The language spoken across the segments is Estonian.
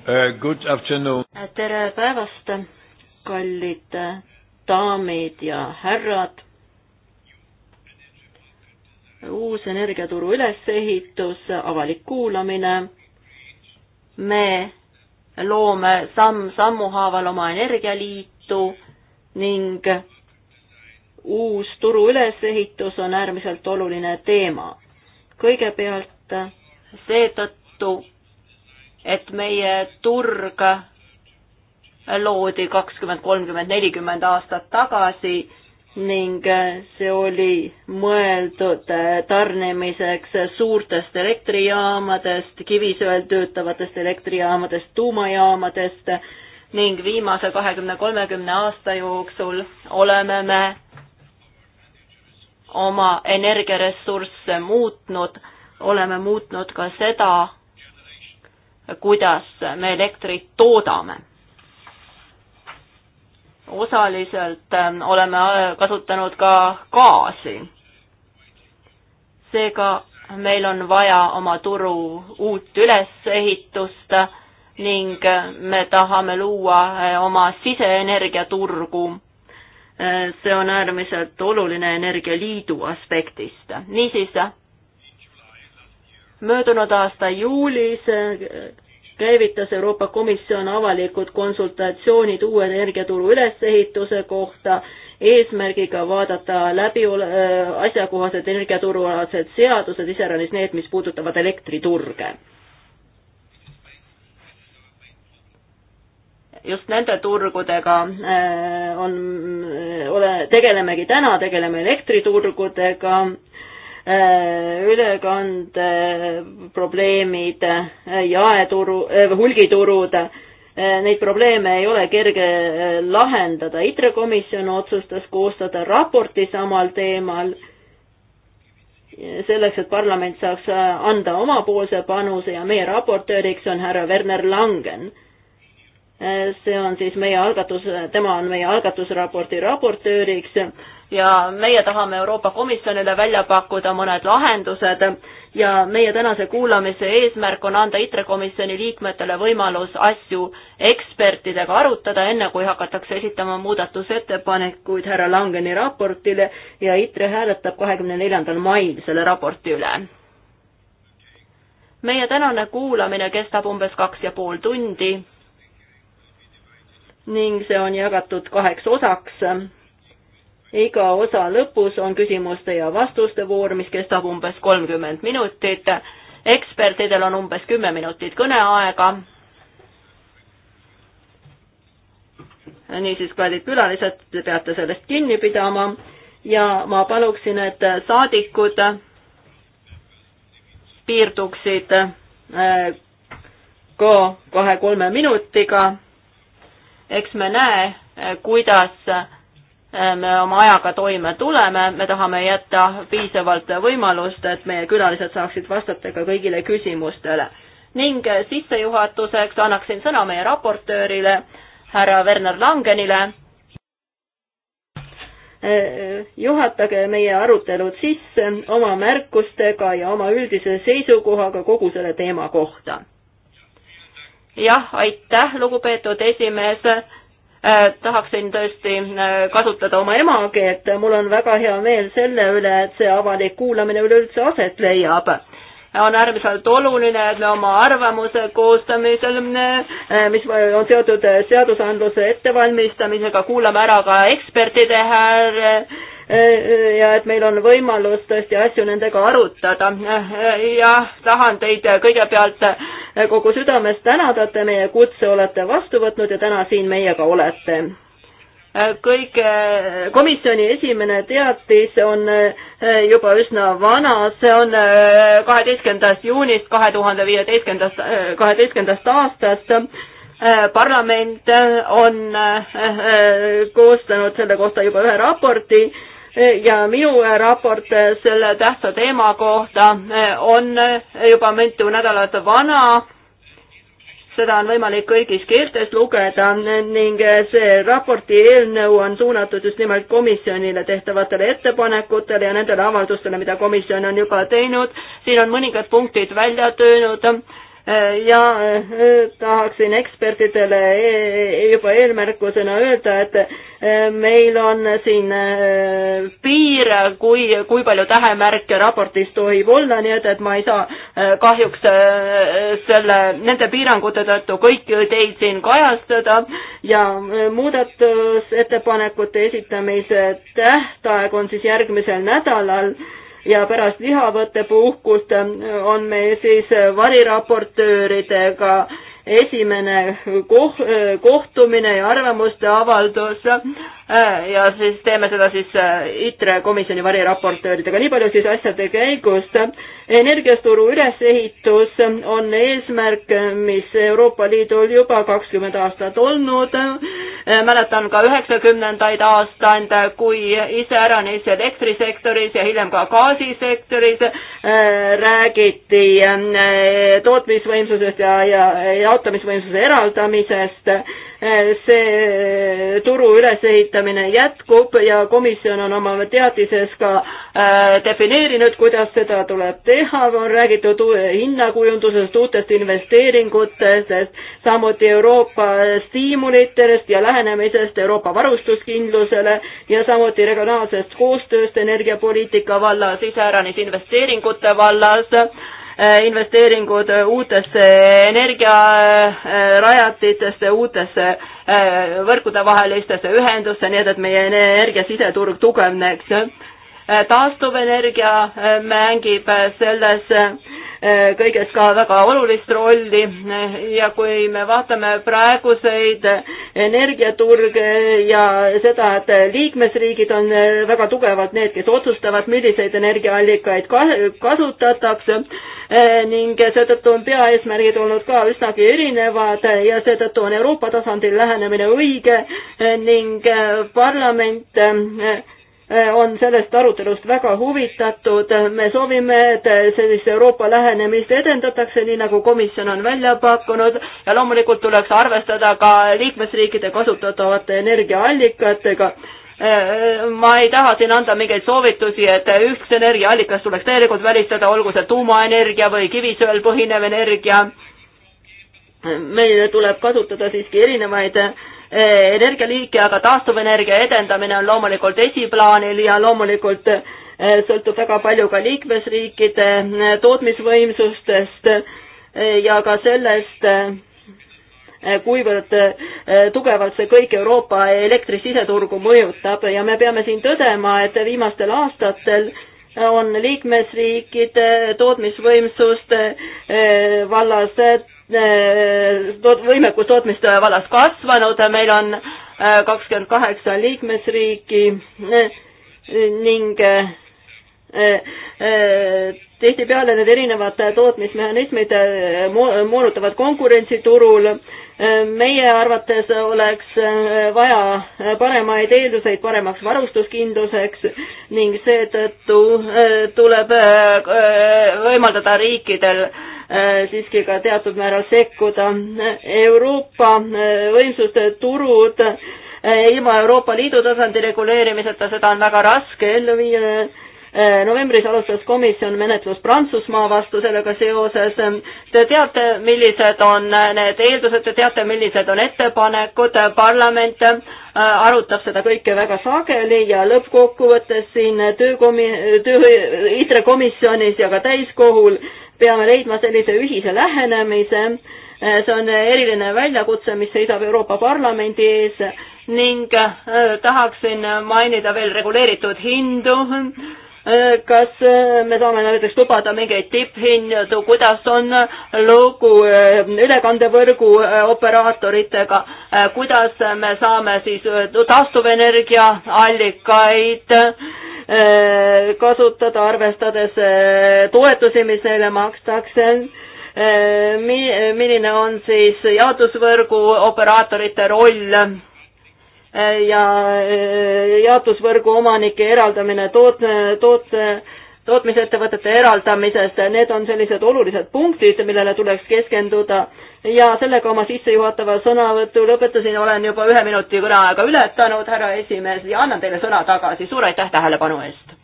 Uh, good afternoon. Äh, tere päevast, kallid äh, daamid ja härrad. uus energiaturu ülesehitus, avalik kuulamine. me loome samm-sammu haaval oma energialiitu ning uus turu ülesehitus on äärmiselt oluline teema. kõigepealt seetõttu, et meie turg loodi kakskümmend, kolmkümmend, nelikümmend aastat tagasi ning see oli mõeldud tarnimiseks suurtest elektrijaamadest, kivisöel töötavatest elektrijaamadest, tuumajaamadest ning viimase kahekümne, kolmekümne aasta jooksul oleme me oma energiaressursse muutnud, oleme muutnud ka seda, kuidas me elektrit toodame. osaliselt ähm, oleme äh, kasutanud ka gaasi. seega meil on vaja oma turu uut ülesehitust ning äh, me tahame luua äh, oma siseenergiaturgu. see on äärmiselt oluline energialiidu aspektist. niisiis möödunud aasta juulis käivitas Euroopa Komisjon avalikud konsultatsioonid uue energiaturu ülesehituse kohta, eesmärgiga vaadata läbi äh, asjakohased energiaturualased seadused, iseäranis need, mis puudutavad elektriturge. just nende turgudega äh, on, äh, ole, tegelemegi täna, tegeleme elektriturgudega Äh, ülekandeprobleemid, äh, äh, jaeturu, hulgiturud, neid probleeme ei ole kerge lahendada. ITRE komisjon otsustas koostada raporti samal teemal, selleks, et parlament saaks anda omapoolse panuse ja meie raportööriks on härra Werner Langen see on siis meie algatus, tema on meie algatusraporti raportööriks ja meie tahame Euroopa Komisjonile välja pakkuda mõned lahendused ja meie tänase kuulamise eesmärk on anda ITRE komisjoni liikmetele võimalus asju ekspertidega arutada, enne kui hakatakse esitama muudatusettepanekuid härra Langeni raportile ja ITRE hääletab kahekümne neljandal mail selle raporti üle. meie tänane kuulamine kestab umbes kaks ja pool tundi ning see on jagatud kaheks osaks iga osa lõpus on küsimuste ja vastuste voor, mis kestab umbes kolmkümmend minutit. ekspertidel on umbes kümme minutit kõneaega. niisiis, kallid külalised, te peate sellest kinni pidama ja ma paluksin, et saadikud piirduksid äh, ka kahe-kolme minutiga. eks me näe, kuidas me oma ajaga toime tuleme, me tahame jätta piisavalt võimalust, et meie külalised saaksid vastata ka kõigile küsimustele. ning sissejuhatuseks annaksin sõna meie raportöörile, härra Werner Langenile. Äh, juhatage meie arutelud sisse oma märkustega ja oma üldise seisukohaga kogu selle teema kohta. jah, aitäh, lugupeetud esimees Äh, tahaksin tõesti äh, kasutada oma emakeelt, mul on väga hea meel selle üle, et see avalik kuulamine üleüldse aset leiab. on äärmiselt oluline, et me oma arvamuse koostamisel, äh, mis on seotud seadusandluse ettevalmistamisega, kuulame ära ka ekspertide hääl ja et meil on võimalus tõesti asju nendega arutada. ja tahan teid kõigepealt kogu südamest tänada, et te meie kutse olete vastu võtnud ja täna siin meiega olete kõige, eh, komisjoni esimene teatis on eh, juba üsna vana, see on eh, kaheteistkümnendast juunist kahe tuhande viieteistkümnendast, kaheteistkümnendast aastast. parlament on koostanud selle kohta juba ühe raporti ja minu raport selle tähtsa teema kohta eh, on eh, juba mitu nädalat vana. seda on võimalik kõigis keeltes lugeda ning eh, see raporti eelnõu on suunatud just nimelt komisjonile tehtavatele ettepanekutele ja nendele avaldustele, mida komisjon on juba teinud. siin on mõningad punktid välja töönud ja eh, tahaksin ekspertidele e-, e-, juba eelmärkusena öelda, et eh, meil on siin eh, piir, kui, kui palju tähemärke raportis tohib olla, nii et, et ma ei saa kahjuks selle, nende piirangute tõttu kõiki teid siin kajastada ja muudatusettepanekute esitamise tähtaeg on siis järgmisel nädalal ja pärast lihavõttepuhkust on meil siis variraportööridega esimene koh-, kohtumine ja arvamuste avaldus ja siis teeme seda siis äh, ITRE komisjoni variraportööridega, nii palju siis asjade käigust energiaturu ülesehitus on eesmärk, mis Euroopa Liidul juba kakskümmend aastat olnud. mäletan ka üheksakümnendaid aastaid, kui iseäranis elektrisektoris ja hiljem ka gaasisektoris äh, räägiti äh, tootmisvõimsusest ja, ja jaotamisvõimsuse eraldamisest see eh, turu ülesehitamine jätkub ja komisjon on oma teatises ka eh, defineerinud, kuidas seda tuleb teha, on räägitud hinnakujundusest, uutest investeeringutest, samuti Euroopa stiimulitest ja lähenemisest Euroopa varustuskindlusele ja samuti regionaalsest koostööst energiapoliitika vallas, iseäranis investeeringute vallas Äh, investeeringud uutesse energiarajatitesse, uutesse äh, võrkudevahelistesse ühendusse, nii et, et meie energia siseturg tugevneks. Äh, taastuvenergia mängib selles Eh, kõiges ka väga olulist rolli ja kui me vaatame praeguseid energiaturge ja seda, et liikmesriigid on väga tugevalt need, kes otsustavad, milliseid energiaallikaid kasutatakse eh, ning seetõttu on peaeesmärgid olnud ka üsnagi erinevad ja seetõttu on Euroopa tasandil lähenemine õige eh, ning parlament on sellest arutelust väga huvitatud. me soovime, et sellist Euroopa lähenemist edendatakse, nii nagu komisjon on välja pakkunud ja loomulikult tuleks arvestada ka liikmesriikide kasutatavate energiaallikatega ma ei taha siin anda mingeid soovitusi, et üks energiaallikas tuleks täielikult välistada, olgu see tuumaenergia või kivisöel põhinev energia. meil tuleb kasutada siiski erinevaid Eh, energialiike, aga taastuvenergia edendamine on loomulikult esiplaanil ja loomulikult eh, sõltub väga palju ka liikmesriikide eh, tootmisvõimsustest ja ka sellest, kuivõrd tugevalt see kõik Euroopa elektrisiseturgu mõjutab ja me peame siin tõdema, et viimastel aastatel on liikmesriikide tootmisvõimsuste vallas Äh, võimekus tootmiste vallas kasvanud, meil on äh, kakskümmend kaheksa liikmesriiki äh, ning tihtipeale need erinevad tootmismehhanismid moonutavad konkurentsi turul. meie arvates oleks vaja paremaid eelduseid paremaks varustuskindluseks ning seetõttu tuleb võimaldada riikidel Äh, siiski ka teatud määral sekkuda. Euroopa äh, võimsuste turud äh, ilma Euroopa Liidu tasandi reguleerimiseta, seda on väga raske ellu viia Eh, novembris alustas komisjon menetlust Prantsusmaa vastu sellega seoses. Te teate, millised on eh, need eeldused, te teate, millised on ettepanekud, parlament eh, arutab seda kõike väga sageli ja lõppkokkuvõttes siin töökomi-, töö, ITRE komisjonis ja ka täiskohul peame leidma sellise ühise lähenemise. see on eriline väljakutse, mis seisab Euroopa Parlamendi ees ning tahaksin mainida veel reguleeritud hindu Äh, kas äh, me saame näiteks lubada mingeid tipphindu, kuidas on äh, lugu ülekandevõrgu operaatoritega, kuidas me saame siis taastuvenergia allikaid kasutada, arvestades toetusi, mis neile makstakse, milline on siis jaotusvõrgu operaatorite roll Äh, ja äh, jaotusvõrgu omanike eraldamine toot-, toot-, tootmisettevõtete eraldamisest, need on sellised olulised punktid, millele tuleks keskenduda ja sellega oma sissejuhatava sõnavõtu lõpetasin, olen juba ühe minuti kõneaega ületanud, härra esimees, ja annan teile sõna tagasi, suur aitäh tähelepanu eest!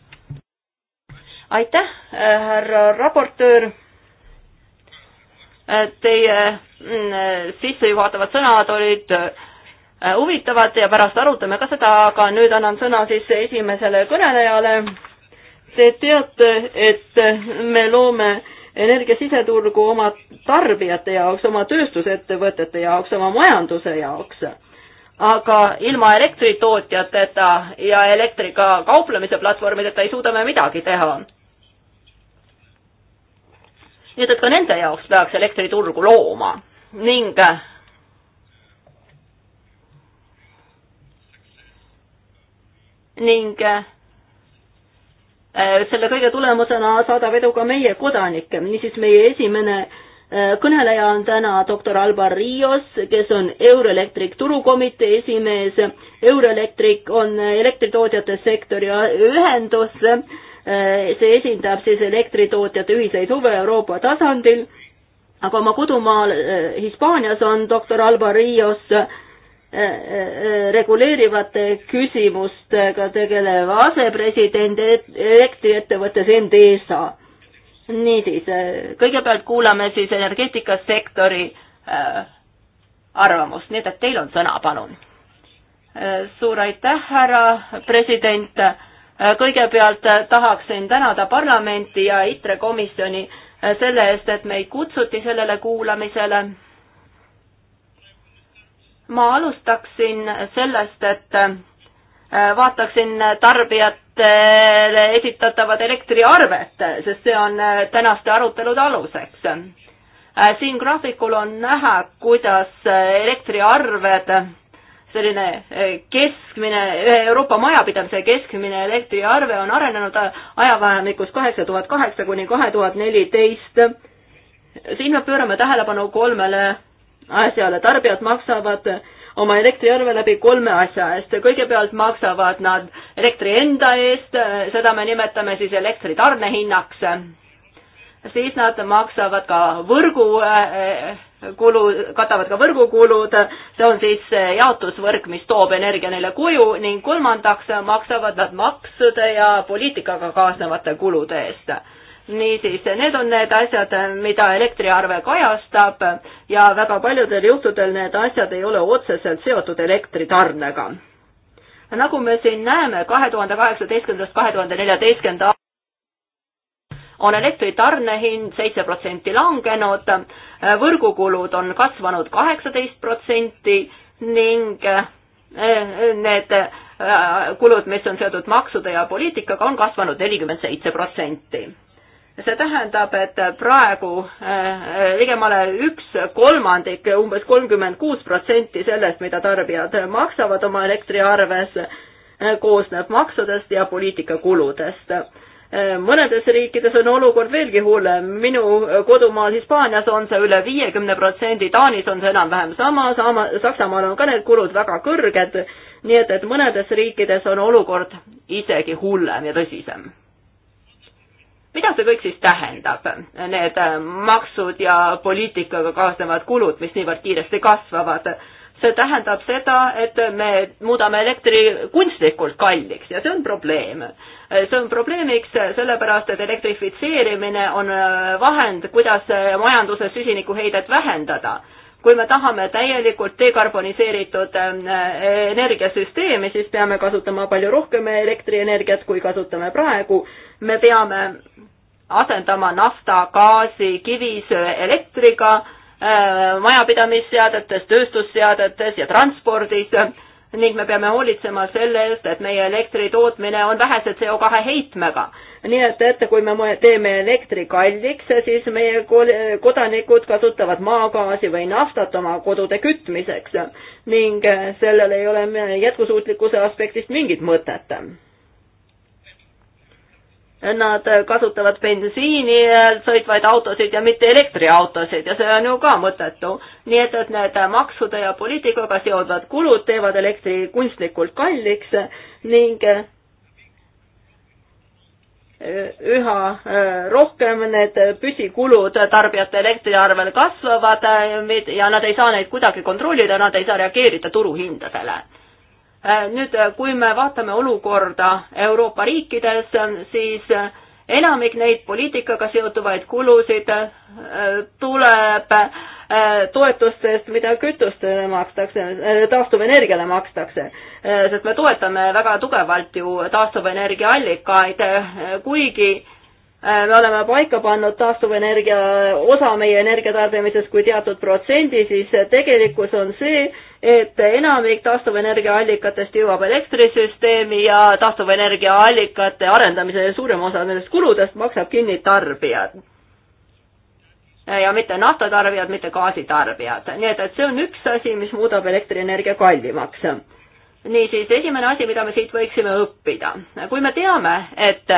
aitäh, äh, härra raportöör! Teie mm, sissejuhatavad sõnad olid äh, Äh, huvitavad ja pärast arutame ka seda, aga nüüd annan sõna siis esimesele kõnelejale. Te teate, et me loome energiasiseturgu oma tarbijate jaoks, oma tööstusettevõtete jaoks, oma majanduse jaoks. aga ilma elektritootjateta ja elektriga kauplemise platvormideta ei suuda me midagi teha. nii et, et ka nende jaoks peaks elektriturgu looma ning ning äh, selle kõige tulemusena saadab edu ka meie kodanikke. niisiis, meie esimene äh, kõneleja on täna doktor Alvar Rios, kes on Euroelektrik turukomitee esimees. Euroelektrik on elektritootjate sektori ühendus. Äh, see esindab siis elektritootjate ühiseid huve Euroopa tasandil. aga oma kodumaal Hispaanias on doktor Alvar Rios Äh, äh, reguleerivate küsimustega tegelev asepresident elektriettevõttes Endesa. niisiis, äh, kõigepealt kuulame siis energeetikasektori arvamust, nii et teil on sõna, palun. suur aitäh, härra president. kõigepealt tahaksin tänada parlamenti ja ITRE komisjoni selle eest, et meid kutsuti sellele kuulamisele ma alustaksin sellest, et äh, vaataksin tarbijatele esitatavat elektriarvet, sest see on äh, tänaste arutelude aluseks. Äh, siin graafikul on näha, kuidas elektriarved, selline keskmine, ühe Euroopa majapidamise keskmine elektriarve on arenenud ajavahemikus kaheksa tuhat kaheksa kuni kahe tuhat neliteist. siin me pöörame tähelepanu kolmele asjale, tarbijad maksavad oma elektriarve läbi kolme asja eest, kõigepealt maksavad nad elektri enda eest, seda me nimetame siis elektri tarnehinnaks, siis nad maksavad ka võrgu eh, kulu, katavad ka võrgukulud, see on siis jaotusvõrk, mis toob energia neile koju ning kolmandaks maksavad nad maksude ja poliitikaga kaasnevate kulude eest niisiis, need on need asjad, mida elektriarve kajastab ja väga paljudel juhtudel need asjad ei ole otseselt seotud elektritarnega. nagu me siin näeme, kahe tuhande kaheksateistkümnendast kahe tuhande neljateistkümnenda on elektritarne hind seitse protsenti langenud, võrgukulud on kasvanud kaheksateist protsenti ning eh, need eh, kulud, mis on seotud maksude ja poliitikaga, on kasvanud nelikümmend seitse protsenti see tähendab, et praegu äh, ligemale üks kolmandik, umbes kolmkümmend kuus protsenti sellest, mida tarbijad maksavad oma elektriarves, äh, koosneb maksudest ja poliitikakuludest. Äh, mõnedes riikides on olukord veelgi hullem, minu kodumaal Hispaanias on see üle viiekümne protsendi, Taanis on see enam-vähem sama, sama, Saksamaal on ka need kulud väga kõrged, nii et, et mõnedes riikides on olukord isegi hullem ja tõsisem mida see kõik siis tähendab, need äh, maksud ja poliitikaga kaasnevad kulud, mis niivõrd kiiresti kasvavad? see tähendab seda, et me muudame elektri kunstlikult kalliks ja see on probleem. see on probleemiks sellepärast, et elektrifitseerimine on äh, vahend, kuidas äh, majanduse süsinikuheidet vähendada kui me tahame täielikult dekarboniseeritud energiasüsteemi, siis peame kasutama palju rohkem elektrienergiat, kui kasutame praegu. me peame asendama nafta, gaasi, kivisöe, elektriga äh, majapidamisseadetes, tööstusseadetes ja transpordis ning me peame hoolitsema selle eest, et meie elektri tootmine on vähese CO2 heitmega. nii et, et kui me teeme elektri kalliks, siis meie kodanikud kasutavad maagaasi või naftat oma kodude kütmiseks ning sellel ei ole jätkusuutlikkuse aspektist mingit mõtet Nad kasutavad bensiini sõitvaid autosid ja mitte elektriautosid ja see on ju ka mõttetu. nii et, et need maksude ja poliitikaga seonduvad kulud teevad elektri kunstlikult kalliks ning äh, üha äh, rohkem need püsikulud tarbijate elektriarvel kasvavad äh, ja nad ei saa neid kuidagi kontrollida, nad ei saa reageerida turuhindadele. Äh, nüüd, äh, kui me vaatame olukorda Euroopa riikides, äh, siis enamik neid poliitikaga seotuvaid kulusid tuleb toetustest, mida kütustele makstakse, taastuvenergiale makstakse. sest me toetame väga tugevalt ju taastuvenergiaallikaid, kuigi Äh, me oleme paika pannud taastuvenergia osa meie energiatarbimises kui teatud protsendi, siis tegelikkus on see, et enamik taastuvenergiaallikatest jõuab elektrisüsteemi ja taastuvenergiaallikate arendamise suurem osa nendest kuludest maksab kinni tarbijad. Äh, ja mitte naftatarbijad, mitte gaasitarbijad, nii et, et see on üks asi, mis muudab elektrienergia kallimaks niisiis, esimene asi, mida me siit võiksime õppida, kui me teame, et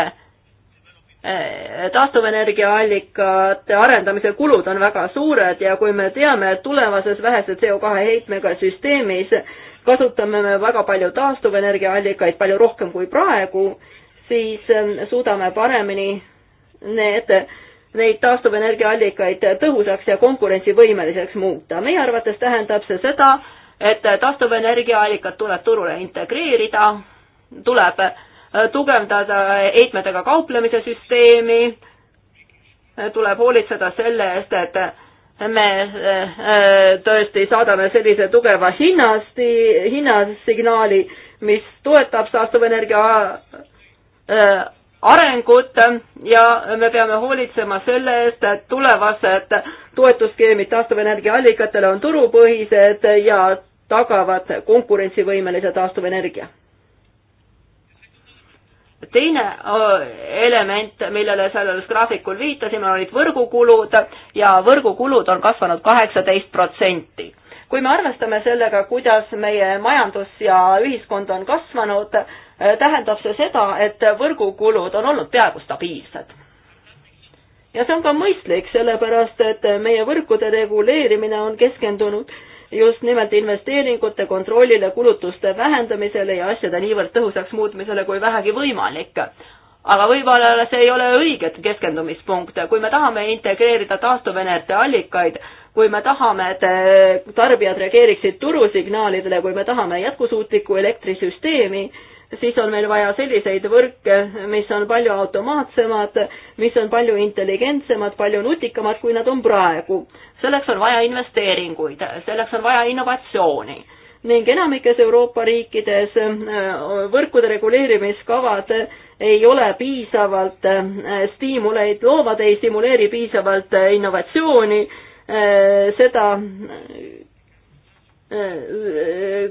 Eh, taastuvenergiaallikate arendamise kulud on väga suured ja kui me teame, et tulevases vähese CO2 heitmega süsteemis kasutame me väga palju taastuvenergiaallikaid, palju rohkem kui praegu, siis eh, suudame paremini need, neid taastuvenergiaallikaid tõhusaks ja konkurentsivõimeliseks muuta. meie arvates tähendab see seda, et taastuvenergiaallikad tuleb turule integreerida, tuleb äh, Äh, tugevdada heitmetega kauplemise süsteemi, äh, tuleb hoolitseda selle eest, et me äh, tõesti saadame sellise tugeva hinnasti, hinnasignaali, mis toetab saastuvenergia arengut ja me peame hoolitsema selle eest, et tulevased toetusskeemid taastuvenergiaallikatele on turupõhised ja tagavad konkurentsivõimelise taastuvenergia teine äh, element, millele selles graafikul viitasime, olid võrgukulud ja võrgukulud on kasvanud kaheksateist protsenti. kui me arvestame sellega, kuidas meie majandus ja ühiskond on kasvanud, äh, tähendab see seda, et võrgukulud on olnud peaaegu stabiilsed. ja see on ka mõistlik, sellepärast et meie võrkude reguleerimine on keskendunud just nimelt investeeringute kontrollile, kulutuste vähendamisele ja asjade niivõrd tõhusaks muutmisele kui vähegi võimalik aga võib-olla see ei ole õige keskendumispunkt, kui me tahame integreerida taastuvenergia allikaid, kui me tahame, et eh, tarbijad reageeriksid turusignaalidele, kui me tahame jätkusuutlikku elektrisüsteemi, siis on meil vaja selliseid võrke, mis on palju automaatsemad, mis on palju intelligentsemad, palju nutikamad, kui nad on praegu selleks on vaja investeeringuid, selleks on vaja innovatsiooni ning enamikes Euroopa riikides äh, võrkude reguleerimiskavad ei ole piisavalt äh, stiimuleid loovad, ei stimuleeri piisavalt äh, innovatsiooni, seda,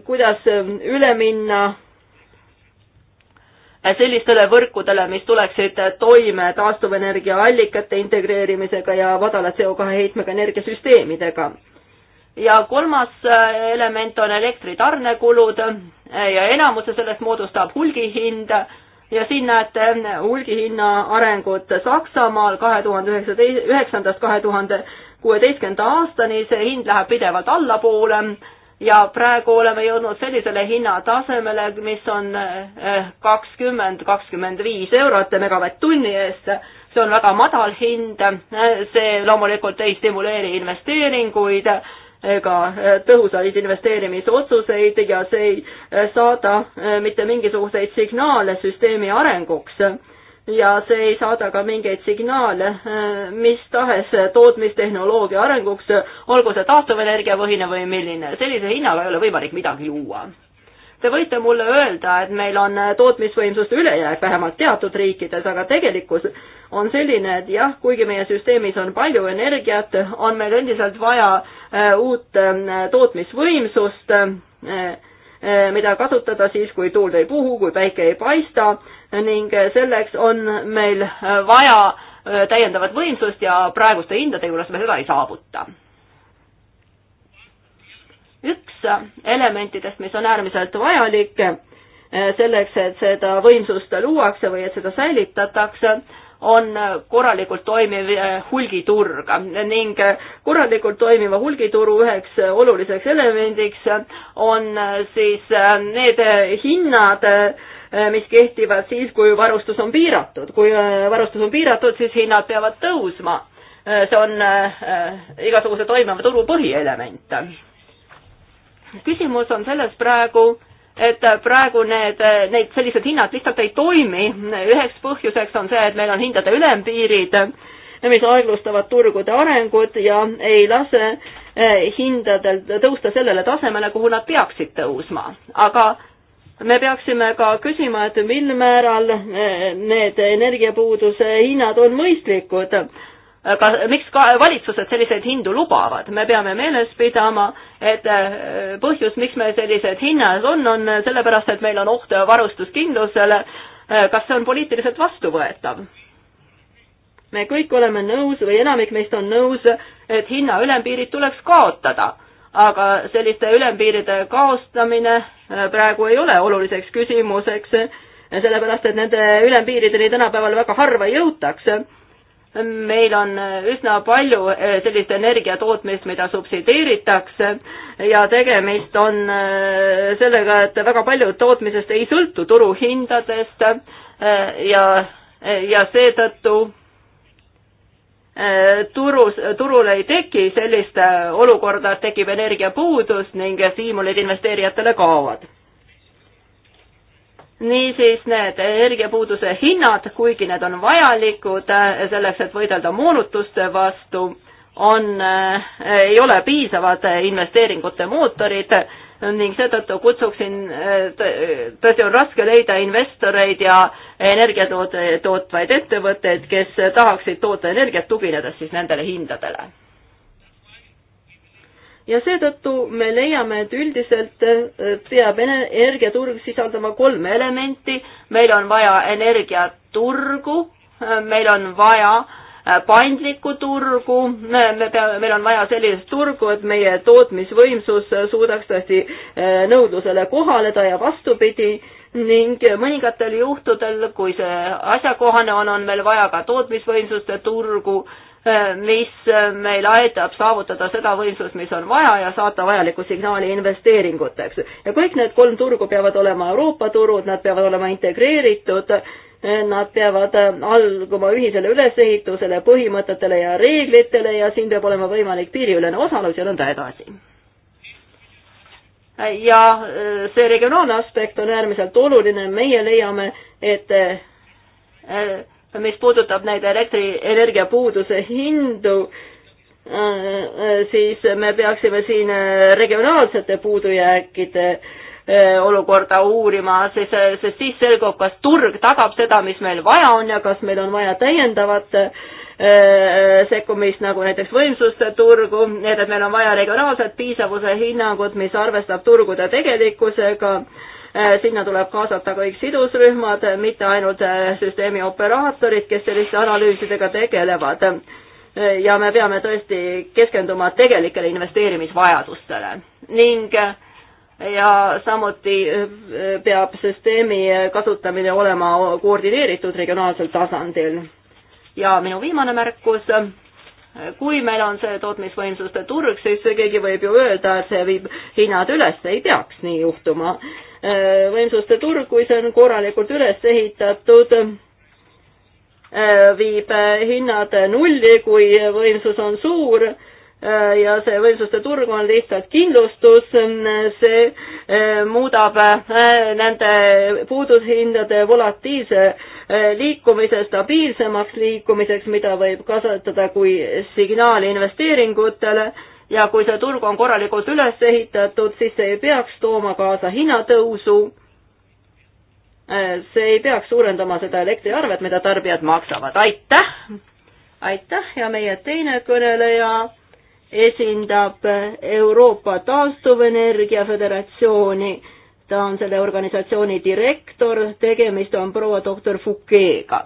kuidas üle minna sellistele võrkudele, mis tuleksid toime taastuvenergia allikate integreerimisega ja madala CO2 heitmega energiasüsteemidega. ja kolmas äh, element on elektritarnekulud äh, ja enamuse sellest moodustab hulgihind ja siin näete äh, hulgihinna arengut Saksamaal kahe tuhande üheksateist, üheksandast kahe tuhande kuueteistkümnenda aastani, see hind läheb pidevalt allapoole ja praegu oleme jõudnud sellisele hinnatasemele, mis on eh, kakskümmend, kakskümmend viis eurot megavatt-tunni eest. see on väga madal hind, see loomulikult ei stimuleeri investeeringuid ega tõhusaid investeerimisotsuseid ja see ei saada mitte mingisuguseid signaale süsteemi arenguks ja see ei saada ka mingeid signaale äh, mis tahes tootmistehnoloogia arenguks, olgu see taastuvenergia põhine või milline, sellise hinnaga ei ole võimalik midagi luua. Te võite mulle öelda, et meil on tootmisvõimsuste ülejääk vähemalt teatud riikides, aga tegelikkus on selline, et jah, kuigi meie süsteemis on palju energiat, on meil endiselt vaja äh, uut äh, tootmisvõimsust mida kasutada siis, kui tuul ei puhu, kui päike ei paista ning selleks on meil vaja äh, täiendavat võimsust ja praeguste hindade juures me seda ei saavuta. üks elementidest, mis on äärmiselt vajalik äh, selleks, et seda võimsust luuakse või et seda säilitatakse, on korralikult toimiv äh, hulgiturg ning korralikult toimiva hulgituru üheks oluliseks elemendiks on siis need hinnad, Äh, mis kehtivad siis, kui varustus on piiratud. kui äh, varustus on piiratud, siis hinnad peavad tõusma. Äh, see on igasuguse toimiva turu põhielement. küsimus on selles praegu, et praegu need, need sellised hinnad lihtsalt ei toimi. üheks põhjuseks on see, et meil on hindade ülempiirid, mis aeglustavad turgude arengut ja ei lase hindadel tõusta sellele tasemele, kuhu nad peaksid tõusma. aga me peaksime ka küsima, et mil määral eh, need energiapuuduse hinnad on mõistlikud. aga miks ka valitsused selliseid hindu lubavad, me peame meeles pidama, et eh, põhjus, miks meil sellised hinnad on, on sellepärast, et meil on oht varustuskindlusele. Eh, kas see on poliitiliselt vastuvõetav? me kõik oleme nõus või enamik meist on nõus, et hinna ülempiirid tuleks kaotada aga selliste ülempiiride kaotamine äh, praegu ei ole oluliseks küsimuseks, äh, sellepärast et nende ülempiirideni tänapäeval väga harva jõutakse. meil on äh, üsna palju sellist energiatootmist, mida subsideeritakse ja tegemist on sellega, et väga palju tootmisest ei sõltu turuhindadest ja, ja seetõttu Äh, turus, turul ei teki sellist äh, olukorda, et tekib energiapuudus ning stiimulid investeerijatele kaovad. niisiis need energiapuuduse hinnad, kuigi need on vajalikud äh, selleks, et võidelda moonutuste vastu, on, ei ole piisavad investeeringute mootorid ning seetõttu kutsuksin, tõesti on raske leida investoreid ja energiatoode, tootvaid ettevõtteid, kes tahaksid toota energiat, tuginedes siis nendele hindadele. ja seetõttu me leiame, et üldiselt eh, peab energiaturg sisaldama kolme elementi, meil on vaja energiaturgu, eh, meil on vaja äh, Äh, paindlikku turgu, me peame, meil on vaja sellist turgu, et meie tootmisvõimsus suudaks tõesti äh, nõudlusele kohaleda ja vastupidi ning mõningatel juhtudel, kui see asjakohane on, on meil vaja ka tootmisvõimsuste turgu, äh, mis meil aitab saavutada seda võimsust, mis on vaja ja saata vajaliku signaali investeeringuteks. ja kõik need kolm turgu peavad olema Euroopa turud, nad peavad olema integreeritud Nad peavad äh, alguma ühisele ülesehitusele, põhimõtetele ja reeglitele ja siin peab olema võimalik piiriülene osalus ja nõnda edasi. ja äh, see regionaalne aspekt on äärmiselt oluline, meie leiame, et äh, mis puudutab neid elektrienergia puuduse hindu, siis me peaksime siin regionaalsete puudujääkide Eh, olukorda uurima, siis, sest siis selgub, kas turg tagab seda, mis meil vaja on ja kas meil on vaja täiendavat eh, sekkumist, nagu näiteks võimsuste turgu, nii et, et meil on vaja regionaalset piisavuse hinnangut, mis arvestab turgude tegelikkusega, eh, sinna tuleb kaasata kõik sidusrühmad, mitte ainult süsteemi operaatorid, kes selliste analüüsidega tegelevad. ja me peame tõesti keskenduma tegelikele investeerimisvajadustele ning äh, ja samuti eh, peab süsteemi kasutamine olema koordineeritud regionaalsel tasandil. ja minu viimane märkus, kui meil on see tootmisvõimsuste turg, siis keegi võib ju öelda, et see viib hinnad üles, ei peaks nii juhtuma. Eh, võimsuste turg, kui see on korralikult üles ehitatud, eh, viib hinnad nulli, kui võimsus on suur Äh, ja see võimsuste turg on lihtsalt kindlustus, see äh, muudab äh, nende puudushindade volatiilse liikumise stabiilsemaks liikumiseks, mida võib kasutada kui signaali investeeringutele ja kui see turg on korralikult üles ehitatud, siis see ei peaks tooma kaasa hinnatõusu. see ei peaks suurendama seda elektriarvet, mida tarbijad maksavad, aitäh! aitäh ja meie teine kõneleja esindab Euroopa Taastuvenergia Föderatsiooni. ta on selle organisatsiooni direktor, tegemist on proua doktor Fouquet'ga.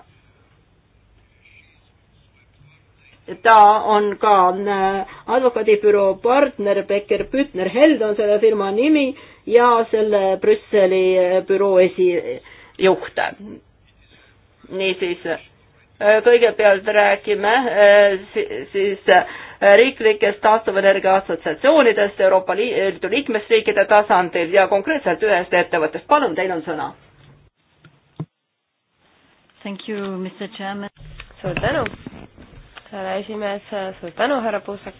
ta on ka äh, advokaadibüroo partner, Becker Pütner Held on selle firma nimi ja selle Brüsseli äh, büroo esijuht. niisiis, äh, kõigepealt räägime siis riiklikest taastuvenergia assotsiatsioonidest Euroopa Liidu liikmesriikide tasandil ja konkreetselt ühest ettevõttest. palun, teil on sõna. Thank you, Mr Chairman. suur tänu, härra esimees, suur tänu, härra Puusek.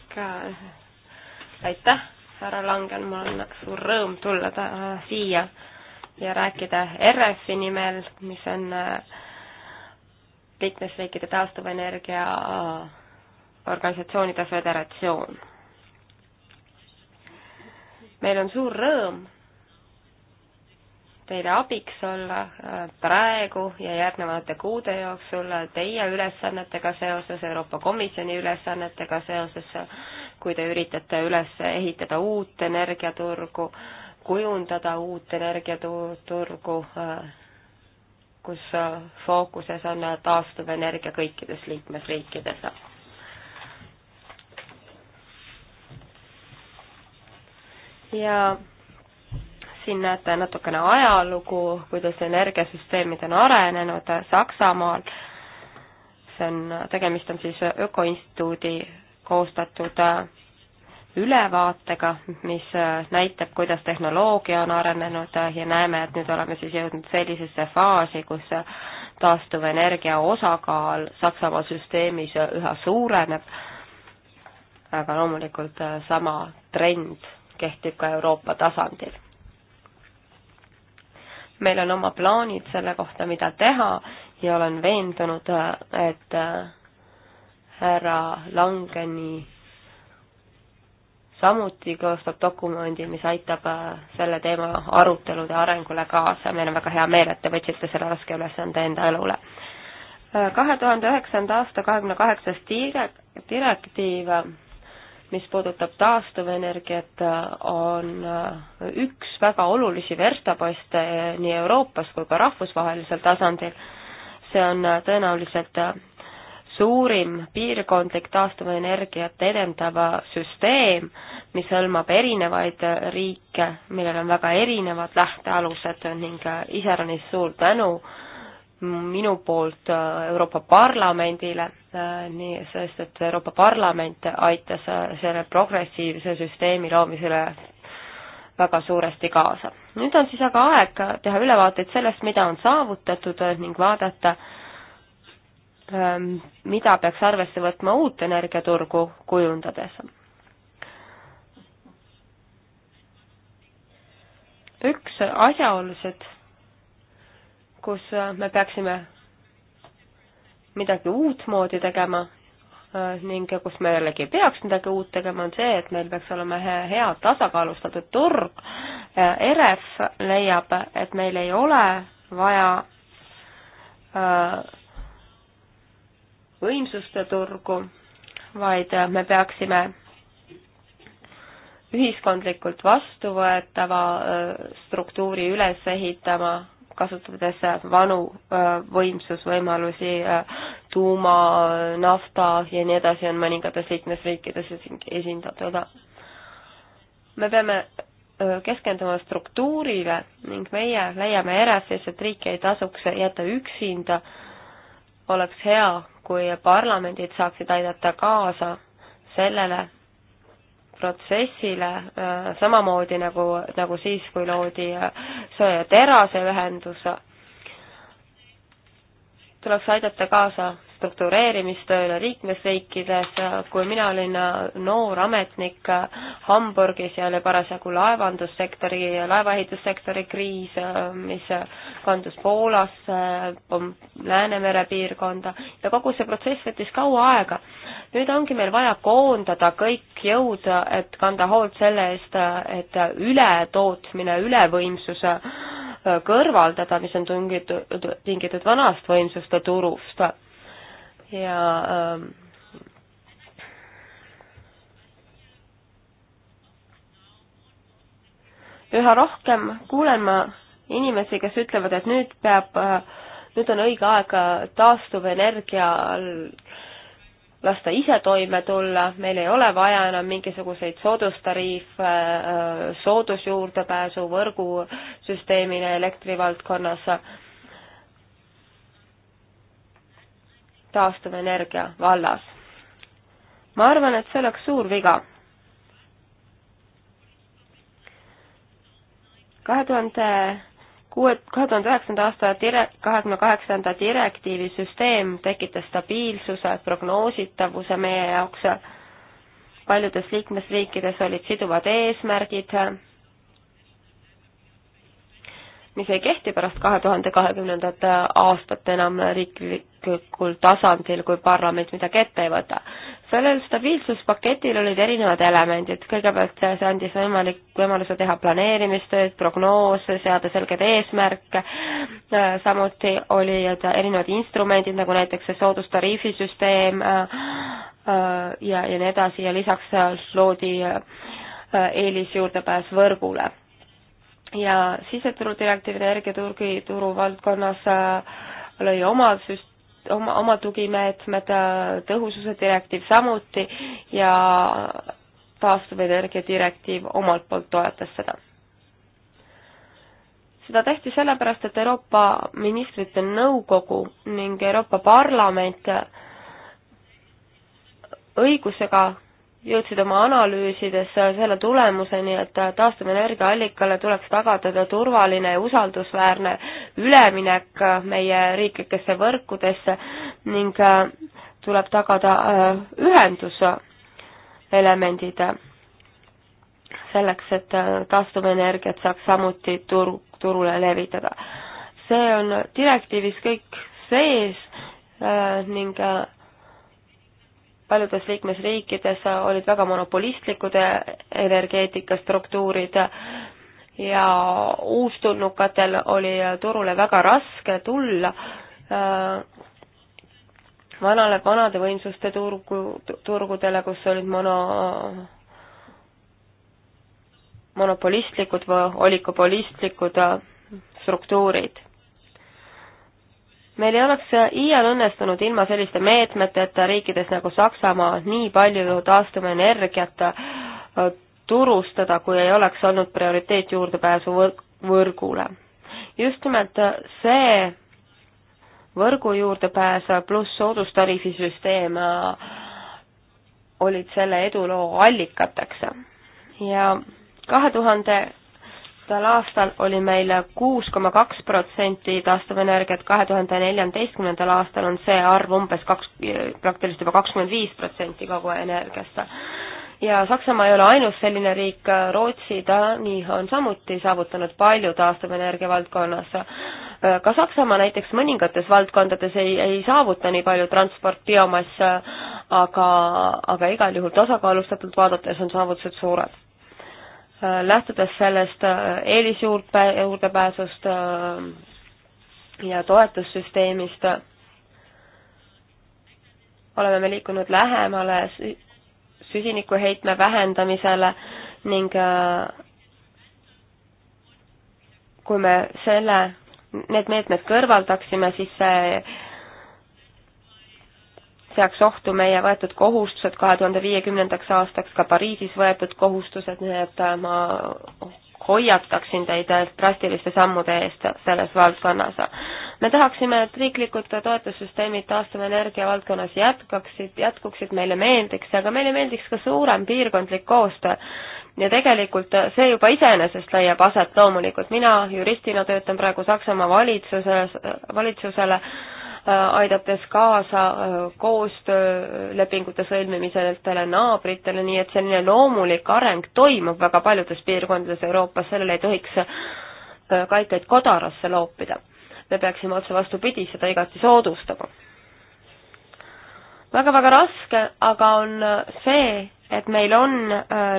aitäh, härra Langen, mul on suur rõõm tulla ta, äh, siia ja rääkida RF-i nimel, mis on äh, liikmesriikide taastuvenergia äh, organisatsioonide föderatsioon. meil on suur rõõm teile abiks olla äh, praegu ja järgnevate kuude jooksul äh, teie ülesannetega seoses, Euroopa Komisjoni ülesannetega seoses, äh, kui te üritate üles ehitada uut energiaturgu, kujundada uut energiaturgu, kus fookuses on taastuvenergia kõikides liikmesriikides ja siin näete natukene ajalugu, kuidas energiasüsteemid on arenenud Saksamaal. see on, tegemist on siis Ökoinstituudi koostatud ülevaatega, mis näitab, kuidas tehnoloogia on arenenud ja näeme, et nüüd oleme siis jõudnud sellisesse faasi, kus taastuvenergia osakaal Saksamaa süsteemis üha suureneb, aga loomulikult sama trend kehtib ka Euroopa tasandil. meil on oma plaanid selle kohta, mida teha ja olen veendunud, et äh, härra Langeni samuti koostab dokumendi, mis aitab äh, selle teema arutelude arengule kaasa, meil on väga hea meel, et te võtsite selle raske ülesande enda õlule. Äh, kahe tuhande üheksanda aasta kahekümne kaheksas direktiiv mis puudutab taastuvenergiat, on üks väga olulisi verstaposte nii Euroopas kui ka rahvusvahelisel tasandil. see on tõenäoliselt suurim piirkondlik taastuvenergiat edendava süsteem, mis hõlmab erinevaid riike, millel on väga erinevad lähtealused ning iseäranis suur tänu äh, minu poolt äh, Euroopa Parlamendile, äh, nii, sest et Euroopa Parlament aitas äh, selle progressiivse süsteemi loomisele väga suuresti kaasa. nüüd on siis aga aeg teha ülevaateid sellest, mida on saavutatud ning vaadata, ähm, mida peaks arvesse võtma uut energiaturgu kujundades. üks asjaolulised kus äh, me peaksime midagi uut moodi tegema äh, ning kus me jällegi ei peaks midagi uut tegema, on see, et meil peaks olema hea, hea tasakaalustatud turg. EREF leiab, et meil ei ole vaja äh, võimsuste turgu, vaid me peaksime ühiskondlikult vastuvõetava struktuuri üles ehitama kasutades äh, vanu äh, võimsusvõimalusi, äh, tuuma, nafta ja nii edasi on mõningates liikmesriikides esindatud. me peame keskenduma struktuurile ning meie leiame ERF-is, et riiki ei tasuks jätta üksinda. oleks hea, kui parlamendid saaksid aidata kaasa sellele, protsessile, äh, samamoodi nagu, nagu siis, kui loodi äh, söe- ja teraseühendus. tuleks aidata kaasa struktureerimistööle liikmesriikides, kui mina olin noor ametnik Hamburgis ja oli parasjagu laevandussektori ja laevaehitussektori kriis, mis kandus Poolasse, Läänemere piirkonda ja kogu see protsess võttis kaua aega. nüüd ongi meil vaja koondada kõik jõud, et kanda hoolt selle eest, et ületootmine, ülevõimsuse kõrvaldada, mis on tungitud, tingitud vanast võimsuste turust ja ähm, üha rohkem kuulen ma inimesi, kes ütlevad, et nüüd peab, äh, nüüd on õige aeg äh, taastuvenergial lasta ise toime tulla, meil ei ole vaja enam mingisuguseid soodustariife, äh, soodusjuurdepääsu võrgusüsteemile elektri valdkonnas taastuvenergia vallas. ma arvan, et see oleks suur viga. kahe tuhande kuue, kahe tuhande üheksanda aasta dire-, kahekümne kaheksanda direktiivi süsteem tekitas stabiilsuse, prognoositavuse meie jaoks, paljudes liikmesriikides olid siduvad eesmärgid, mis ei kehti pärast kahe tuhande kahekümnendat aastat enam riiklik, riiklikul tasandil, kui parlament midagi ette ei võta. sellel stabiilsuspaketil olid erinevad elemendid, kõigepealt see, see andis võimalik, võimaluse teha planeerimistööd, prognoose, seada selgeid eesmärke, samuti olid erinevad instrumendid, nagu näiteks see soodustariifisüsteem ja, ja nii edasi ja lisaks loodi eelis juurdepääs võrgule ja siseturu direktiiv energiaturgi turu valdkonnas äh, lõi oma süst-, oma, oma tugimeetmed, tõhususe direktiiv samuti ja taastuvenergia direktiiv omalt poolt toetas seda. seda tehti sellepärast, et Euroopa Ministrite Nõukogu ning Euroopa Parlament õigusega jõudsid oma analüüsides selle tulemuseni, et taastuvenergia allikale tuleks tagada turvaline ja usaldusväärne üleminek meie riiklikesse võrkudesse ning äh, tuleb tagada äh, ühenduse elemendid selleks, et äh, taastuvenergiat saaks samuti turu, turule levitada. see on direktiivis kõik sees ning paljudes liikmesriikides olid väga monopolistlikud energeetikastruktuurid ja uustulnukatel oli turule väga raske tulla äh, vanale, vanade võimsuste turgu, turgudele, kus olid mono, monopolistlikud või olikopolistlikud äh, struktuurid meil ei oleks äh, iial õnnestunud ilma selliste meetmeteta riikides nagu Saksamaa nii palju taastuvenergiat äh, turustada, kui ei oleks olnud prioriteet juurdepääsu võrgule. just nimelt äh, see võrgu juurdepääs pluss soodustariifi süsteem olid selle eduloo allikateks ja kahe tuhande kaheksandal aastal oli meil kuus koma kaks protsenti taastuvenergiat, kahe tuhande neljateistkümnendal aastal on see arv umbes kaks, praktiliselt juba kakskümmend viis protsenti kogu energiast. ja Saksamaa ei ole ainus selline riik, Rootsi, Taani on samuti saavutanud palju taastuvenergia valdkonnas ka Saksamaa näiteks mõningates valdkondades ei, ei saavuta nii palju transport, biomass, aga, aga igal juhul tasakaalustatult vaadates on saavutused suured. Äh, lähtudes sellest äh, eelisjuurdepääsust äh, ja toetussüsteemist, oleme me liikunud lähemale süsinikuheitme vähendamisele ning kui me selle, need meetmed kõrvaldaksime, siis see seaks ohtu meie võetud kohustused kahe tuhande viiekümnendaks aastaks, ka Pariisis võetud kohustused, nii et äh, ma hoiataksin teid äh, drastiliste sammude eest selles valdkonnas. me tahaksime, et riiklikud toetussüsteemid taastuvenergia valdkonnas jätkaksid, jätkuksid, meile meeldiks, aga meile meeldiks ka suurem piirkondlik koostöö. ja tegelikult äh, see juba iseenesest leiab aset loomulikult, mina juristina töötan praegu Saksamaa valitsuses, valitsusele Äh, aidates kaasa äh, koostöölepingute sõlmimisele naabritele, nii et selline loomulik areng toimub väga paljudes piirkondades Euroopas, sellele ei tohiks äh, kaikaid kodarasse loopida. me peaksime otse vastupidi seda igati soodustama väga-väga raske, aga on see, et meil on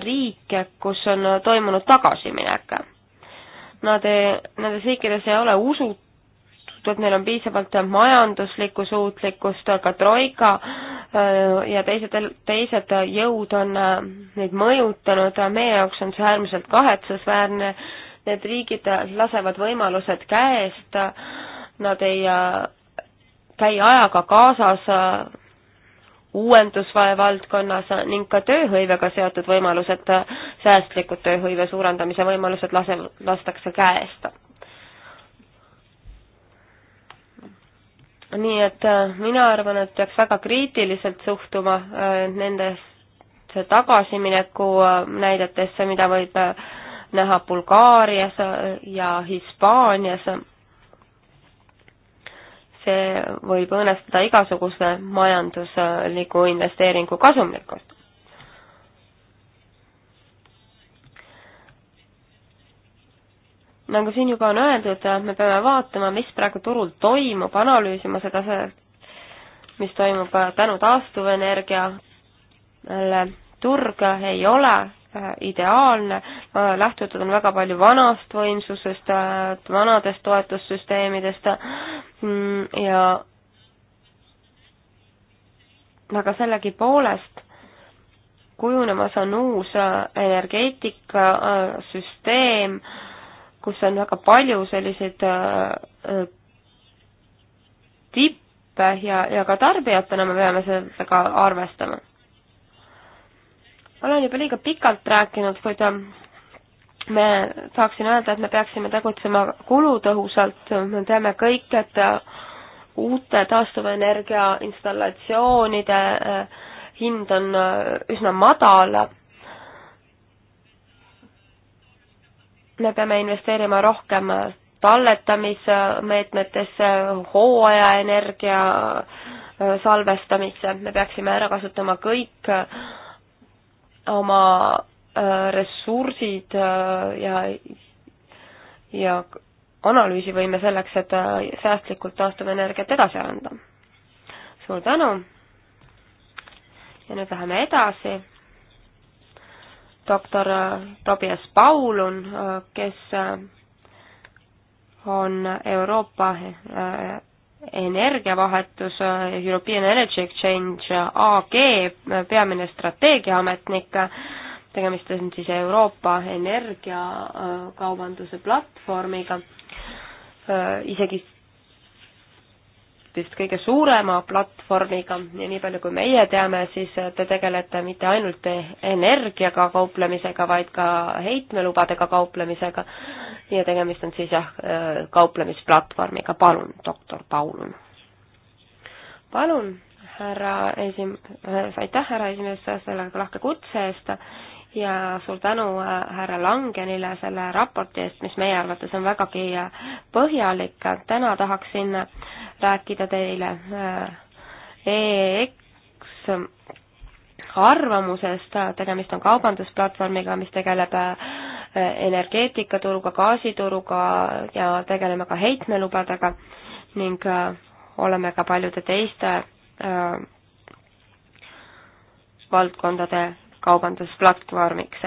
riike, kus on toimunud tagasiminek. Nad, nendes riikides ei ole usut-, suutlikud, neil on piisavalt majanduslikku suutlikkust, aga Troika äh, ja teised, teised jõud on äh, neid mõjutanud, meie jaoks on see äärmiselt kahetsusväärne, need riigid lasevad võimalused käest, nad ei äh, käi ajaga kaasas uuendusvaldkonnas ning ka tööhõivega seotud võimalused, säästlikud tööhõive suurendamise võimalused lase, lastakse käest nii et äh, mina arvan, et peaks väga kriitiliselt suhtuma äh, nendesse tagasimineku äh, näidetesse, mida võib näha Bulgaarias ja Hispaanias. see võib õõnestada igasuguse majandusliku investeeringu kasumlikkust. nagu siin juba on öeldud, me peame vaatama, mis praegu turul toimub, analüüsima seda, mis toimub äh, tänu taastuvenergiale. turg äh, ei ole äh, ideaalne, lähtutud on väga palju vanast võimsusest, vanadest toetussüsteemidest mm, ja aga sellegipoolest kujunemas on uus energeetikasüsteem äh,, kus on väga palju selliseid äh, äh, tippe ja, ja ka tarbijatena me peame sellega arvestama. olen juba liiga pikalt rääkinud, kuid äh, me tahaksin öelda, et me peaksime tegutsema kulutõhusalt, me teame kõik, et uute taastuvenergia installatsioonide hind on üsna madal me peame investeerima rohkem talletamismeetmetesse, hooajaenergia äh, salvestamisse, me peaksime ära kasutama kõik äh, oma äh, ressursid ja, ja analüüsivõime selleks, et säästlikult taastuvenergiat edasi arendada. suur tänu! ja nüüd läheme edasi doktor äh, Tobias Paulun, äh, kes äh, on Euroopa energiavahetus European Energy Exchange AG peamine strateegiaametnik, tegemist on siis Euroopa energiakaubanduse platvormiga, isegi vist kõige suurema platvormiga ja nii palju, kui meie teame, siis te tegelete mitte ainult energiaga kauplemisega, vaid ka heitmelubadega kauplemisega ja tegemist on siis jah, kauplemisplatvormiga, palun, doktor Paulun. palun, härra esim-, äh, aitäh, härra esimees, selle lahke kutse eest ja suur tänu äh, härra Langenile selle raporti eest, mis meie arvates on vägagi äh, põhjalik. täna tahaksin rääkida teile äh, EEX arvamusest, tegemist on kaubandusplatvormiga, mis tegeleb energeetikaturuga, gaasituruga ja tegeleme ka heitmelubadega ning oleme ka paljude teiste valdkondade kaubandusplatvormiks.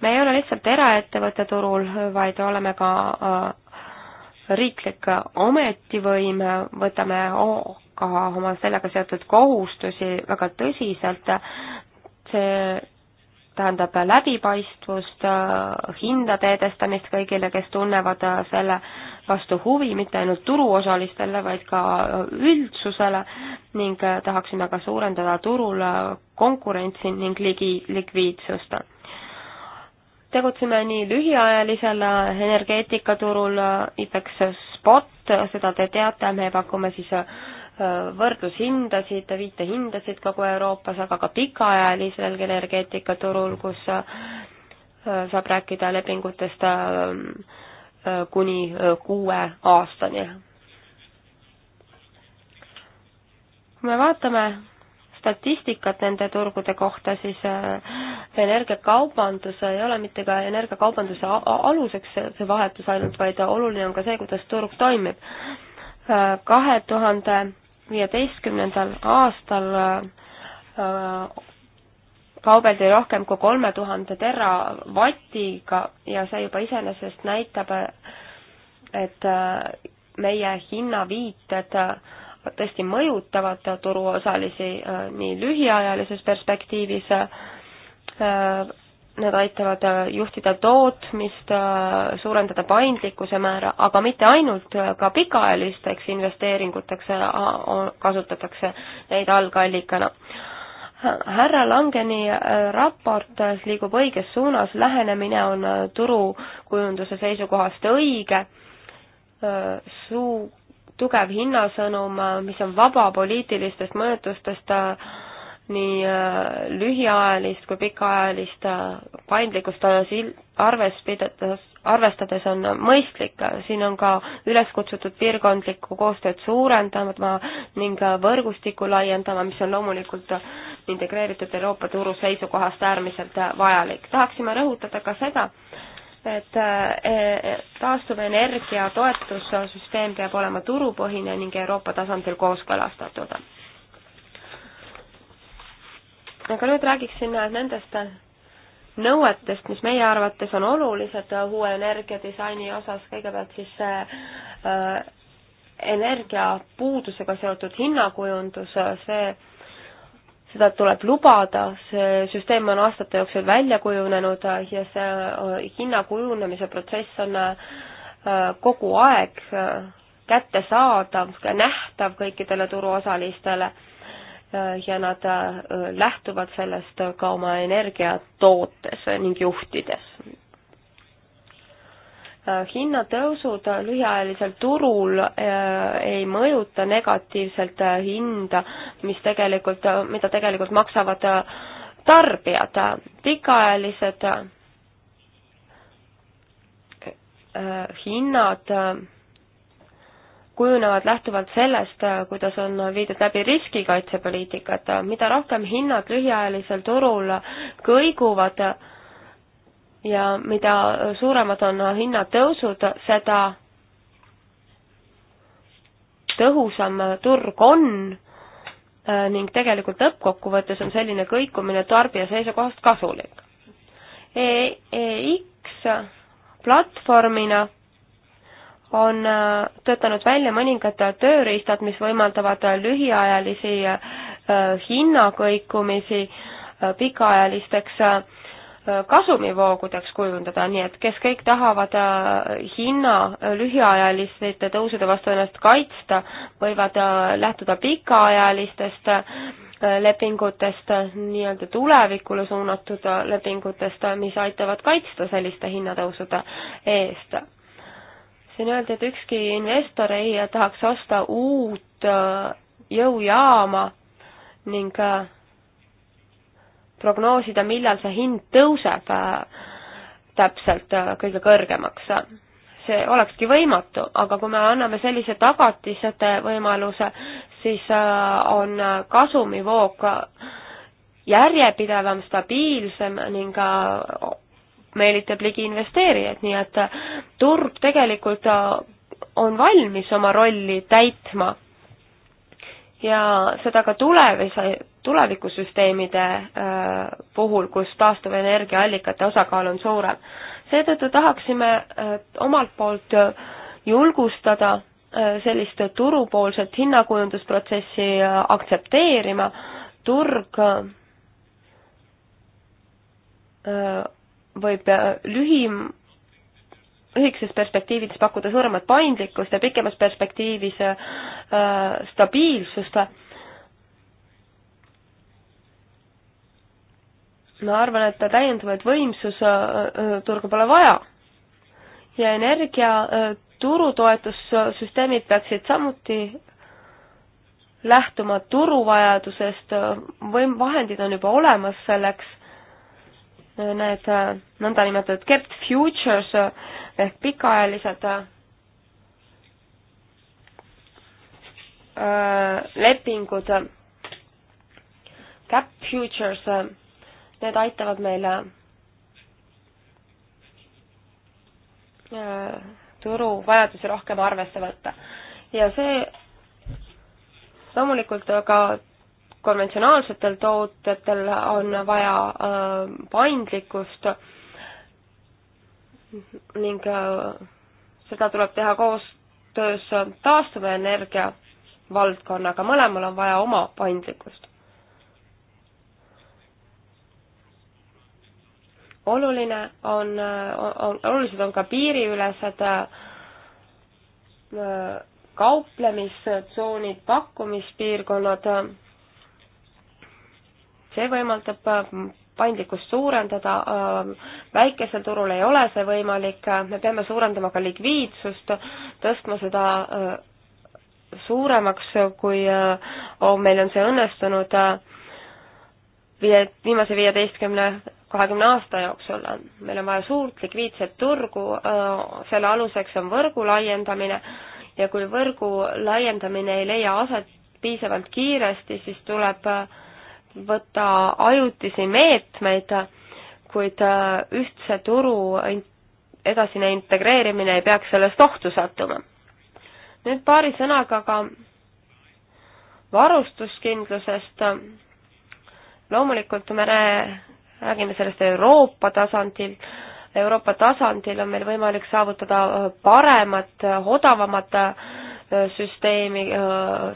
me ei ole lihtsalt eraettevõtte turul, vaid oleme ka äh, riiklik ametivõim, võtame ka oma sellega seotud kohustusi väga tõsiselt, see tähendab läbipaistvust, äh, hindade edestamist kõigile, kes tunnevad äh, selle vastu huvi mitte ainult turuosalistele, vaid ka üldsusele ning äh, tahaksime ka suurendada turul äh, konkurentsi ning ligi likviidsust. tegutseme nii lühiajalisel äh, energeetikaturul, IPEX Spot, seda te teate, me pakume siis võrdlushindasid, viitehindasid kogu Euroopas, aga ka pikaajalisel energeetikaturul, kus saab rääkida lepingutest kuni äh, kuue aastani. kui me vaatame statistikat nende turgude kohta, siis äh, energiakaubandus ei ole mitte ka energiakaubanduse aluseks see vahetus ainult, vaid oluline on ka see, kuidas turg toimib. kahe tuhande viieteistkümnendal aastal äh, kaubeldi rohkem kui kolme tuhande teravatiga ja see juba iseenesest näitab, et äh, meie hinnaviited äh, tõesti mõjutavad turuosalisi äh, nii lühiajalises perspektiivis, need aitavad juhtida tootmist, suurendada paindlikkuse määra, aga mitte ainult, ka pikaajalisteks investeeringuteks kasutatakse neid algallikana härra Langeni äh, raport äh, liigub õiges suunas, lähenemine on äh, turukujunduse seisukohast õige, suu-, tugev hinnasõnum, mis on vaba poliitilistest mõjutustest, nii lühiajalist kui pikaajalist paindlikkust arves pidades arvestades on mõistlik, siin on ka üles kutsutud piirkondlikku koostööd suurendama ning võrgustikku laiendama, mis on loomulikult integreeritud Euroopa turu seisukohast äärmiselt vajalik. tahaksime rõhutada ka seda, et e, e, taastuvenergia toetussüsteem peab olema turupõhine ning Euroopa tasandil kooskõlastatud. aga nüüd räägiksin nendest nõuetest, mis meie arvates on olulised uue energiadisaini osas, kõigepealt siis see äh, energiapuudusega seotud hinnakujundus, see, seda tuleb lubada, see süsteem on aastate jooksul välja kujunenud ja see äh, hinna kujunemise protsess on äh, kogu aeg kättesaadav, nähtav kõikidele turuosalistele Äh, ja nad äh, lähtuvad sellest ka oma energiatootes ning juhtides. Äh, hinnatõusud lühiajalisel turul ei mõjuta negatiivselt hinda, mis tegelikult, mida tegelikult maksavad tarbijad, pikaajalised hinnad kujunevad lähtuvalt sellest, äh, kuidas on viidud läbi riskikaitsepoliitikat, mida rohkem hinnad lühiajalisel turul kõiguvad ja mida suuremad on hinnatõusud, seda tõhusam turg on äh, ning tegelikult lõppkokkuvõttes on selline kõikumine tarbija seisukohast kasulik e. EX platvormina on äh, töötanud välja mõningad äh, tööriistad, mis võimaldavad äh, lühiajalisi hinnakõikumisi pikaajalisteks kasumivoogudeks kujundada, nii et kes kõik tahavad hinna lühiajaliste tõusude vastu ennast kaitsta, võivad lähtuda pikaajalistest lepingutest, nii-öelda tulevikule suunatud lepingutest, mis aitavad kaitsta selliste hinnatõusude eest siin öeldi, et ükski investor ei tahaks osta uut äh, jõujaama ning äh, prognoosida, millal see hind tõuseb äh, täpselt kõige kõrgemaks. see olekski võimatu, aga kui me anname sellise tagatisete võimaluse, siis on kasumivoog järjepidevam, stabiilsem ning meelitab ligi investeerijaid, nii et äh, turg tegelikult äh, on valmis oma rolli täitma ja seda ka tulevis-, tulevikusüsteemide äh, puhul, kus taastuvenergiaallikate osakaal on suurem. seetõttu tahaksime omalt poolt julgustada sellist turupoolset hinnakujundusprotsessi aktsepteerima, turg võib äh, lühim, lühikeses perspektiivides pakkuda suuremat paindlikkust ja pikemas perspektiivis äh, stabiilsust. ma arvan, et täiendavaid võimsusturge äh, äh, pole vaja ja energiaturu toetussüsteemid peaksid samuti lähtuma turuvajadusest, võim-, vahendid on juba olemas selleks need äh, nõndanimetatud kept futures äh, ehk pikaajalised äh, lepingud, cap futures, need aitavad meile turu vajadusi rohkem arvesse võtta. ja see loomulikult ka konventsionaalsetel tootjatel on vaja äh, paindlikkust ning äh, seda tuleb teha koostöös taastuvenergia valdkonnaga, mõlemal on vaja oma paindlikkust. oluline on, on, olulised on ka piiriülesed äh, kauplemistsoonid, pakkumispiirkonnad see võimaldab äh, paindlikkust suurendada, äh, väikesel turul ei ole see võimalik, äh, me peame suurendama ka likviidsust, tõstma seda suuremaks, kui oh, meil on see õnnestunud viie, viimase viieteistkümne, kahekümne aasta jooksul. meil on vaja suurt likviidset turgu, selle aluseks on võrgu laiendamine ja kui võrgu laiendamine ei leia aset piisavalt kiiresti, siis tuleb äh, võtta ajutisi meetmeid, kuid äh, ühtse turu edasine integreerimine ei peaks sellest ohtu sattuma. nüüd paari sõnaga ka varustuskindlusest. loomulikult me räägime sellest Euroopa tasandil, Euroopa tasandil on meil võimalik saavutada paremat, odavamat süsteemi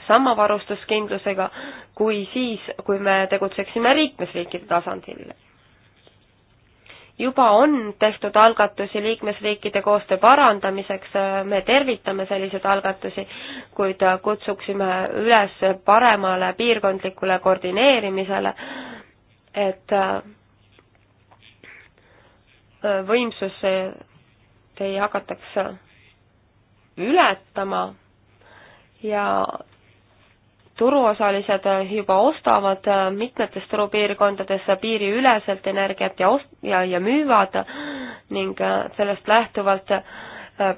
sama varustuskindlusega kui siis, kui me tegutseksime liikmesriikide tasandil. juba on tehtud algatusi liikmesriikide koostöö parandamiseks, me tervitame selliseid algatusi, kuid kutsuksime üles paremale piirkondlikule koordineerimisele, et võimsus ei hakataks ületama ja turuosalised juba ostavad äh, mitmetes turupiirkondades piiriüleselt energiat ja ost-, ja, ja müüvad ning äh, sellest lähtuvalt äh,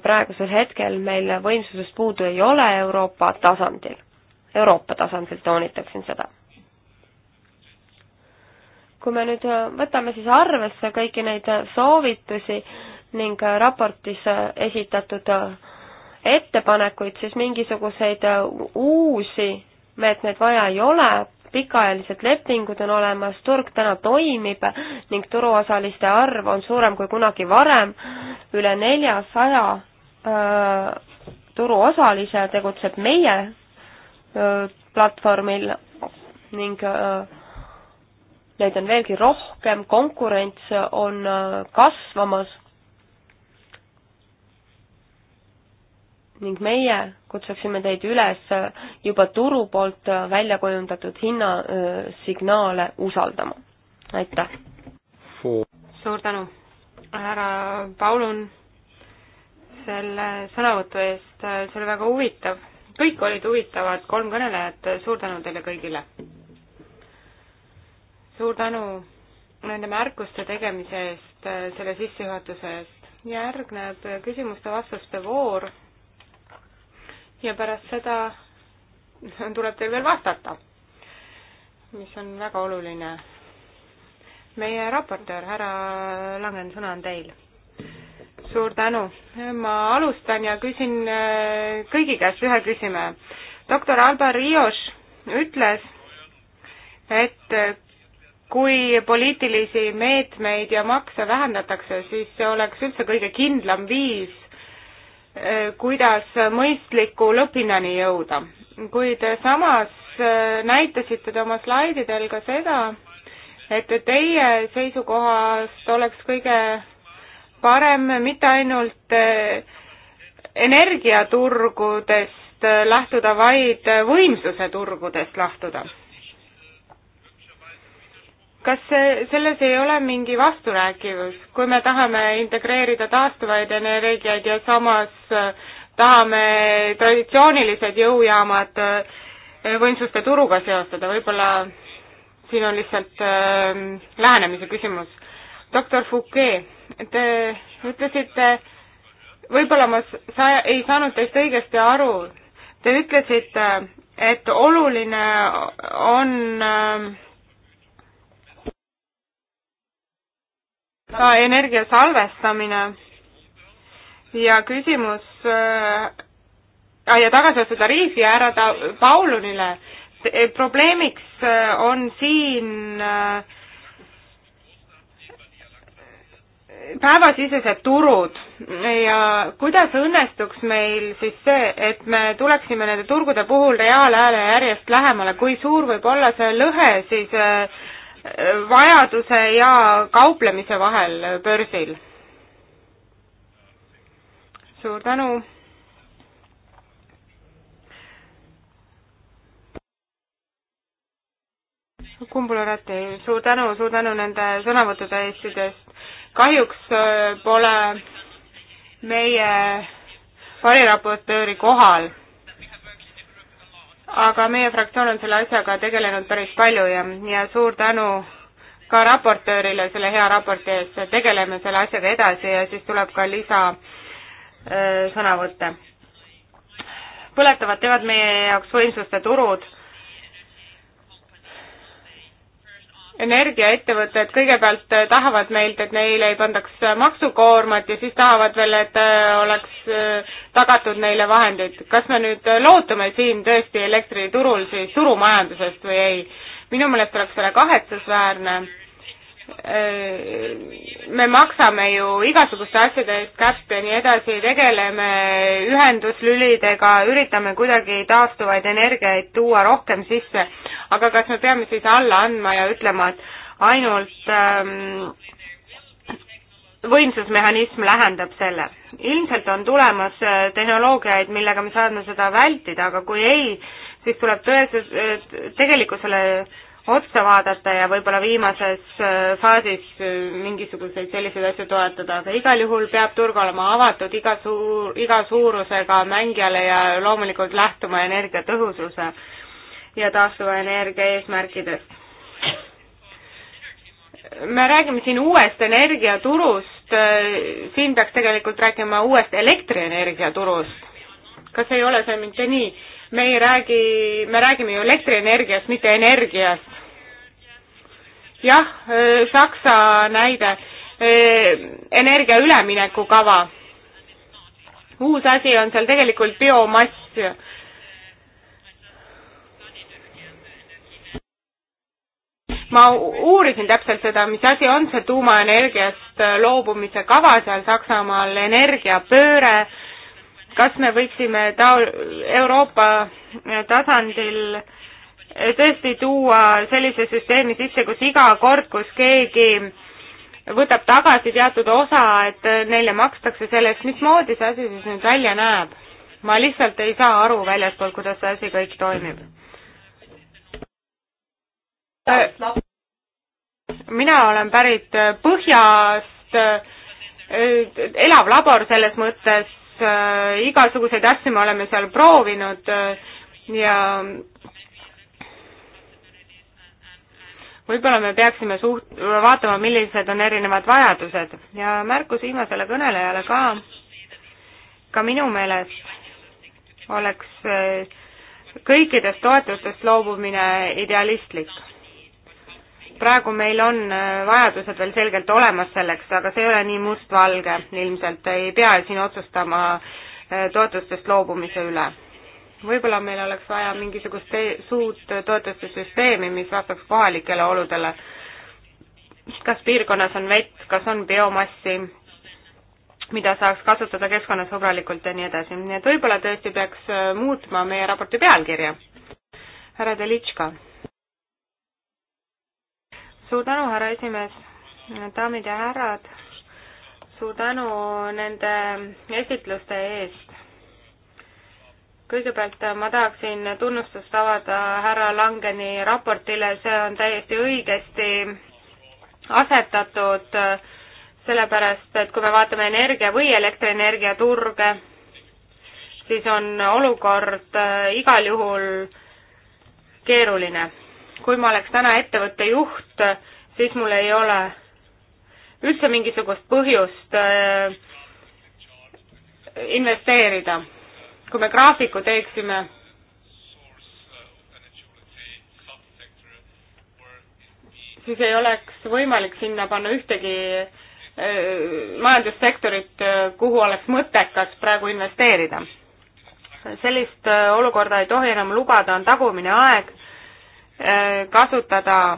praegusel hetkel meil võimsusest puudu ei ole Euroopa tasandil. Euroopa tasandil toonitaksin seda. kui me nüüd võtame siis arvesse kõiki neid soovitusi ning raportis esitatud ettepanekuid, siis mingisuguseid äh, uusi meetmeid vaja ei ole, pikaajalised lepingud on olemas, turg täna toimib ning turuosaliste arv on suurem kui kunagi varem, üle neljasaja äh, turuosalise tegutseb meie öö, äh, platvormil ning öö, neid on veelgi rohkem, konkurents on öö, kasvamas ning meie kutsuksime teid üles juba turu poolt välja kujundatud hinnasignaale usaldama. aitäh! suur tänu, härra Paulun, selle sõnavõtu eest, see oli väga huvitav. kõik olid huvitavad, kolm kõnelejat, suur tänu teile kõigile! suur tänu nende märkuste tegemise eest, selle sissejuhatuse eest. järgneb küsimuste-vastuste voor ja pärast seda tuleb teil veel vastata, mis on väga oluline. meie raportöör, härra Langen, sõna on teil. suur tänu. ma alustan ja küsin äh, kõigi käest ühe küsime. doktor Alvar Rios ütles, et kui poliitilisi meetmeid ja makse vähendatakse, siis see oleks üldse kõige kindlam viis Eh, kuidas mõistliku lõpphinnani jõuda. kuid samas eh, näitasite te oma slaididel ka seda, et teie seisukohast oleks kõige parem mitte ainult eh, energiaturgudest lähtuda, vaid võimsuse turgudest lähtuda kas see, selles ei ole mingi vasturääkivus, kui me tahame integreerida taastuvaid energiaid ja samas äh, tahame traditsioonilised jõujaamad äh, võimsuste turuga seostada, võib-olla siin on lihtsalt äh, lähenemise küsimus. doktor Fouquet, te ütlesite, võib-olla ma sa-, ei saanud teist õigesti aru, te ütlesite, et oluline on äh, ka energia salvestamine ja küsimus äh, ah, ja tagasi otsa tariifi härra ta, Paulunile. Eh, probleemiks äh, on siin äh, päevasisesed turud ja kuidas õnnestuks meil siis see, et me tuleksime nende turgude puhul reaalhääle järjest lähemale, kui suur võib olla see lõhe siis äh, vajaduse ja kauplemise vahel börsil. suur tänu. kumbulorati, suur tänu, suur tänu nende sõnavõttude eest, sest kahjuks äh, pole meie variraportööri kohal aga meie fraktsioon on selle asjaga tegelenud päris palju ja, ja suur tänu ka raportöörile selle hea raporti eest, tegeleme selle asjaga edasi ja siis tuleb ka lisasõnavõtte. Äh, põletavad teevad meie jaoks võimsuste turud energiaettevõtted kõigepealt äh, tahavad meilt, et neile ei pandaks äh, maksukoormat ja siis tahavad veel, et äh, oleks tagatud neile vahendid. kas me nüüd lootume siin tõesti elektriturul siis turumajandusest või ei? minu meelest oleks selle kahetsusväärne Äh, me maksame ju igasuguste asjade eest kätte ja nii edasi, tegeleme ühenduslülidega, üritame kuidagi taastuvaid energiaid tuua rohkem sisse, aga kas me peame siis alla andma ja ütlema, et ainult ähm, võimsusmehhanism lähendab selle. ilmselt on tulemas äh, tehnoloogiaid, millega me saame seda vältida, aga kui ei, siis tuleb tõesus, äh, tegelikkusele äh, otsa vaadata ja võib-olla viimases äh, faasis äh, mingisuguseid selliseid asju toetada, aga igal juhul peab turg olema avatud iga suur, iga suurusega mängijale ja loomulikult lähtuma energiatõhususe ja taastuva energia eesmärkidest. me räägime siin uuest energiaturust, äh, siin peaks tegelikult rääkima uuest elektrienergiaturust. kas ei ole see mitte nii? me ei räägi, me räägime ju elektrienergiast, mitte energiast jah, e, Saksa näide, e, energia ülemineku kava. uus asi on seal tegelikult biomass ma uurisin täpselt seda, mis asi on see tuumaenergiast loobumise kava seal Saksamaal, energiapööre, kas me võiksime ta-, Euroopa tasandil tõesti tuua sellise süsteemi sisse, kus iga kord, kus keegi võtab tagasi teatud osa, et neile makstakse selle eest, mismoodi see asi siis nüüd välja näeb? ma lihtsalt ei saa aru väljaspool, kuidas see asi kõik toimib. mina olen pärit Põhjast, elav labor selles mõttes, igasuguseid asju me oleme seal proovinud ja võib-olla me peaksime suht-, vaatama, millised on erinevad vajadused ja märkus viimasele kõnelejale ka, ka minu meelest oleks äh, kõikidest toetustest loobumine idealistlik. praegu meil on äh, vajadused veel selgelt olemas selleks, aga see ei ole nii mustvalge ilmselt, ei pea siin otsustama äh, toetustest loobumise üle võib-olla meil oleks vaja mingisugust suurt toetuste süsteemi, mis vastaks kohalikele oludele. kas piirkonnas on vett, kas on biomassi, mida saaks kasutada keskkonnasõbralikult ja nii edasi, nii et võib-olla tõesti peaks äh, muutma meie raporti pealkirja. härra Delitška. suur tänu, härra esimees, daamid ja härrad, suur tänu nende esitluste eest kõigepealt äh, ma tahaksin tunnustust avada härra Langeni raportile, see on täiesti õigesti asetatud, äh, sellepärast et kui me vaatame energia või elektrienergia turge, siis on olukord äh, igal juhul keeruline. kui ma oleks täna ettevõtte juht, siis mul ei ole üldse mingisugust põhjust investeerida kui me graafiku teeksime, siis ei oleks võimalik sinna panna ühtegi äh, majandussektorit, äh, kuhu oleks mõttekas praegu investeerida. sellist äh, olukorda ei tohi enam lubada, on tagumine aeg kasutada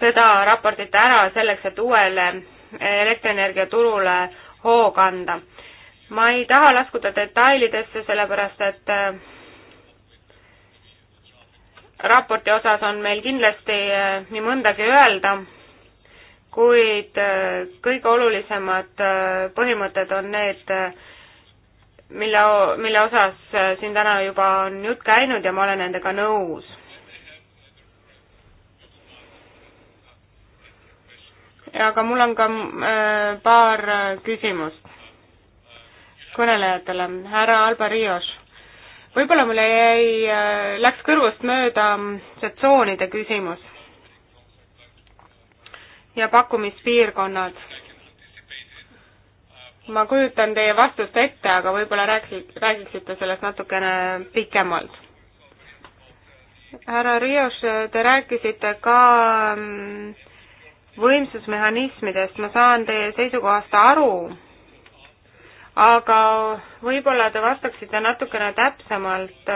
seda raportit ära selleks, et uuele elektrienergia turule hoog anda ma ei taha laskuda detailidesse, sellepärast et äh, raporti osas on meil kindlasti äh, nii mõndagi öelda, kuid äh, kõige olulisemad põhimõtted on need, mille, mille osas siin täna juba on jutt käinud ja ma olen nendega nõus. aga mul on ka paar küsimust kõnelejatele. härra Alba Rios, võib-olla mulle jäi, äh, läks kõrvust mööda mm, see tsoonide küsimus ja pakkumispiirkonnad. ma kujutan teie vastust ette, aga võib-olla rääkis, räägiksite sellest natukene pikemalt. härra Rios, te rääkisite ka mm, võimsusmehhanismidest, ma saan teie seisukohast aru aga võib-olla te vastaksite natukene täpsemalt,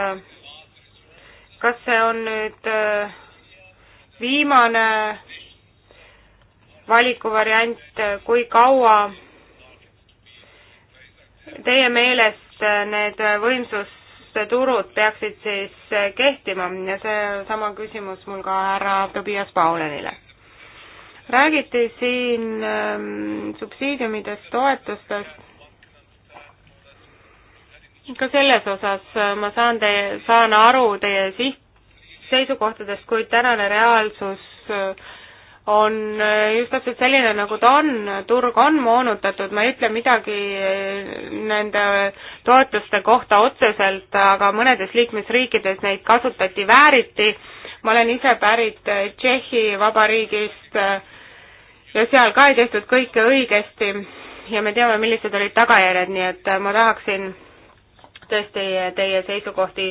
kas see on nüüd äh, viimane valikuvariant, kui kaua teie meelest need võimsuste turud peaksid siis kehtima ja seesama küsimus mul ka härra Tobias Paulenile. räägiti siin ähm, subsiidiumidest, toetustest ka selles osas äh, ma saan teie, saan aru teie siht, seisukohtadest, kuid tänane reaalsus äh, on äh, just täpselt selline, nagu ta on, turg on moonutatud, ma ei ütle midagi nende toetuste kohta otseselt, aga mõnedes liikmesriikides neid kasutati vääriti, ma olen ise pärit Tšehhi Vabariigist ja seal ka ei tehtud kõike õigesti ja me teame, millised olid tagajärjed, nii et ma tahaksin tõesti teie seisukohti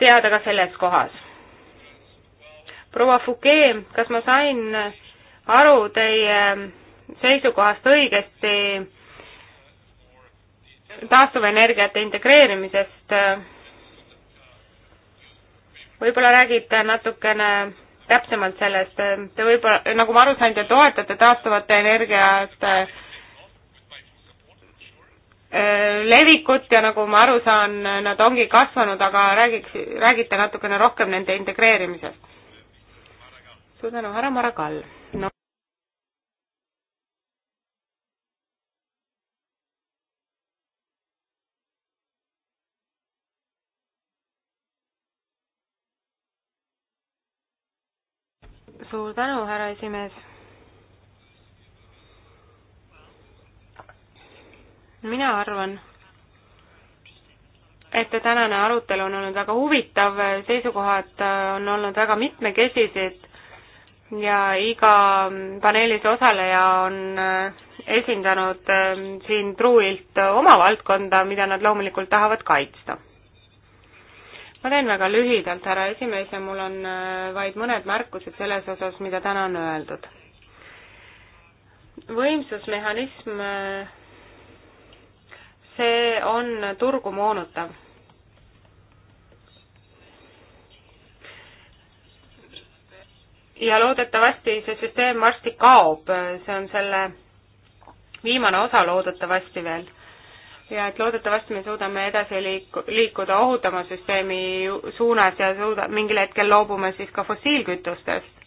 teada ka selles kohas. proua Fouquet, kas ma sain aru teie seisukohast õigesti taastuvenergiate integreerimisest? võib-olla räägite natukene täpsemalt sellest, te võib-olla, nagu ma aru sain, te toetate taastuvate energiate Äh, levikut ja nagu ma aru saan, nad ongi kasvanud, aga räägiks, räägite natukene rohkem nende integreerimisest. suur tänu, härra Maragall no.. suur tänu, härra esimees mina arvan, et tänane arutelu on olnud väga huvitav, seisukohad äh, on olnud väga mitmekesised ja iga paneelis osaleja on äh, esindanud äh, siin truuilt oma valdkonda, mida nad loomulikult tahavad kaitsta. ma teen väga lühidalt, härra esimees, ja mul on vaid mõned märkused selles osas, mida täna on öeldud. võimsusmehhanism see on turgu moonutav. ja loodetavasti see süsteem varsti kaob, see on selle viimane osa loodetavasti veel ja et loodetavasti me suudame edasi liiku-, liikuda ohutama süsteemi suunas ja suuda-, mingil hetkel loobume siis ka fossiilkütustest.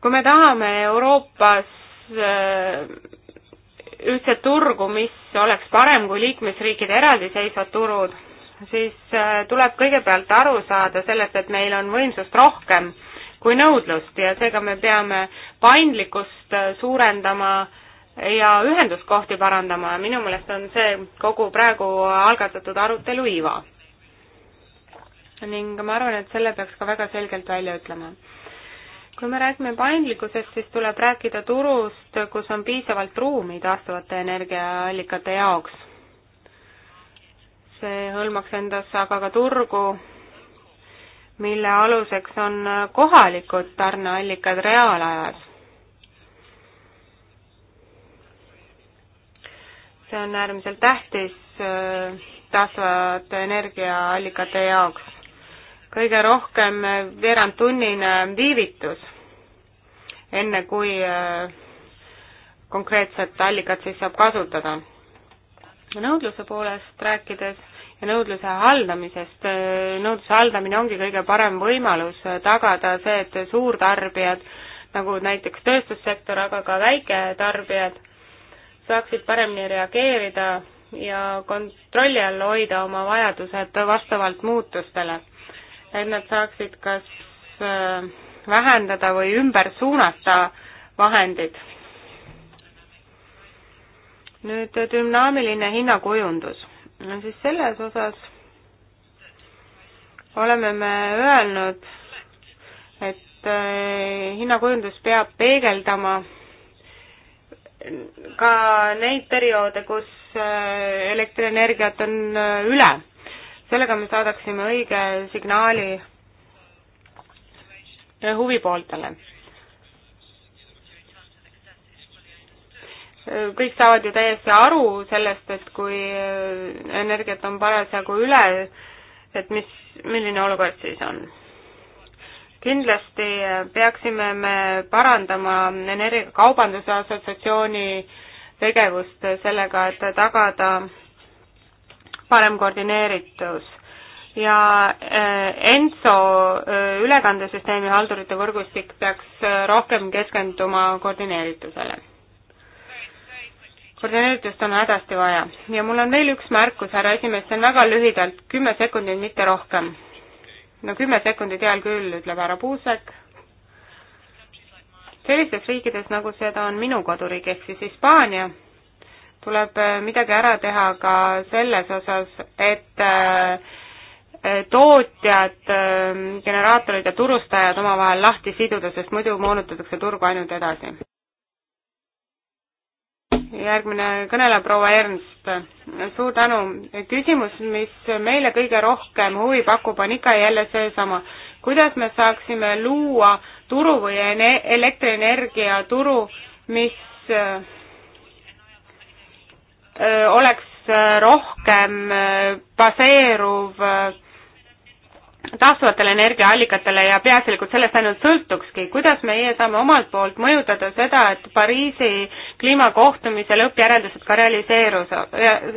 kui me tahame Euroopas äh, ühtset turgu, mis oleks parem kui liikmesriikide eraldiseisvad turud, siis äh, tuleb kõigepealt aru saada sellest, et meil on võimsust rohkem kui nõudlust ja seega me peame paindlikkust äh, suurendama ja ühenduskohti parandama ja minu meelest on see kogu praegu algatatud arutelu iva. ning ma arvan, et selle peaks ka väga selgelt välja ütlema kui me räägime paindlikkusest, siis tuleb rääkida turust, kus on piisavalt ruumi taastuvate energiaallikate jaoks. see hõlmaks endas aga ka turgu, mille aluseks on kohalikud tarneallikad reaalajas. see on äärmiselt tähtis äh, taastuvate energiaallikate jaoks kõige rohkem veerandtunnine viivitus enne kui äh, konkreetset allikat siis saab kasutada. nõudluse poolest rääkides ja nõudluse haldamisest, äh, nõudluse haldamine ongi kõige parem võimalus äh, tagada see, et suurtarbijad, nagu näiteks tööstussektor, aga ka väiketarbijad, saaksid paremini reageerida ja kontrolli all hoida oma vajadused vastavalt muutustele. et nad saaksid kas äh, vähendada või ümber suunata vahendid. nüüd dünaamiline hinnakujundus, no siis selles osas oleme me öelnud, et eh, hinnakujundus peab peegeldama ka neid perioode, kus eh, elektrienergiat on eh, üle. sellega me saadaksime õige signaali huvipooltele. kõik saavad ju täiesti aru sellest, et kui energiat on parasjagu üle, et mis, milline olukord siis on kindlasti peaksime me parandama Energiakaubanduse Assotsiatsiooni tegevust sellega, et tagada parem koordineeritus ja äh, ENSO äh, ülekandesüsteemi haldurite võrgustik peaks äh, rohkem keskenduma koordineeritusele. koordineeritust on hädasti vaja ja mul on veel üks märkus, härra esimees, see on väga lühidalt, kümme sekundit, mitte rohkem. no kümme sekundit heal küll, ütleb härra Puusek. sellistes riikides, nagu seda on minu koduriik, ehk siis Hispaania, tuleb midagi ära teha ka selles osas, et äh, Eh, tootjad, eh, generaatorid ja turustajad omavahel lahti siduda, sest muidu moonutatakse turgu ainult edasi. järgmine kõneleja, proua Ernst, suur tänu. küsimus, mis meile kõige rohkem huvi pakub, on ikka jälle seesama, kuidas me saaksime luua turu või elektrienergia turu, mis öö, eh, oleks rohkem baseeruv öö, taastuvatele energiaallikatele ja peaasjalikult sellest ainult sõltukski, kuidas meie saame omalt poolt mõjutada seda, et Pariisi kliimakohtumise lõppjäreldused ka realiseeru-,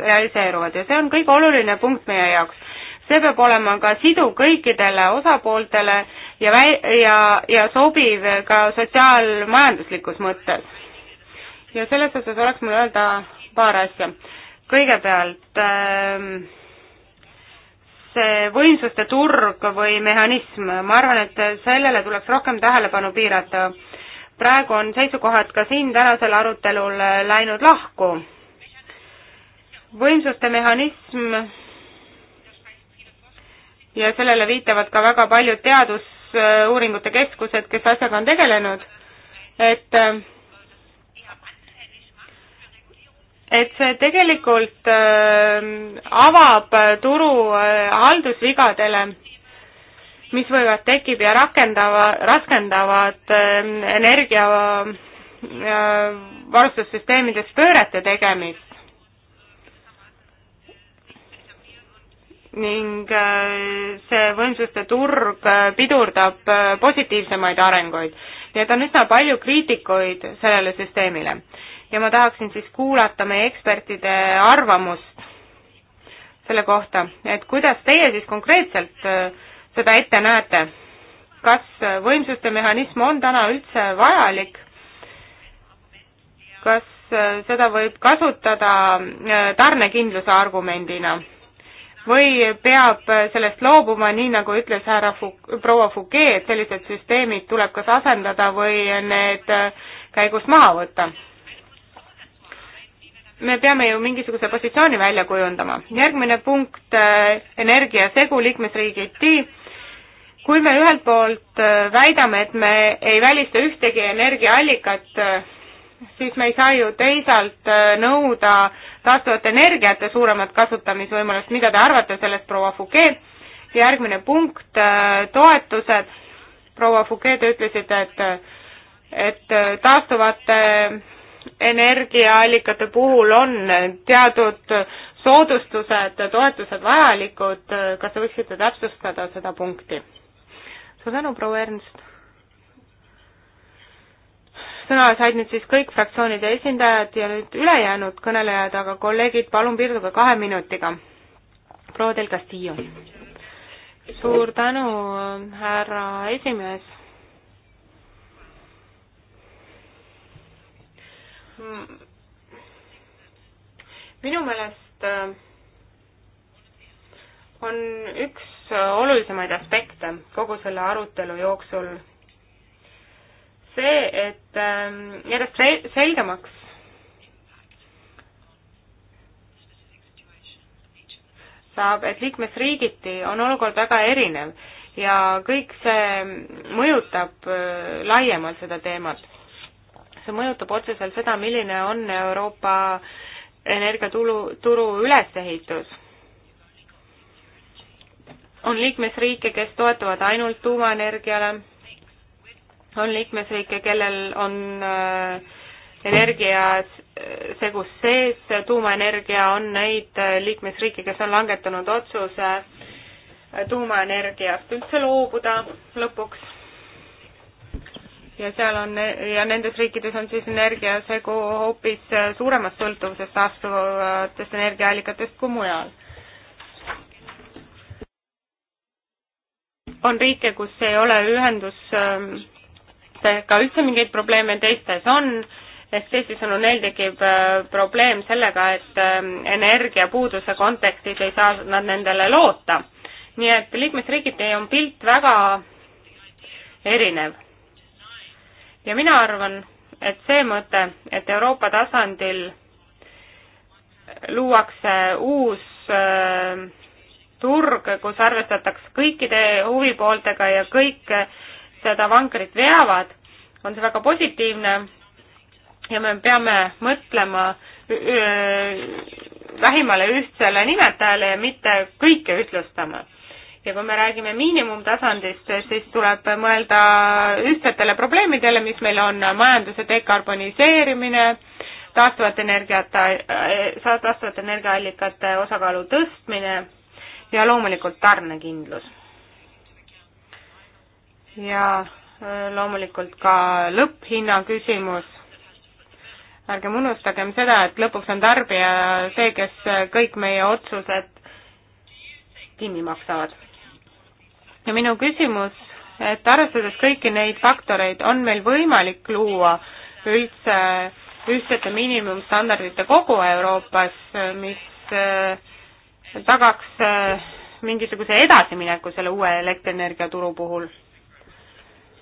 realiseeruvad ja see on kõige oluline punkt meie jaoks. see peab olema ka siduv kõikidele osapooltele ja väi-, ja, ja sobiv ka sotsiaalmajanduslikus mõttes. ja selles osas oleks mul öelda paar asja. kõigepealt äh, see võimsuste turg või mehhanism, ma arvan, et sellele tuleks rohkem tähelepanu piirata. praegu on seisukohad ka siin tänasel arutelul läinud lahku. võimsuste mehhanism ja sellele viitavad ka väga paljud teadusuuringute keskused, kes asjaga on tegelenud, et äh, et see tegelikult ähm, avab äh, turu äh, haldusvigadele, mis võivad tekib ja rakendava, raskendavad ähm, energia äh, varustussüsteemides pöörete tegemist. ning see võimsuste turg pidurdab positiivsemaid arenguid. nii et on üsna palju kriitikuid sellele süsteemile ja ma tahaksin siis kuulata meie ekspertide arvamust selle kohta, et kuidas teie siis konkreetselt äh, seda ette näete. kas äh, võimsuste mehhanism on täna üldse vajalik? kas äh, seda võib kasutada tarnekindluse argumendina? või peab sellest loobuma, nii nagu ütles härra Fou-, proua Fouquet, et sellised süsteemid tuleb kas asendada või need käigust maha võtta? me peame ju mingisuguse positsiooni välja kujundama. järgmine punkt, äh, energiasegu liikmesriigiti. kui me ühelt poolt äh, väidame, et me ei välista ühtegi energiaallikat, äh, siis me ei saa ju teisalt nõuda taastuvate energiate suuremat kasutamisvõimalust, mida te arvate sellest, proua Fouquet? järgmine punkt, toetused, proua Fouquet, te ütlesite, et et taastuvate energiaallikate puhul on teatud soodustused, toetused vajalikud, kas te võiksite täpsustada seda punkti? suur tänu, proua Ernst! sõna said nüüd siis kõik fraktsioonide esindajad ja nüüd ülejäänud kõnelejad, aga kolleegid, palun piirduge kahe minutiga. proua Del Castillo. suur tänu, härra esimees minu meelest äh, on üks olulisemaid aspekte kogu selle arutelu jooksul see, et äh, järjest selgemaks saab, et liikmesriigiti on olukord väga erinev ja kõik see mõjutab äh, laiemalt seda teemat see mõjutab otseselt seda, milline on Euroopa energiatulu, turu ülesehitus. on liikmesriike, kes toetuvad ainult tuumaenergiale, on liikmesriike, kellel on äh, energiasegus äh, sees, tuumaenergia on neid äh, liikmesriike, kes on langetanud otsuse tuumaenergiast üldse loobuda lõpuks ja seal on ja nendes riikides on siis energiasegu hoopis äh, suuremas sõltuvuses taastuvatest energiaallikatest kui mujal. on riike, kus ei ole ühendustega üldse mingeid probleeme, teistes on, ehk teisisõnu, neil tekib äh, probleem sellega, et ähm, energiapuuduse kontekstis ei saa nad nendele loota. nii et liikmesriigiti on pilt väga erinev ja mina arvan, et see mõte, et Euroopa tasandil luuakse uus äh, turg, kus arvestatakse kõikide huvipooltega ja kõik äh, seda vankrit veavad, on see väga positiivne ja me peame mõtlema äh, vähimale ühtsele nimetajale ja mitte kõike ühtlustama ja kui me räägime miinimumtasandist, siis tuleb mõelda ühtsetele probleemidele, mis meil on majanduse dekarboniseerimine, taastuvate energiate, äh, taastuvate energiaallikate osakaalu tõstmine ja loomulikult tarnekindlus. ja äh, loomulikult ka lõpphinna küsimus. ärgem unustagem seda, et lõpuks on tarbija see, kes kõik meie otsused kinni maksavad ja minu küsimus, et arvestades kõiki neid faktoreid, on meil võimalik luua üldse ühtsete miinimumstandardite kogu Euroopas, mis äh, tagaks äh, mingisuguse edasimineku selle uue elektrienergiaturu puhul?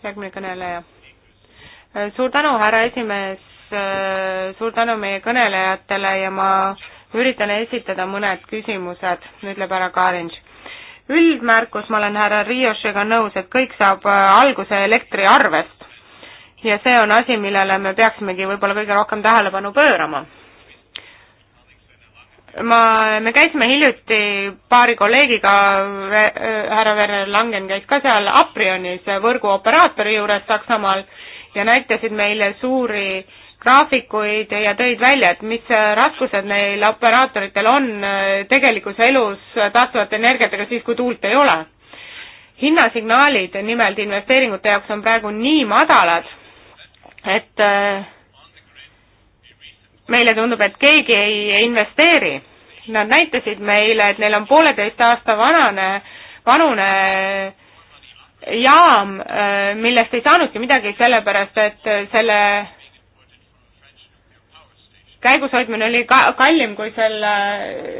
järgmine kõneleja. Äh, suur tänu, härra esimees, suur tänu meie kõnelejatele ja ma üritan esitada mõned küsimused, ütleb härra Karinš üldmärkus, ma olen härra Riosega nõus, et kõik saab äh, alguse elektriarvest ja see on asi, millele me peaksimegi võib-olla kõige rohkem tähelepanu pöörama. ma, me käisime hiljuti paari kolleegiga, äh, härra Werner Langen käis ka seal Aprionis võrguoperaatori juures Saksamaal ja näitasid meile suuri äh, graafikuid ja tõid välja, et mis raskused neil operaatoritel on äh, tegelikus elus taastuvate energiatega siis, kui tuult ei ole. hinnasignaalid nimelt investeeringute jaoks on praegu nii madalad, et äh, meile tundub, et keegi ei investeeri. Nad näitasid meile, et neil on pooleteist aasta vanane, vanune äh, jaam, millest ei saanudki midagi, sellepärast et selle käigus hoidmine oli ka-, kallim kui selle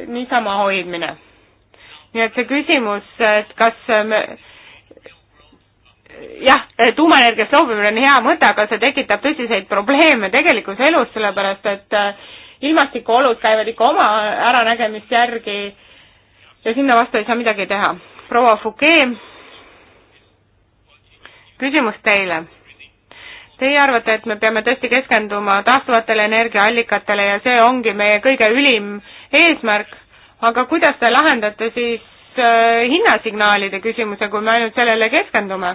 niisama hoidmine. nii et see küsimus, et kas me jah, tuumaenergiast loobumine on hea mõte, aga see tekitab tõsiseid probleeme tegelikus elus, sellepärast et äh, ilmastikuolud käivad ikka oma äranägemist järgi ja sinna vastu ei saa midagi teha. proua Fouquet, küsimus teile Teie arvate, et me peame tõesti keskenduma taastuvatele energiaallikatele ja see ongi meie kõige ülim eesmärk, aga kuidas te lahendate siis äh, hinnasignaalide küsimuse, kui me ainult sellele keskendume?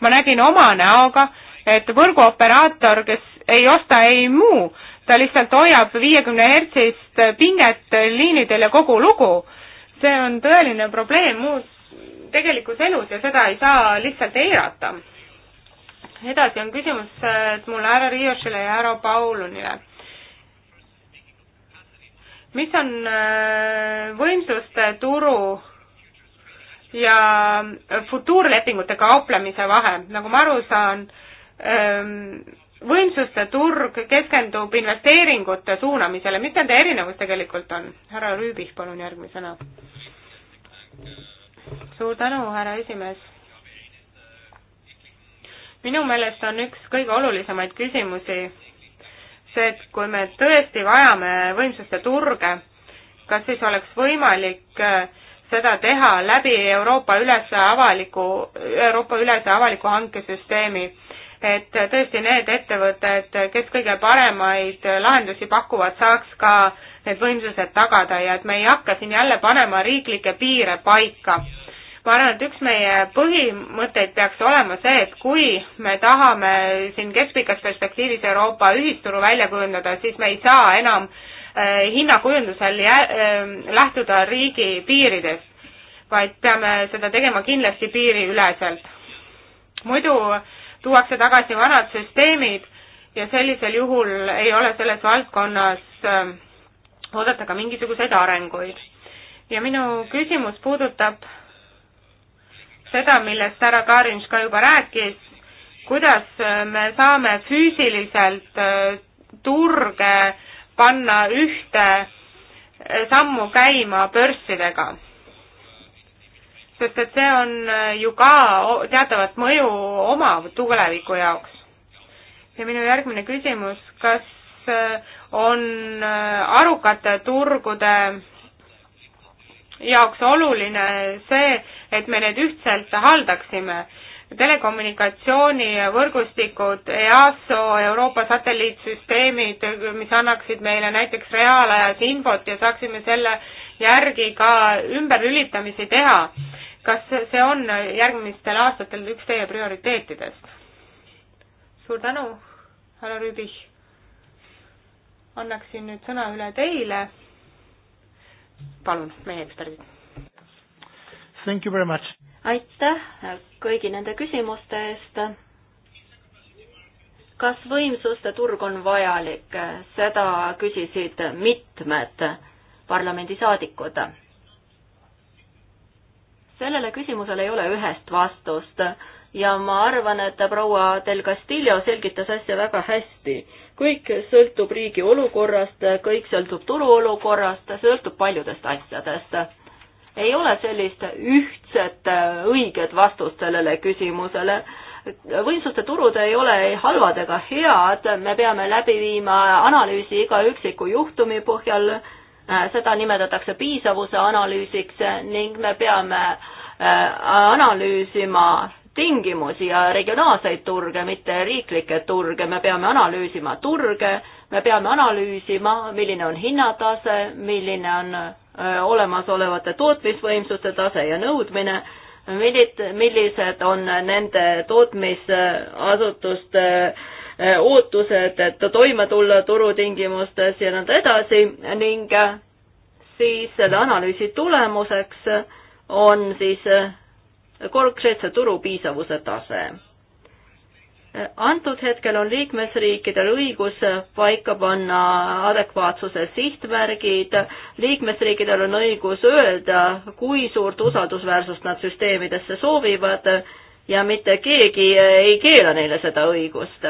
ma nägin oma näoga, et võrguoperaator, kes ei osta ei muu, ta lihtsalt hoiab viiekümne hertsist pinget liinidel ja kogu lugu. see on tõeline probleem muus tegelikus elus ja seda ei saa lihtsalt eirata edasi on küsimused mulle härra Riiosile ja härra Paulunile. mis on äh, võimsuste turu ja futuurlepingute kauplemise vahe, nagu ma aru saan, ähm, võimsuste turg keskendub investeeringute suunamisele, mis nende erinevus tegelikult on? härra Rüübih, palun järgmisena. suur tänu, härra esimees minu meelest on üks kõige olulisemaid küsimusi see, et kui me tõesti vajame võimsuste turge, kas siis oleks võimalik äh, seda teha läbi Euroopa ülese avaliku, Euroopa ülese avaliku hankesüsteemi, et tõesti need ettevõtted, kes kõige paremaid lahendusi pakuvad, saaks ka need võimsused tagada ja et me ei hakka siin jälle panema riiklikke piire paika ma arvan, et üks meie põhimõtteid peaks olema see, et kui me tahame siin keskpikas perspektiivis Euroopa ühisturu välja kujundada, siis me ei saa enam äh, hinnakujundusel jä, äh, lähtuda riigi piiridest, vaid peame seda tegema kindlasti piiriüleselt. muidu tuuakse tagasi vanad süsteemid ja sellisel juhul ei ole selles valdkonnas äh, oodata ka mingisuguseid arenguid. ja minu küsimus puudutab seda, millest härra Kaarins ka juba rääkis, kuidas äh, me saame füüsiliselt äh, turge panna ühte äh, sammu käima börssidega. sest et see on ju ka teatavat mõju oma tuleviku jaoks. ja minu järgmine küsimus, kas on arukate turgude jaoks oluline see, et me need ühtselt haldaksime. telekommunikatsioonivõrgustikud, EASO, Euroopa satelliitsüsteemid, mis annaksid meile näiteks reaalajas infot ja saaksime selle järgi ka ümberlülitamisi teha. kas see on järgmistel aastatel üks teie prioriteetidest? suur tänu, härra Rüübich. annaksin nüüd sõna üle teile. palun, meie eksperdid Thank you very much. aitäh kõigi nende küsimuste eest. kas võimsuste turg on vajalik, seda küsisid mitmed parlamendisaadikud. sellele küsimusele ei ole ühest vastust ja ma arvan, et proua Del Castillo selgitas asja väga hästi. kõik sõltub riigi olukorrast, kõik sõltub turu olukorrast, sõltub paljudest asjadest ei ole sellist ühtset äh, õiget vastust sellele küsimusele. võimsuste turud ei ole ei halvad ega head, me peame läbi viima analüüsi iga üksiku juhtumi põhjal, äh, seda nimetatakse piisavuse analüüsiks ning me peame äh, analüüsima tingimusi ja regionaalseid turge, mitte riiklikke turge, me peame analüüsima turge, me peame analüüsima, milline on hinnatase, milline on Äh, olemasolevate tootmisvõimsuste tase ja nõudmine, millised on nende tootmisasutuste äh, ootused, et toime tulla turutingimustes ja nõnda edasi ning äh, siis selle analüüsi tulemuseks on siis konkreetse turu piisavuse tase antud hetkel on liikmesriikidel õigus paika panna adekvaatsuse sihtmärgid, liikmesriikidel on õigus öelda, kui suurt usaldusväärsust nad süsteemidesse soovivad ja mitte keegi ei keela neile seda õigust.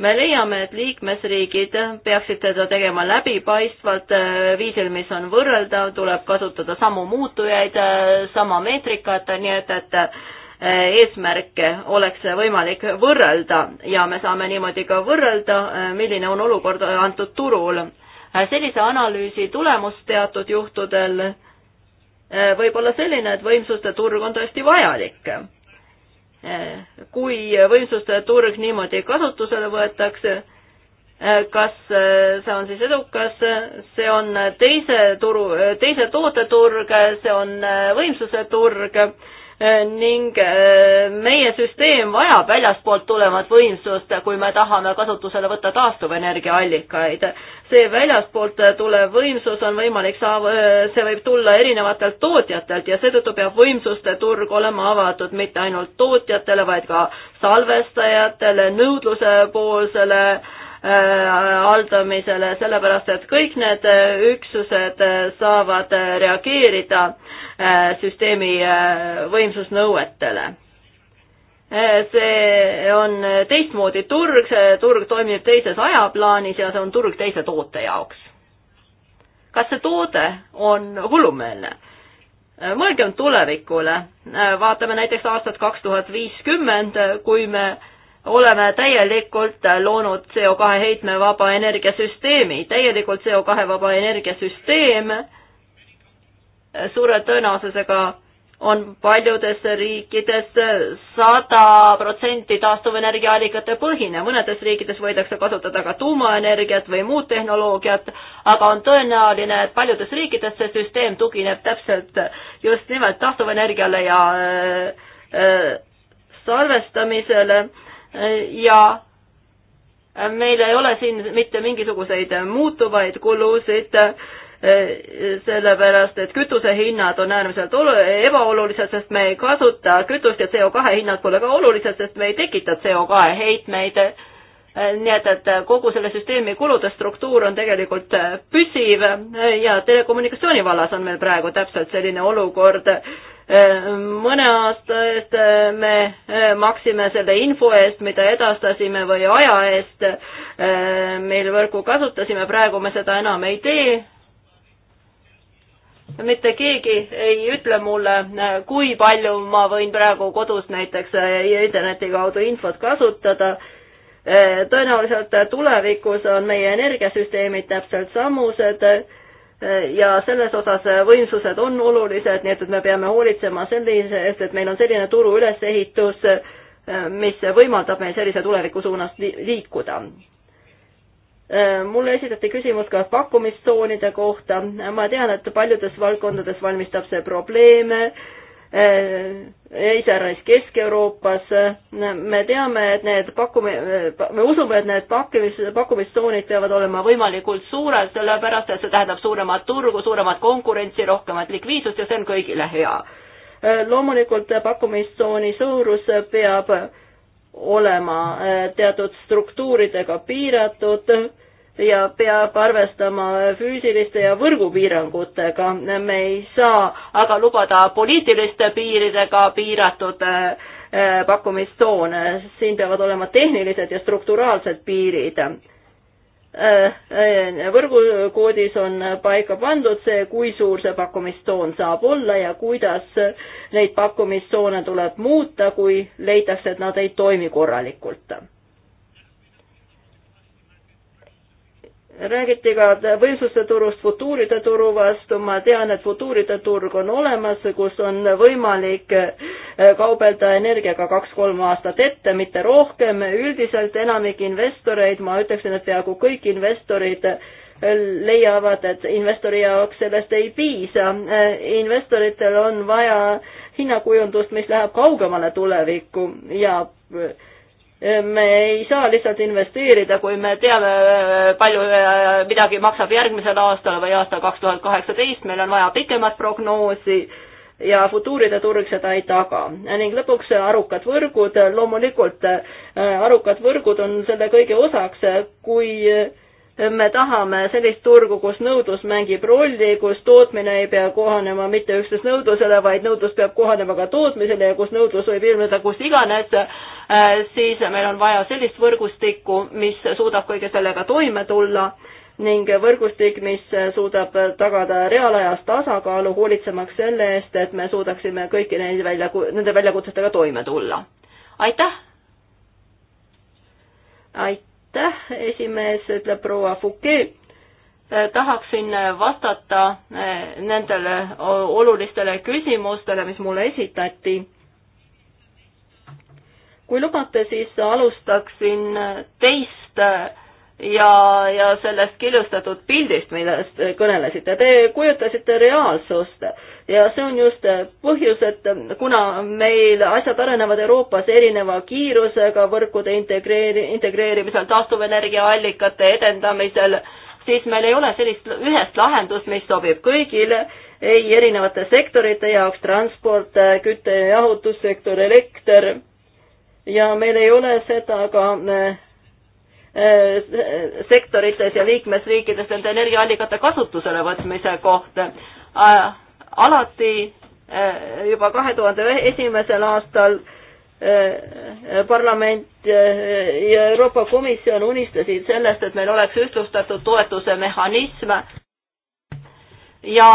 me leiame, et liikmesriigid peaksid seda tegema läbipaistvalt, viisil, mis on võrreldav, tuleb kasutada samu muutujaid, sama meetrikat, nii et, et Eh, eesmärke oleks võimalik võrrelda ja me saame niimoodi ka võrrelda, eh, milline on olukord antud turul. Eh, sellise analüüsi tulemus teatud juhtudel võib olla selline, et võimsuste turg on tõesti vajalik. kui võimsuste turg niimoodi kasutusele võetakse, kas see on siis edukas, see on teise turu, teise tooteturg, see on võimsuse turg Äh, ning äh, meie süsteem vajab väljaspoolt tulevat võimsust, kui me tahame kasutusele võtta taastuvenergiaallikaid. see väljaspoolt tulev võimsus on võimalik saav-, äh, see võib tulla erinevatelt tootjatelt ja seetõttu peab võimsuste turg olema avatud mitte ainult tootjatele, vaid ka salvestajatele, nõudlusepoolsele äh, Äh, haldamisele, sellepärast et kõik need äh, üksused äh, saavad reageerida süsteemi võimsusnõuetele see on teistmoodi turg, see turg toimib teises ajaplaanis ja see on turg teise toote jaoks. kas see toode on hullumeelne? mõelgem tulevikule, vaatame näiteks aastat kaks tuhat viiskümmend, kui me oleme täielikult loonud CO2 heitmevaba energiasüsteemi, täielikult CO2 vaba energiasüsteem suure tõenäosusega on paljudes riikides sada protsenti taastuvenergiaallikate põhine, mõnedes riikides võidakse kasutada ka tuumaenergiat või muud tehnoloogiat, aga on tõenäoline, et paljudes riikides see süsteem tugineb täpselt just nimelt taastuvenergiale ja äh, äh salvestamisele äh, ja meil ei ole siin mitte mingisuguseid muutuvaid kulusid, sellepärast et kütusehinnad on äärmiselt ebaolulised, sest me ei kasuta kütust ja CO2 hinnad pole ka olulised, sest me ei tekita CO2 heitmeid. nii et, et kogu selle süsteemi kulude struktuur on tegelikult püsiv ja telekommunikatsiooni vallas on meil praegu täpselt selline olukord mõne aasta eest äh, me äh, maksime selle info eest, mida edastasime või aja eest, äh, mil võrku kasutasime, praegu me seda enam ei tee. mitte keegi ei ütle mulle, kui palju ma võin praegu kodus näiteks interneti kaudu infot kasutada tõenäoliselt tulevikus on meie energiasüsteemid täpselt samused ja selles osas äh, võimsused on olulised, nii et, et me peame hoolitsema selle eest, et meil on selline turu ülesehitus, äh, mis võimaldab meil sellise tuleviku suunas liikuda. Äh, mulle esitati küsimus ka pakkumistsoonide kohta. ma tean, et paljudes valdkondades valmistab see probleeme Äh, iseäranis Kesk-Euroopas. me teame, et need pakkum-, me usume, et need pakkumis, pakkumistsoonid peavad olema võimalikult suured, sellepärast et see tähendab suuremat turgu, suuremat konkurentsi, rohkemat likviidsust ja see on kõigile hea. Äh, loomulikult pakkumistsooni suurus peab olema äh, teatud struktuuridega piiratud ja peab arvestama füüsiliste ja võrgupiirangutega. me ei saa aga lubada poliitiliste piiridega piiratud äh, pakkumistsoone, siin peavad olema tehnilised ja strukturaalsed piirid. Äh, äh, võrgukoodis on paika pandud see, kui suur see pakkumistsoon saab olla ja kuidas neid pakkumistsoone tuleb muuta, kui leitakse, et nad ei toimi korralikult räägiti ka võimsuste turust futuuride turu vastu, ma tean, et futuuride turg on olemas, kus on võimalik äh, kaubelda energiaga kaks-kolm aastat ette, mitte rohkem, üldiselt enamik investoreid, ma ütleksin, et peaaegu kõik investorid äh, leiavad, et investori jaoks sellest ei piisa. Äh, investoritel on vaja hinnakujundust, mis läheb kaugemale tulevikku ja me ei saa lihtsalt investeerida, kui me teame, äh, palju äh, midagi maksab järgmisel aastal või aastal kaks tuhat kaheksateist, meil on vaja pikemat prognoosi ja futuuride turg seda ei taga. ning lõpuks äh, arukad võrgud, loomulikult arukad võrgud on selle kõige osaks, kui me tahame sellist turgu, kus nõudlus mängib rolli, kus tootmine ei pea kohanema mitte üksnes nõudlusele, vaid nõudlus peab kohanema ka tootmisele ja kus nõudlus võib ilmneda kus iganes, äh, siis meil on vaja sellist võrgustikku, mis suudab kõige sellega toime tulla ning võrgustik, mis suudab tagada reaalajas tasakaalu, hoolitsemaks selle eest, et me suudaksime kõiki neid välja, nende väljakutsetega toime tulla. aitäh! aitäh! aitäh, esimees, ütleb proua Fouquet. Äh, tahaksin äh, vastata äh, nendele olulistele küsimustele, mis mulle esitati. kui lubate, siis alustaksin teist ja, ja sellest killustatud pildist, millest kõnelesite. Te kujutasite reaalsust ja see on just äh, põhjus, et äh, kuna meil asjad arenevad Euroopas erineva kiirusega võrkude integreeri-, integreerimisel, taastuvenergiaallikate edendamisel, siis meil ei ole sellist ühest lahendust, mis sobib kõigile, ei erinevate sektorite jaoks, transport, äh, küte- ja jahutussektor, elekter, ja meil ei ole seda ka sektorites ja liikmesriikides nende energiaallikate kasutusele võtmise kohta alati eh, juba kahe tuhande esimesel aastal eh, eh, parlament ja Euroopa Komisjon unistasid sellest, et meil oleks ühtlustatud toetuse mehhanism ja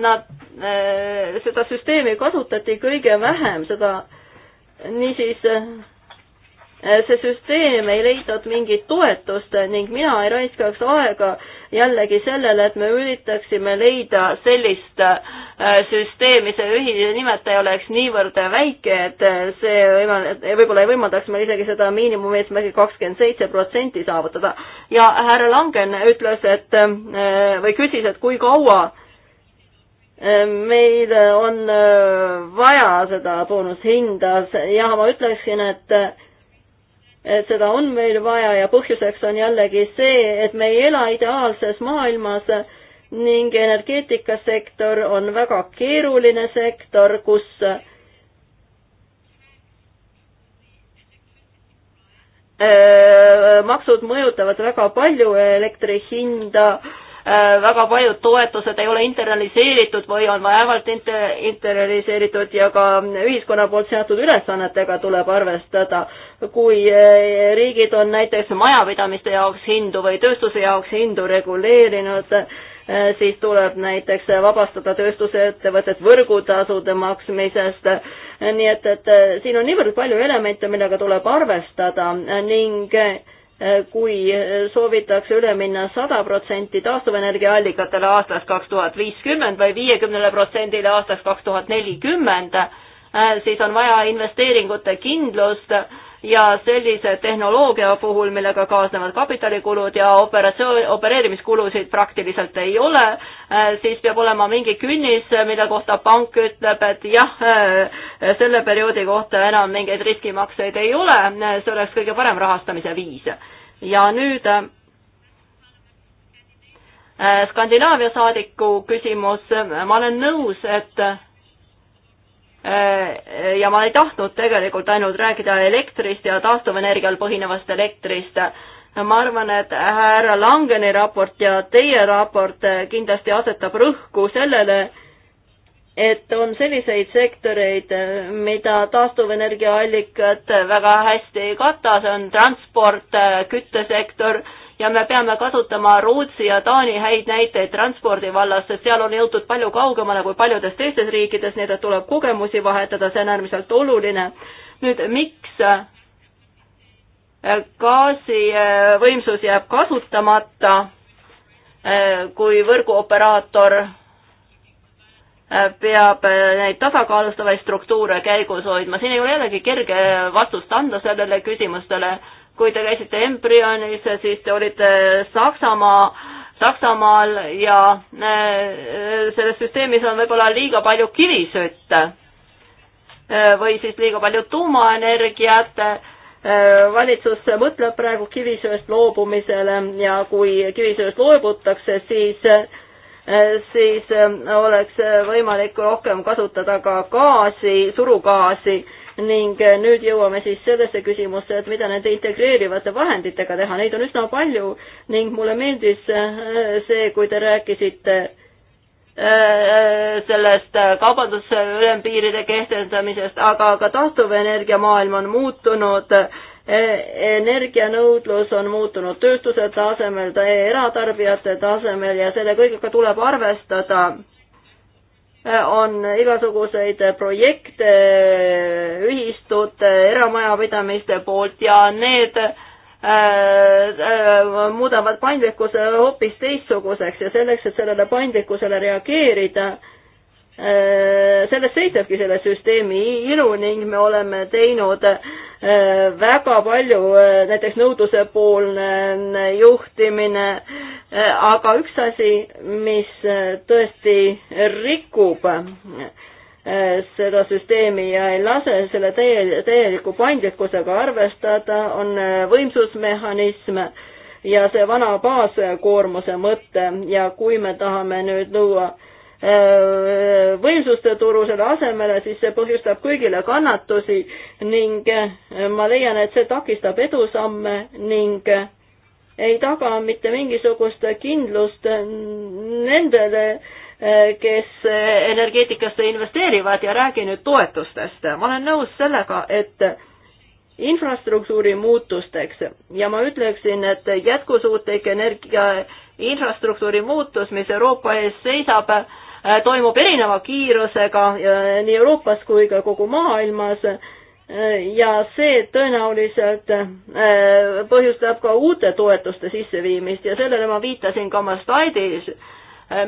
nad, seda süsteemi kasutati kõige vähem, seda niisiis Äh, see süsteem ei leidnud mingit toetust ning mina ei raiskaks aega jällegi sellele, et me üritaksime leida sellist äh, süsteemi, see ühine nimetaja oleks niivõrd väike, et äh, see võib-olla ei võimaldaks meil isegi seda miinimumeesmärgi kakskümmend seitse protsenti saavutada. ja härra Langen ütles, et või küsis, et kui kaua meil on vaja seda boonushinda, jah, ma ütleksin, et seda on meil vaja ja põhjuseks on jällegi see, et me ei ela ideaalses maailmas ning energeetikasektor on väga keeruline sektor, kus äh, maksud mõjutavad väga palju elektri hinda Äh, väga paljud toetused ei ole internaliseeritud või on vaevalt inter-, internaliseeritud ja ka ühiskonna poolt seatud ülesannetega tuleb arvestada. kui äh, riigid on näiteks majapidamiste jaoks hindu või tööstuse jaoks hindu reguleerinud, äh, siis tuleb näiteks vabastada tööstusettevõtted võrgutasude maksmisest. nii et, et siin on niivõrd palju elemente, millega tuleb arvestada ning Eh, kui eh, soovitakse üle minna sada protsenti taastuvenergiaallikatele aastaks kaks tuhat viiskümmend või viiekümnele protsendile aastaks kaks tuhat nelikümmend, eh, siis on vaja investeeringute kindlust ja sellise tehnoloogia puhul, millega kaasnevad kapitalikulud ja operatsioon, opereerimiskulusid praktiliselt ei ole, äh, siis peab olema mingi künnis, mille kohta pank ütleb, et jah, äh, selle perioodi kohta enam mingeid riskimakseid ei ole, see oleks kõige parem rahastamise viis. ja nüüd äh, Skandinaavia saadiku küsimus, ma olen nõus, et Äh, ja ma ei tahtnud tegelikult ainult rääkida elektrist ja taastuvenergial põhinevast elektrist. ma arvan, et härra Langeni raport ja teie raport kindlasti asetab rõhku sellele, et on selliseid sektoreid, mida taastuvenergiaallikad väga hästi ei kata, see on transport, küttesektor ja me peame kasutama Rootsi ja Taani häid näiteid transpordi vallas, sest seal on jõutud palju kaugemale kui paljudes teistes riikides, nii et tuleb kogemusi vahetada, see on äärmiselt oluline. nüüd, miks äh, gaasivõimsus äh, jääb kasutamata, äh, kui võrguoperaator peab neid tasakaalustavaid struktuure käigus hoidma, siin ei ole jällegi kerge vastust anda sellele küsimustele kui te käisite embrüonis, siis te olite Saksamaa, Saksamaal ja äh, selles süsteemis on võib-olla liiga palju kivisütt äh, või siis liiga palju tuumaenergiat. Äh, valitsus mõtleb praegu kivisööst loobumisele ja kui kivisööst loobutakse, siis siis oleks võimalik rohkem kasutada ka gaasi, surugaasi ning eh, nüüd jõuame siis sellesse küsimusse, et mida nende integreerivate vahenditega teha, neid on üsna palju ning mulle meeldis eh, see, kui te rääkisite eh, sellest kaubanduse ülempiiride kehtestamisest, aga ka taastuvenergia maailm on muutunud, energianõudlus on muutunud tööstuse tasemel, eratarbijate tasemel ja selle kõigega tuleb arvestada on igasuguseid projekte ühistute, eramajapidamiste poolt ja need äh, äh, muudavad paindlikkuse hoopis teistsuguseks ja selleks, et sellele paindlikkusele reageerida, Äh, selles seisnebki selle süsteemi ilu ning me oleme teinud äh, väga palju, äh, näiteks nõudlusepoolne juhtimine, aga üks asi, mis tõesti rikub seda süsteemi ja ei lase selle täie, täieliku paindlikkusega arvestada, on võimsusmehhanism ja see vana baaskoormuse mõte ja kui me tahame nüüd luua äh, Äh, võimsuste turu selle asemele, siis see põhjustab kõigile kannatusi ning äh, ma leian, et see takistab edusamme ning äh, ei taga mitte mingisugust kindlust nendele, kes energeetikasse investeerivad ja räägi nüüd toetustest. ma olen nõus sellega, et infrastruktuuri muutusteks ja ma ütleksin, et jätkusuutlik energia infrastruktuuri muutus, mis Euroopa ees seisab, Äh, toimub erineva kiirusega äh, nii Euroopas kui ka kogu maailmas äh, ja see tõenäoliselt põhjustab ka uute toetuste sisseviimist ja sellele ma viitasin ka oma slaidis.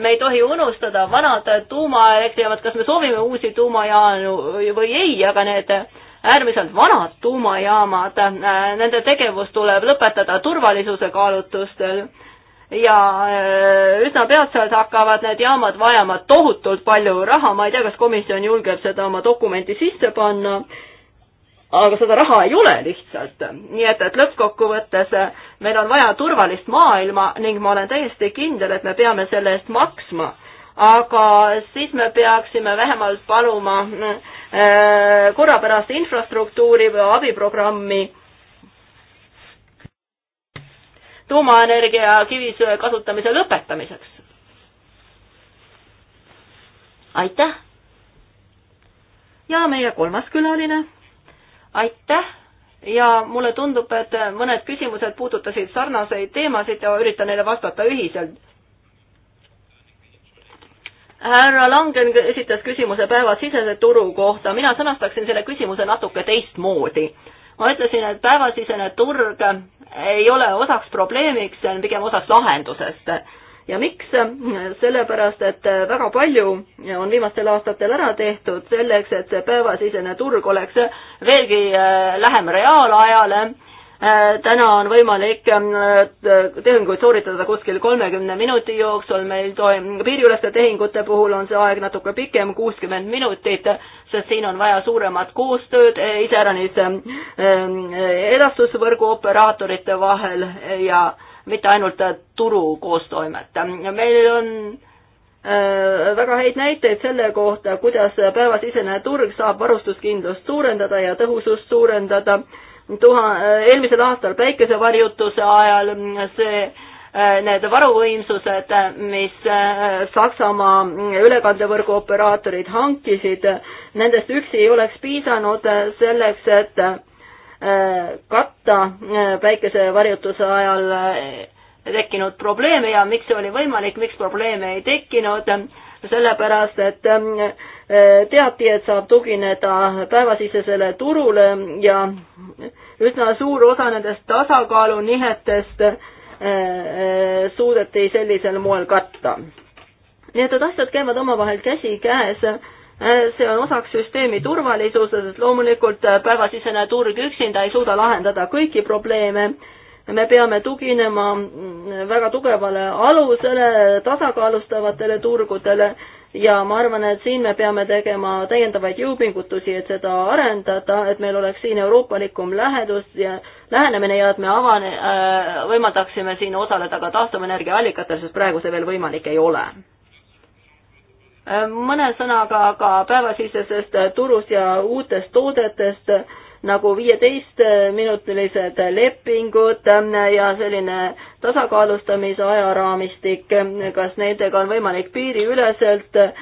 me ei tohi unustada vanad tuumaelektrijaamad, kas me soovime uusi tuumajaamu või ei, aga need äärmiselt vanad tuumajaamad, nende tegevus tuleb lõpetada turvalisuse kaalutlustel ja äh, üsna peatselt hakkavad need jaamad vajama tohutult palju raha, ma ei tea, kas komisjon julgeb seda oma dokumenti sisse panna, aga seda raha ei ole lihtsalt. nii et, et lõppkokkuvõttes äh, meil on vaja turvalist maailma ning ma olen täiesti kindel, et me peame selle eest maksma aga siis me peaksime vähemalt paluma äh, korra pärast infrastruktuuri või abiprogrammi tuumaenergia ja kivisöe kasutamise lõpetamiseks. aitäh! ja meie kolmas külaline, aitäh! ja mulle tundub, et mõned küsimused puudutasid sarnaseid teemasid ja üritan neile vastata ühiselt. härra Langen esitas küsimuse päevasisese turu kohta, mina sõnastaksin selle küsimuse natuke teistmoodi ma ütlesin, et päevasisene turg ei ole osaks probleemiks, see on pigem osaks lahendusest. ja miks? sellepärast, et väga palju on viimastel aastatel ära tehtud selleks, et see päevasisene turg oleks veelgi äh, lähem reaalajale Äh, täna on võimalik ähm, äh, tehinguid sooritada kuskil kolmekümne minuti jooksul, meil toimub, piiriüleste tehingute puhul on see aeg natuke pikem, kuuskümmend minutit, sest siin on vaja suuremat koostööd äh, iseäranis ähm, ähm, edastusvõrgu operaatorite vahel ja mitte ainult turu koostoimet. meil on väga häid näiteid selle kohta, kuidas päevasisene turg saab varustuskindlust suurendada ja tõhusust suurendada tuha-, eelmisel aastal päikesevarjutuse ajal see äh, Need varuvõimsused, mis äh, Saksamaa ülekandevõrgu operaatorid hankisid, nendest üksi ei oleks piisanud selleks, et äh, katta päikesevarjutuse ajal tekkinud probleeme ja miks see oli võimalik, miks probleeme ei tekkinud, sellepärast et teati, et saab tugineda päevasisesele turule ja üsna suur osa nendest tasakaalunihetest äh, äh, suudeti sellisel moel katta. nii et need asjad käivad omavahel käsikäes, äh, see on osaks süsteemi turvalisusest, loomulikult päevasisene turg üksinda ei suuda lahendada kõiki probleeme, me peame tuginema mm, väga tugevale alusele, tasakaalustavatele turgudele ja ma arvan, et siin me peame tegema täiendavaid jõupingutusi, et seda arendada, et meil oleks siin euroopalikum lähedus ja lähenemine ja et me avane- äh,, võimaldaksime siin osaleda ka taastuvenergia allikatel, sest praegu see veel võimalik ei ole äh, mõne sõnaga ka päevasisesest turust ja uutest toodetest nagu viieteistminutilised lepingud ja selline tasakaalustamise ajaraamistik, kas nendega on võimalik piiriüleselt äh,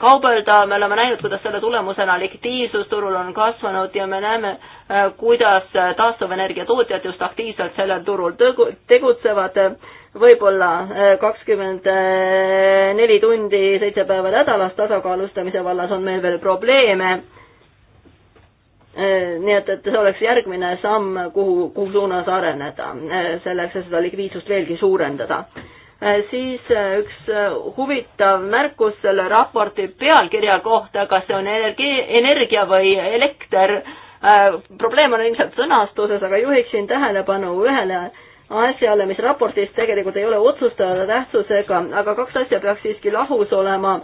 kaubelda, me oleme näinud, kuidas selle tulemusena liktiivsus turul on kasvanud ja me näeme, äh, kuidas taastuvenergia tootjad just aktiivselt sellel turul tegutsevad, võib-olla äh, kakskümmend neli tundi, seitse päeva nädalas tasakaalustamise vallas on meil veel probleeme Äh, nii et, et see oleks järgmine samm, kuhu, kuhu suunas areneda, äh, selleks, et seda likviidsust veelgi suurendada. Äh, siis üks huvitav märkus selle raporti pealkirja kohta, kas see on energi-, energia või elekter, probleem on ilmselt sõnastuses, aga juhiksin tähelepanu ühele asjale, mis raportis tegelikult ei ole otsustavale tähtsusega, aga kaks asja peaks siiski lahus olema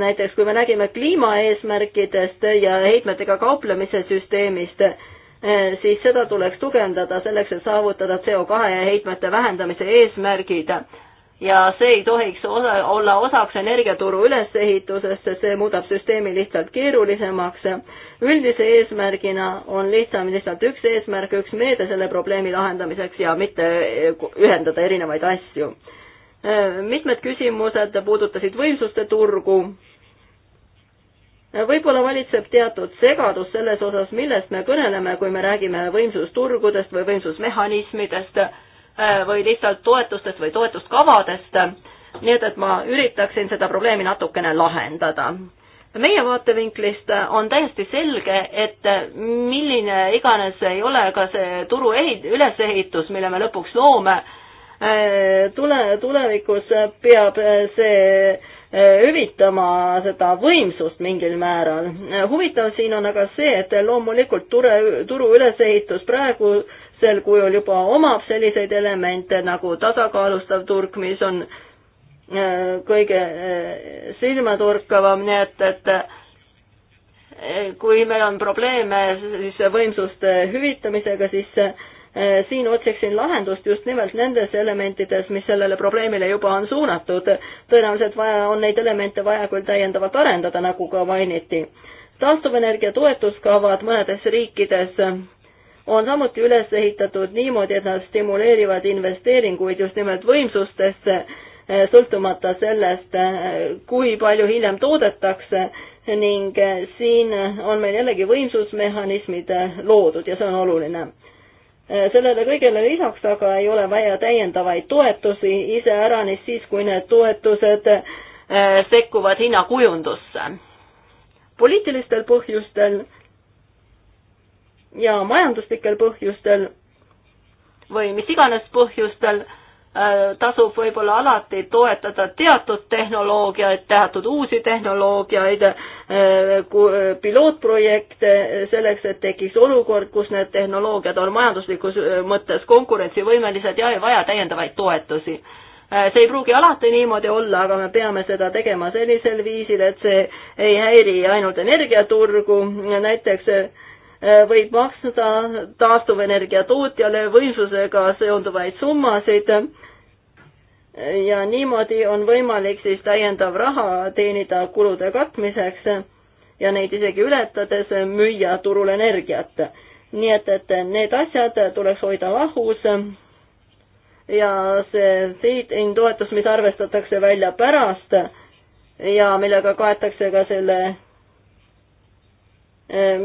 näiteks kui me nägime kliimaeesmärkidest ja heitmetega kauplemise süsteemist, eh, siis seda tuleks tugevdada selleks, et saavutada CO2 heitmete vähendamise eesmärgid. ja see ei tohiks osa, olla osaks energiaturu ülesehitusest, sest see muudab süsteemi lihtsalt keerulisemaks. üldise eesmärgina on lihtsam lihtsalt üks eesmärk, üks meede selle probleemi lahendamiseks ja mitte ühendada erinevaid asju mitmed küsimused puudutasid võimsuste turgu. võib-olla valitseb teatud segadus selles osas, millest me kõneleme, kui me räägime võimsusturgudest või võimsusmehhanismidest äh, või lihtsalt toetustest või toetuskavadest. nii et, et ma üritaksin seda probleemi natukene lahendada meie vaatevinklist on täiesti selge, et milline iganes ei ole ka see turu ehit-, ülesehitus, mille me lõpuks loome, Äh, tule, tulevikus peab äh, see äh, hüvitama seda võimsust mingil määral. huvitav siin on aga see, et loomulikult ture, turu ülesehitus praegusel kujul juba omab selliseid elemente nagu tasakaalustav turg, mis on kõige silmatorkavam, nii et, et kui meil on probleeme siis võimsuste hüvitamisega, siis Eh, siin otsiksin lahendust just nimelt nendes elementides, mis sellele probleemile juba on suunatud. tõenäoliselt vaja, on neid elemente vaja küll täiendavalt arendada, nagu ka mainiti. taastuvenergia toetuskavad mõnedes riikides on samuti üles ehitatud niimoodi, et nad stimuleerivad investeeringuid just nimelt võimsustesse, eh, sõltumata sellest, eh, kui palju hiljem toodetakse ning siin on meil jällegi võimsusmehhanismid loodud ja see on oluline Äh, sellele kõigele lisaks aga ei ole vaja täiendavaid toetusi iseäranis siis, kui need toetused äh, sekkuvad hinnakujundusse. poliitilistel põhjustel ja majanduslikel põhjustel või mis iganes põhjustel Äh, tasub võib-olla alati toetada teatud tehnoloogiaid, teatud uusi tehnoloogiaid, äh, pilootprojekte äh, selleks, et tekiks olukord, kus need tehnoloogiad on majanduslikus mõttes konkurentsivõimelised ja ei vaja täiendavaid toetusi. see ei pruugi alati niimoodi olla, aga me peame seda tegema sellisel viisil, et see ei häiri ainult energiaturgu, näiteks Äh, võib maksuda taastuvenergia tootjale võimsusega seonduvaid summasid äh, ja niimoodi on võimalik siis täiendav raha teenida kulude katmiseks ja neid isegi ületades müüa turul energiat. nii et, et need asjad tuleks hoida lahus ja see seed-in toetus, mis arvestatakse välja pärast ja millega kaetakse ka selle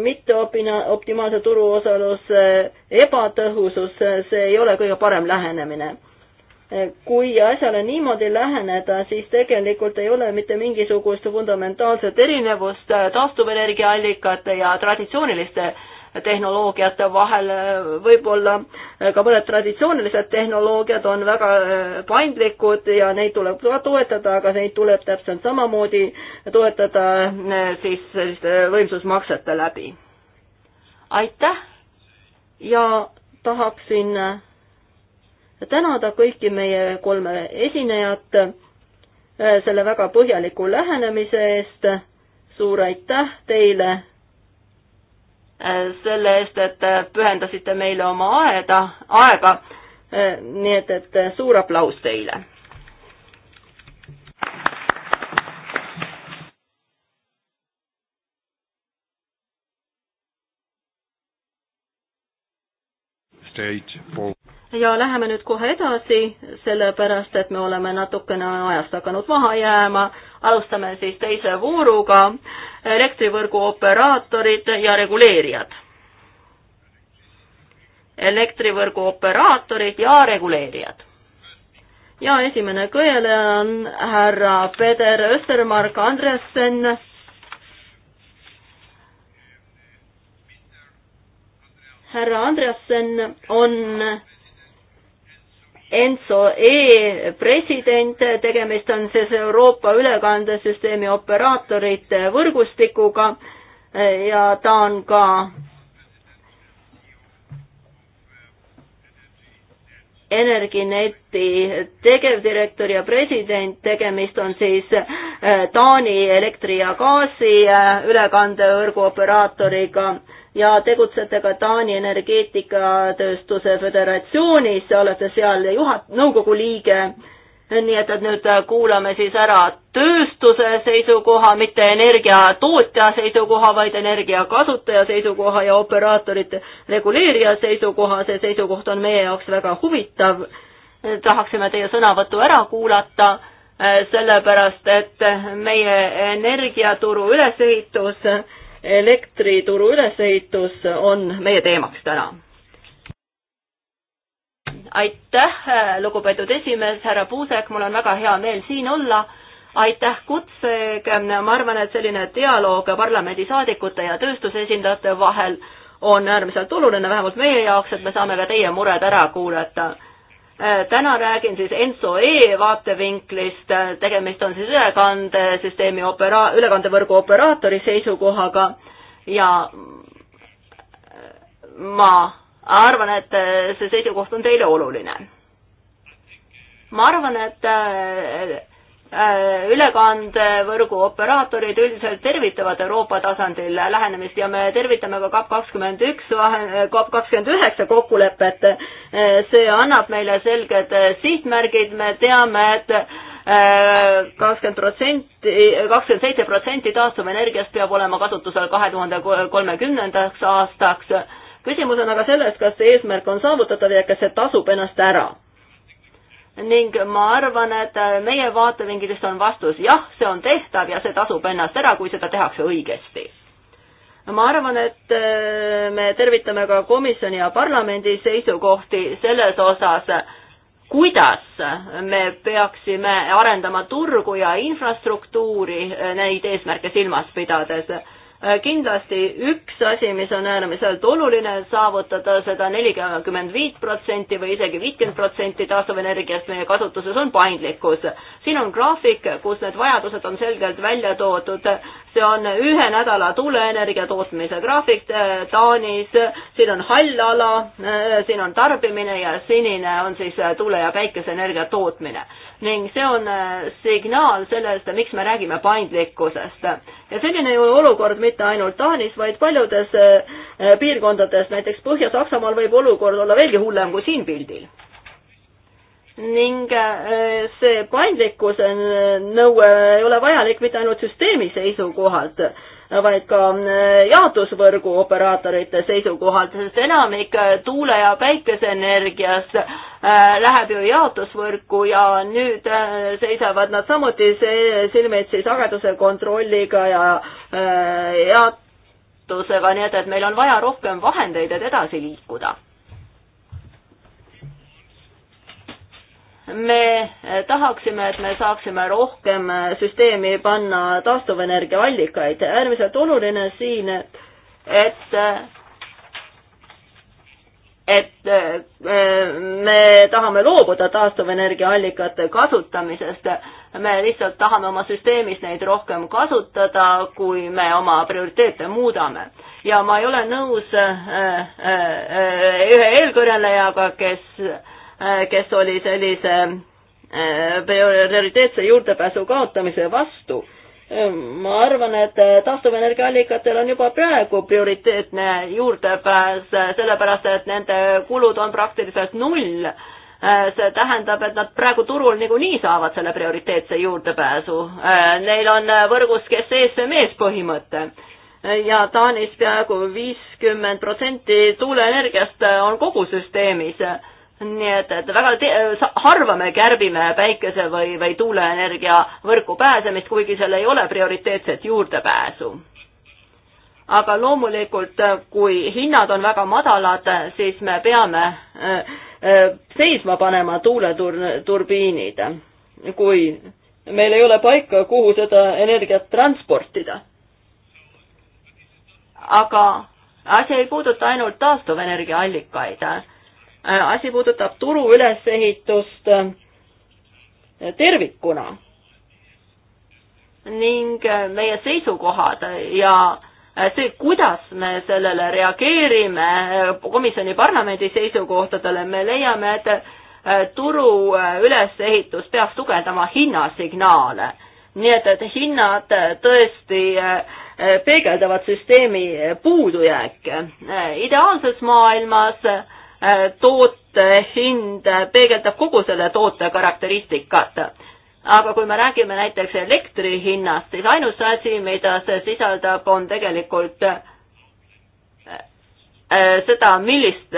mitte opina-, optimaalse turuosaluse ebatõhusus, see ei ole kõige parem lähenemine. kui asjale niimoodi läheneda, siis tegelikult ei ole mitte mingisugust fundamentaalset erinevust taastuvenergiaallikate ja traditsiooniliste tehnoloogiate vahel, võib-olla ka mõned traditsioonilised tehnoloogiad on väga äh, paindlikud ja neid tuleb ka toetada, aga neid tuleb täpselt samamoodi toetada äh, siis selliste äh, võimsusmaksete läbi. aitäh ja tahaksin tänada kõiki meie kolme esinejat selle väga põhjaliku lähenemise eest. suur aitäh teile selle eest, et pühendasite meile oma aeda, aega. nii et, et suur aplaus teile. Stage four ja läheme nüüd kohe edasi, sellepärast et me oleme natukene ajast hakanud maha jääma. alustame siis teise vooruga, elektrivõrgu operaatorid ja reguleerijad. elektrivõrgu operaatorid ja reguleerijad. ja esimene kõneleja on härra Peder Östermark Andresen härra Andreasen on Enso E president, tegemist on siis Euroopa ülekandesüsteemi operaatorite võrgustikuga ja ta on ka Energineti tegevdirektor ja president, tegemist on siis eh, Taani elektri ja gaasi eh, ülekandevõrgu operaatoriga ja tegutsete ka Taani Energeetikatööstuse Föderatsioonis, olete seal juhat-, nõukogu liige. nii et, et nüüd kuulame siis ära tööstuse seisukoha, mitte energiatootja seisukoha, vaid energiakasutaja seisukoha ja operaatorite reguleerija seisukoha, see seisukoht on meie jaoks väga huvitav. tahaksime teie sõnavõtu ära kuulata, sellepärast et meie energiaturu ülesehitus elektrituru ülesehitus on meie teemaks täna. aitäh, lugupeetud esimees, härra Puusek, mul on väga hea meel siin olla. aitäh kutsega, ma arvan, et selline dialoog parlamendisaadikute ja tööstuse esindajate vahel on äärmiselt oluline, vähemalt meie jaoks, et me saame ka teie mured ära kuulata Äh, täna räägin siis ENSO-E vaatevinklist, äh, tegemist on siis ülekandesüsteemi opera-, ülekandevõrgu operaatori seisukohaga ja äh, ma arvan, et see seisukoht on teile oluline. ma arvan, et Äh, ülekandevõrgu operaatorid üldiselt tervitavad Euroopa tasandil lähenemist ja me tervitame ka COP kakskümmend üks, COP kakskümmend üheksa kokkulepet. Äh, see annab meile selged sihtmärgid, me teame, et äh, kakskümmend protsenti, kakskümmend seitse protsenti taastuvenergiast peab olema kasutusel kahe tuhande kolmekümnendaks aastaks. küsimus on aga selles, kas see eesmärk on saavutatav ja kas see tasub ennast ära ning ma arvan, et meie vaatevinklist on vastus jah, see on tehtav ja see tasub ennast ära, kui seda tehakse õigesti. ma arvan, et äh, me tervitame ka komisjoni ja parlamendi seisukohti selles osas, kuidas me peaksime arendama turgu ja infrastruktuuri äh, neid eesmärke silmas pidades Äh, kindlasti üks asi, mis on äärmiselt oluline saavutada seda, seda nelikümmend viit protsenti või isegi viitkümmend protsenti taastuvenergiast meie kasutuses on paindlikkus. siin on graafik, kus need vajadused on selgelt välja toodud, see on ühe nädala tuuleenergia tootmise graafik äh, Taanis, siin on hall ala, äh, siin on tarbimine ja sinine on siis tuule- ja päikeseenergia tootmine. ning see on signaal sellest, miks me räägime paindlikkusest ja selline ei ole olukord mitte ainult Taanis, vaid paljudes eh, eh, piirkondades, näiteks Põhja-Saksamaal võib olukord olla veelgi hullem kui siin pildil. ning eh, see paindlikkuse nõue ei ole vajalik mitte ainult süsteemi seisukohalt, vaid ka äh, jaotusvõrgu operaatorite seisukohalt, sest enamik äh, tuule- ja päikeseenergiast äh, läheb ju jaotusvõrku ja nüüd seisavad nad samuti silmitsi sageduse kontrolliga ja jaotusega, nii et, et meil on vaja rohkem vahendeid, et edasi liikuda me tahaksime, et me saaksime rohkem süsteemi panna taastuvenergia allikaid. äärmiselt oluline siin, et et me tahame loobuda taastuvenergia allikate kasutamisest, me lihtsalt tahame oma süsteemis neid rohkem kasutada, kui me oma prioriteete muudame. ja ma ei ole nõus äh, äh, ühe eelkõnelejaga, kes Äh, kes oli sellise äh, prioriteetse juurdepääsu kaotamise vastu. Ähm, ma arvan, et äh, taastuvenergiaallikatel on juba praegu prioriteetne juurdepääs, sellepärast et nende kulud on praktiliselt null. see tähendab, et nad praegu turul niikuinii saavad selle prioriteetse juurdepääsu. Neil on võrgus, kes ees, see mees põhimõte ja Taanis peaaegu viiskümmend protsenti tuuleenergiast on kogu süsteemis nii et, et väga te-, harva me kärbime päikese- või, või tuuleenergia võrku pääsemist, kuigi seal ei ole prioriteetset juurdepääsu. aga loomulikult, kui hinnad on väga madalad, siis me peame äh, äh, seisma panema tuuleturbiinid, kui meil ei ole paika, kuhu seda energiat transportida. aga asi ei puuduta ainult taastuvenergia allikaid Äh, asi puudutab turu ülesehitust äh, tervikuna ning äh, meie seisukohad ja see, kuidas me sellele reageerime, komisjoni parlamendi seisukohtadele, me leiame, et turu ülesehitus peaks tugevdama hinnasignaale. nii et, et hinnad tõesti peegeldavad süsteemi puudujääke. ideaalses maailmas Äh, toote hind peegeldab kogu selle toote karakteristikat. aga kui me räägime näiteks elektri hinnast, siis ainus asi, mida see sisaldab, on tegelikult äh, äh, seda, millist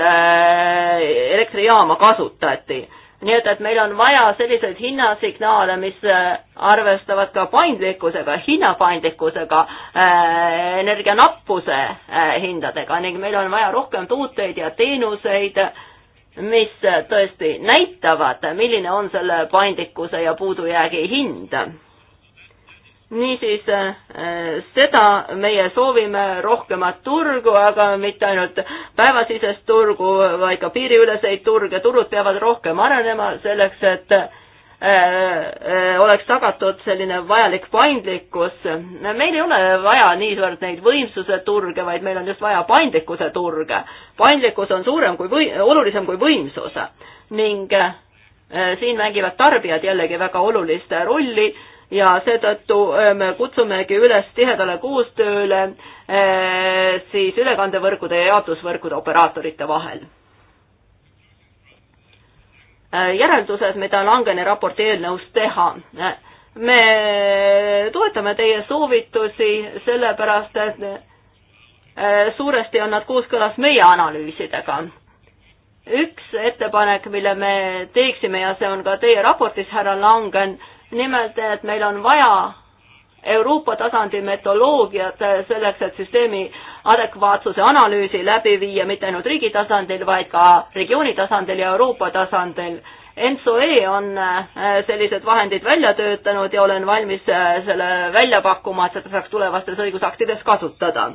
elektrijaama kasutati nii et, et meil on vaja selliseid hinnasignaale, mis äh, arvestavad ka paindlikkusega, hinnapaindlikkusega äh,, energianappuse äh, hindadega ning meil on vaja rohkem tooteid ja teenuseid, mis tõesti näitavad, milline on selle paindlikkuse ja puudujäägi hind niisiis äh, seda meie soovime rohkemat turgu, aga mitte ainult päevasisest turgu, vaid ka piiriüleseid turge, turud peavad rohkem arenema selleks, et äh, äh, oleks tagatud selline vajalik paindlikkus. meil ei ole vaja niivõrd neid võimsuse turge, vaid meil on just vaja paindlikkuse turge. paindlikkus on suurem kui või-, olulisem kui võimsus ning siin mängivad tarbijad jällegi väga olulist rolli ja seetõttu äh, me kutsumegi üles tihedale koostööle äh, siis ülekandevõrgude ja jaotusvõrgude operaatorite vahel. Äh, järeldused, mida Langeni raporti eelnõust teha. me toetame teie soovitusi, sellepärast et suuresti on nad kooskõlas meie analüüsidega üks ettepanek, mille me teeksime ja see on ka teie raportis, härra Langen, nimelt, et meil on vaja Euroopa tasandi metoloogiat selleks, et süsteemi adekvaatsuse analüüsi läbi viia mitte ainult riigi tasandil, vaid ka regiooni tasandil ja Euroopa tasandil. NSOE on äh, sellised vahendid välja töötanud ja olen valmis äh, selle välja pakkuma, et seda saaks tulevastes õigusaktides kasutada.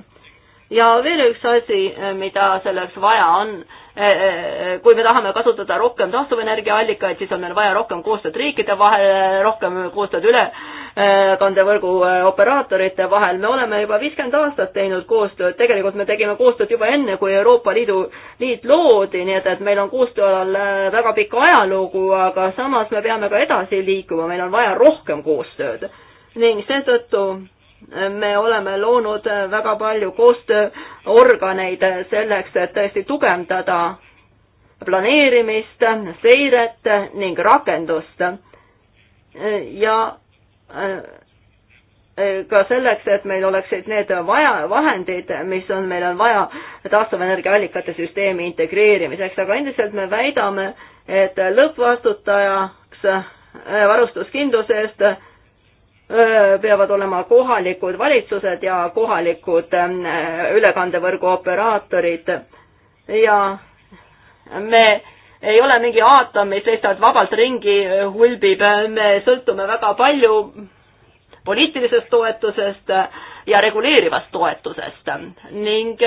ja veel üks asi, äh, mida selleks vaja on Äh, äh, kui me tahame kasutada rohkem taastuvenergiaallikaid, siis on meil vaja rohkem koostööd riikide vahel, rohkem koostööd ülekandevõrgu äh, operaatorite vahel. me oleme juba viiskümmend aastat teinud koostööd, tegelikult me tegime koostööd juba enne, kui Euroopa Liidu liit loodi, nii et, et meil on koostööalal väga pikk ajalugu, aga samas me peame ka edasi liikuma, meil on vaja rohkem koostööd ning seetõttu me oleme loonud väga palju koostööorganeid selleks, et tõesti tugevdada planeerimist, seiret ning rakendust. ja äh, ka selleks, et meil oleksid need vaja, vahendid, mis on, meil on vaja taastuvenergiaallikate süsteemi integreerimiseks, aga endiselt me väidame, et lõppvastutajaks äh, varustuskindluse eest peavad olema kohalikud valitsused ja kohalikud ülekandevõrgu operaatorid ja me ei ole mingi aatom, mis lihtsalt vabalt ringi hulbib, me sõltume väga palju poliitilisest toetusest ja reguleerivast toetusest ning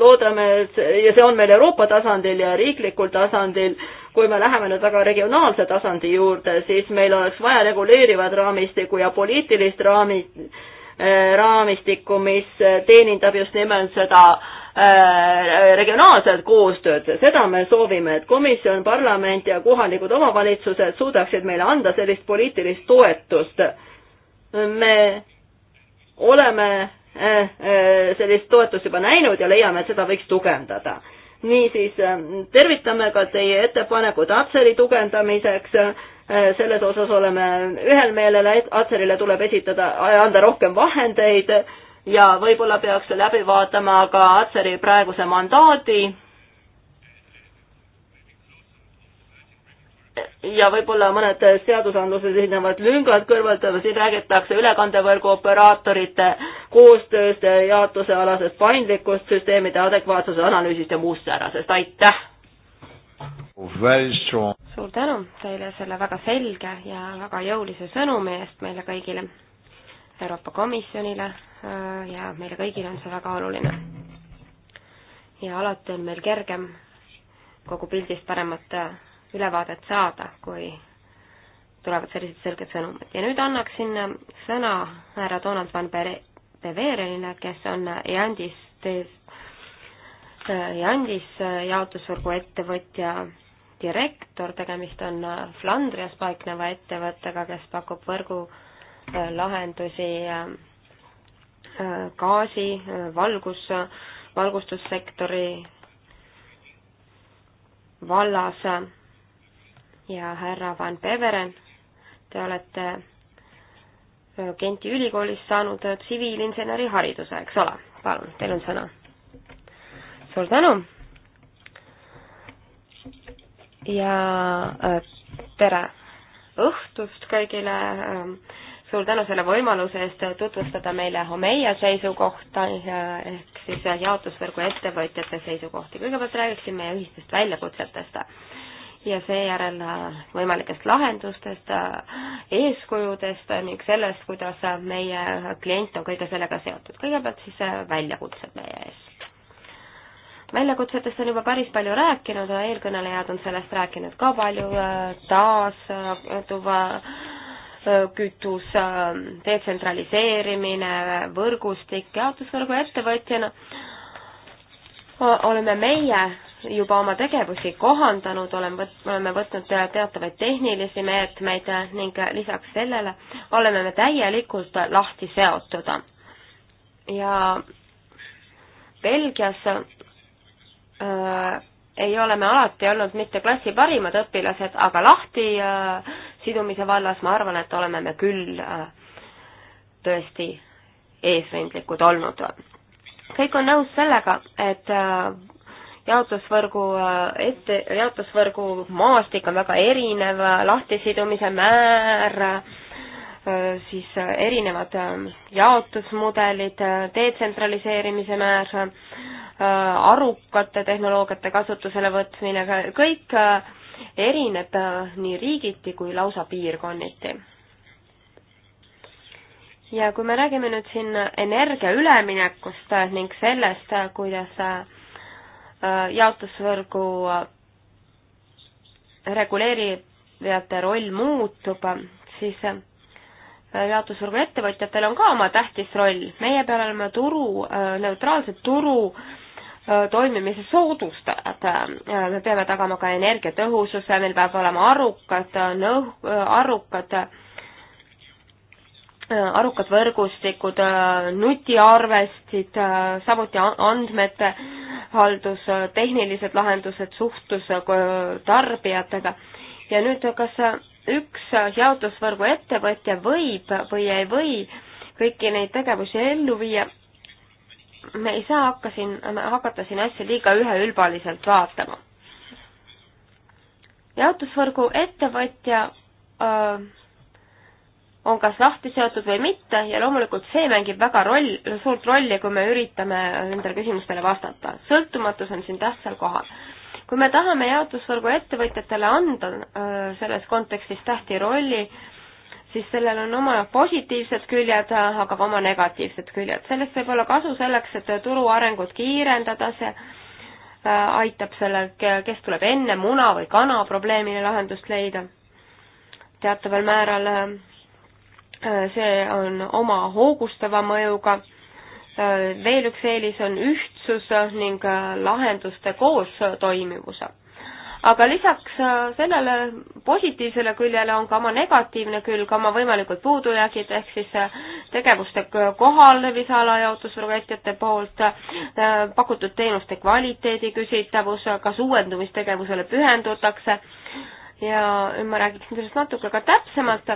loodame, et ja see on meil Euroopa tasandil ja riiklikul tasandil kui me läheme nüüd väga regionaalse tasandi juurde, siis meil oleks vaja reguleerivat raamistikku ja poliitilist raami, äh, raamistikku, mis teenindab just nimelt seda äh, regionaalset koostööd, seda me soovime, et komisjon, parlament ja kohalikud omavalitsused suudaksid meile anda sellist poliitilist toetust. me oleme äh, sellist toetust juba näinud ja leiame, et seda võiks tugevdada niisiis ähm, tervitame ka teie ettepanekut Atseri tugevdamiseks, äh, selles osas oleme ühel meelel, et Atserile tuleb esitada, äh, anda rohkem vahendeid ja võib-olla peaks läbi vaatama ka Atseri praeguse mandaadi ja võib-olla mõned seadusandluses esinevad lüngad kõrvaldada, siin räägitakse ülekandevõrgu operaatorite koostööst, jaotusealasest paindlikust, süsteemide adekvaatsuse analüüsist ja muust säärasest, aitäh! suur tänu teile selle väga selge ja väga jõulise sõnumi eest meile kõigile, Euroopa Komisjonile äh, ja meile kõigile on see väga oluline. ja alati on meil kergem kogu pildist paremat äh, ülevaadet saada, kui tulevad sellised selged sõnumid. ja nüüd annaksin sõna härra Donald Van Beverenile, kes on Jandis, Jandis jaotusvõrgu ettevõtja direktor, tegemist on Flandrias paikneva ettevõttega, kes pakub võrgulahendusi gaasi, valgus, valgustussektori vallas ja härra Van Beveren, te olete äh, Genti ülikoolist saanud äh, tsiviilinseneri hariduse, eks ole? palun, teil on sõna. suur tänu ja äh, tere õhtust kõigile. Ähm, suur tänu selle võimaluse eest tutvustada meile meie seisukohta ehk siis jaotusvõrgu ettevõtjate seisukohti. kõigepealt räägiksin meie ühistest väljakutsetest ja seejärel äh, võimalikest lahendustest, äh, eeskujudest ning sellest, kuidas äh, meie klient on kõige sellega seotud. kõigepealt siis väljakutsed meie ees. väljakutsetest on juba päris palju rääkinud, eelkõnelejad on sellest rääkinud ka palju, taastuva kütus, detsentraliseerimine, võrgustik, jaotusvõrgu ettevõtjana oleme meie juba oma tegevusi kohandanud, olen võt-, oleme võtnud teatavaid tehnilisi meetmeid ning lisaks sellele oleme me täielikult lahti seotud. ja Belgias äh, ei ole me alati olnud mitte klassi parimad õpilased, aga lahti äh, sidumise vallas ma arvan, et oleme me küll äh, tõesti eesrindlikud olnud. kõik on nõus sellega, et äh, jaotusvõrgu äh, ette, jaotusvõrgu maastik on väga erinev, lahtisidumise määr, äh, siis äh, erinevad jaotusmudelid, detsentraliseerimise määr, arukate tehnoloogiate kasutusele võtmine, kõik erineb nii riigiti kui lausa piirkonniti. ja kui me räägime nüüd siin energia üleminekust ning sellest, kuidas jaotusvõrgu reguleerijate roll muutub, siis äh, jaotusvõrgu ettevõtjatel on ka oma tähtis roll, meie peal oleme turu, äh, neutraalse turu äh, toimimise soodustajad, me peame tagama ka energiatõhususe, meil peab olema arukad, nõu-, arukad Äh, arukad võrgustikud, äh, nutiarvestid, äh, samuti andmete haldus, tehnilised lahendused, suhtlus tarbijatega. ja nüüd, kas üks jaotusvõrgu ettevõtja võib või ei või kõiki neid tegevusi ellu viia, me ei saa hakka siin, hakata siin asja liiga üheülbaliselt vaatama. jaotusvõrgu ettevõtja öö, on kas lahti seotud või mitte ja loomulikult see mängib väga roll, suurt rolli, kui me üritame nendele küsimustele vastata. sõltumatus on siin tähtsal kohal. kui me tahame jaotusvõrgu ettevõtjatele anda selles kontekstis tähti rolli, siis sellel on oma positiivsed küljed, aga ka oma negatiivsed küljed. sellest võib olla kasu selleks, et turu arengut kiirendada, see aitab sellel, kes tuleb enne muna või kana probleemile lahendust leida teataval määral Äh, see on oma hoogustava mõjuga. Äh, veel üks eelis on ühtsus ning äh, lahenduste koostoimivuse. aga lisaks sellele positiivsele küljele on ka oma negatiivne külg, oma võimalikud puudujäägid ehk siis tegevuste kohalevis alajaotusprojektide poolt, pakutud teenuste kvaliteedi küsitavus, kas uuendumistegevusele pühendutakse ja ma räägiksin sellest natuke ka täpsemalt.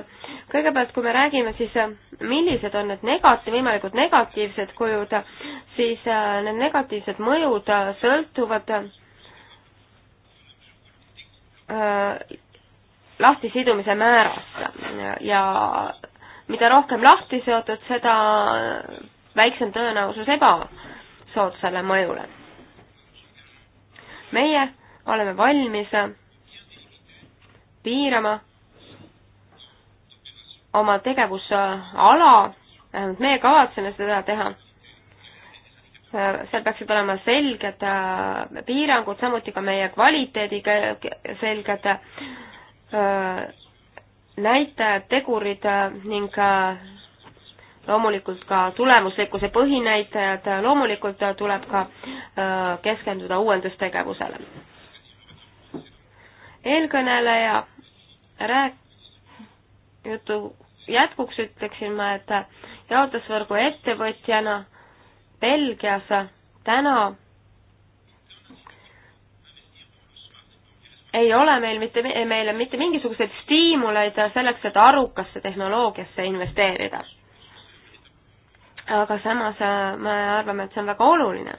kõigepealt, kui me räägime siis, äh, millised on need negatiiv, võimalikud negatiivsed kujud, siis äh, need negatiivsed mõjud äh, sõltuvad lahtisidumise määrast ja mida rohkem lahti seotud, seda väiksem tõenäosus ebasoodsale mõjule. meie oleme valmis piirama oma tegevusala, vähemalt meie kavatseme seda teha. seal peaksid olema selged äh, piirangud, samuti ka meie kvaliteediga selged äh, näitajad, tegurid äh, ning loomulikult ka tulemuslikkuse põhinäitajad, loomulikult tuleb ka keskenduda uuendustegevusele. eelkõneleja rääk-, jutu jätkuks ütleksin ma, et jaotusvõrgu ettevõtjana Belgias täna ei ole meil mitte, meile mitte mingisuguseid stiimuleid selleks, et arukasse tehnoloogiasse investeerida. aga samas äh, me arvame, et see on väga oluline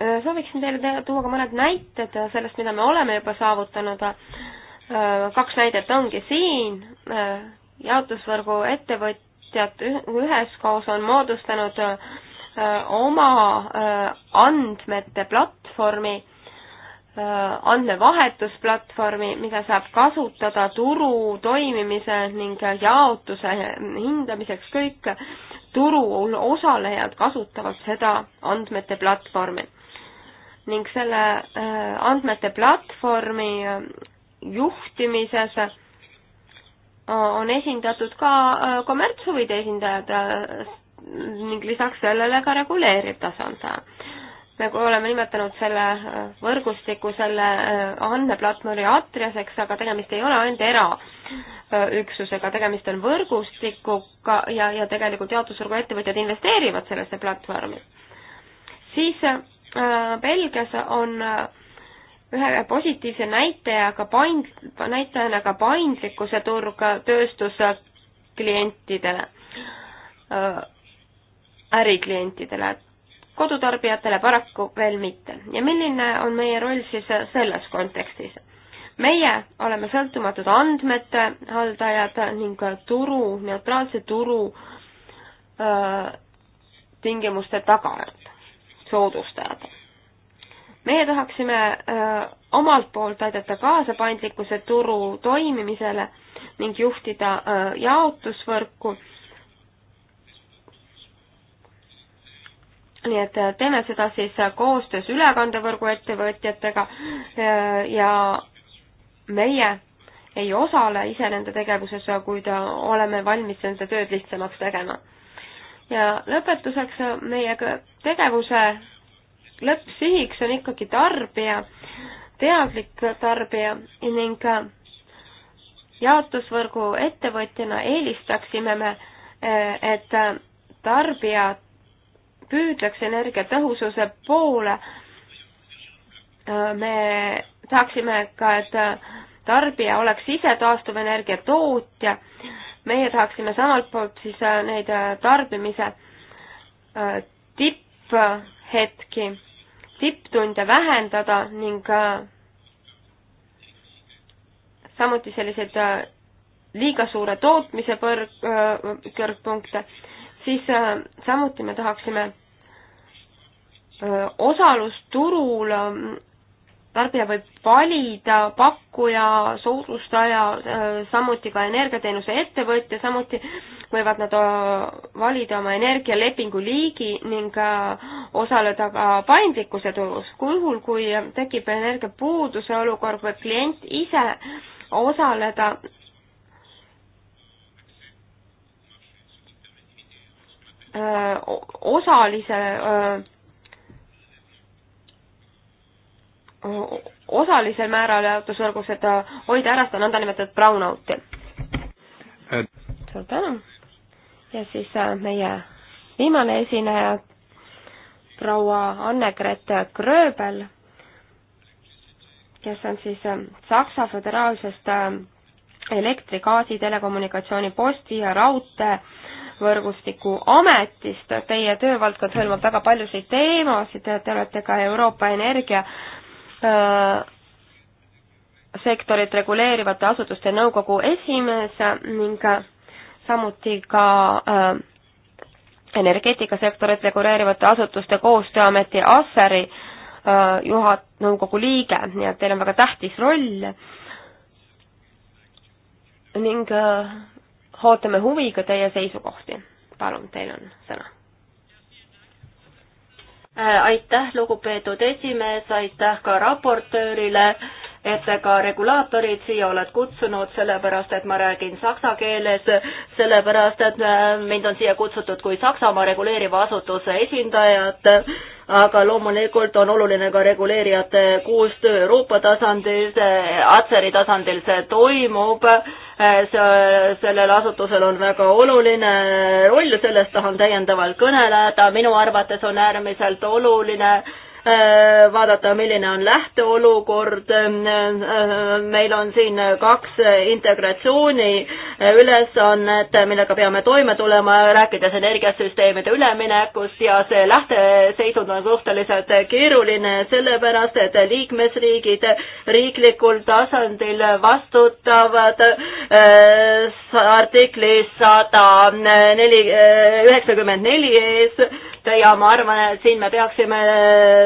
Äh, sooviksin teile tuua ka mõned näited sellest, mida me oleme juba saavutanud. Äh, kaks näidet ongi siin. Äh, jaotusvõrgu ettevõtjad üheskoos on moodustanud oma andmete platvormi, andmevahetusplatvormi, mida saab kasutada turu toimimise ning jaotuse hindamiseks, kõik turul osalejad kasutavad seda andmete platvormi ning selle äh, andmete platvormi äh, juhtimises äh, on esindatud ka kommertshuvide esindajad ning lisaks sellele ka reguleeriv tasand. me nagu oleme nimetanud selle võrgustiku selle andmeplatvormi atriaseks, aga tegemist ei ole ainult eraüksusega, tegemist on võrgustikuga ja, ja tegelikult jaotusvõrgu ettevõtjad investeerivad sellesse platvormi. siis Äh, Belgias on äh, ühe positiivse näitajaga paind, näitajana ka paindlikkuse turg tööstusklientidele, äh, äriklientidele, kodutarbijatele paraku veel mitte. ja milline on meie roll siis selles kontekstis? meie oleme sõltumatud andmete haldajad ning turu, neutraalse turu öö, tingimuste tagajad soodustajad. meie tahaksime öö, äh, omalt poolt aidata kaasa paindlikkuse turu toimimisele ning juhtida öö, äh, jaotusvõrku. nii et äh, teeme seda siis koostöös ülekandevõrgu ettevõtjatega ja meie ei osale ise nende tegevuses, kuid oleme valmis nende tööd lihtsamaks tegema ja lõpetuseks meie tegevuse lõppsihiks on ikkagi tarbija, teadlik tarbija ning äh, jaotusvõrgu ettevõtjana eelistaksime me, äh, et tarbija püüdleks energiatõhususe poole. Äh, me tahaksime ka, et tarbija oleks ise taastuvenergia tootja meie tahaksime samalt poolt siis äh, neid äh, tarbimise äh, tipphetki, tipptunde vähendada ning samuti selliseid liiga suure tootmise põrg, kõrgpunkte, siis samuti me tahaksime osalus turul tarbija võib valida pakkuja, soodustaja, äh, samuti ka energiateenuse ettevõtja, samuti võivad nad äh, valida oma energialepingu liigi ning äh, osaleda ka paindlikkuse turus. juhul, kui tekib energiapuuduse olukord, võib klient ise osaleda öö, osalise öö, osalisel määral jaotusvõrgused hoida ära seda nõndanimetatud brownout'i. suur tänu! ja siis äh, meie viimane esineja, proua Anne-Gret Gröbel, kes on siis äh, Saksa Föderaalsest äh, elektri, gaasi, telekommunikatsiooni, posti ja raudteevõrgustiku ametist. Teie töövaldkond hõlmab väga paljusid teemasid, te olete ka Euroopa Energia Äh, sektorit reguleerivate asutuste nõukogu esimees ning samuti ka äh, energeetikasektorit reguleerivate asutuste koostööameti ASER-i äh, juhat-, nõukogu liige, nii et teil on väga tähtis roll ning ootame huviga teie seisukohti. palun, teil on sõna Äh, aitäh, lugupeetud esimees, aitäh ka raportöörile et ka regulaatorid siia oled kutsunud, sellepärast et ma räägin saksa keeles, sellepärast et äh, mind on siia kutsutud kui Saksamaa reguleeriva asutuse esindajat, aga loomulikult on oluline ka reguleerijate koostöö Euroopa tasandil, äh, Atseri tasandil see toimub, äh, see, sellel asutusel on väga oluline roll, sellest tahan täiendavalt kõneleda, minu arvates on äärmiselt oluline Äh, vaadata, milline on lähteolukord. Äh, meil on siin kaks integratsiooni ülesannet, millega peame toime tulema, rääkides energiasüsteemide üleminekust ja see lähteseisund on suhteliselt keeruline, sellepärast et liikmesriigid riiklikul tasandil vastutavad äh, artiklis sada neli, üheksakümmend neli ees ja ma arvan, et siin me peaksime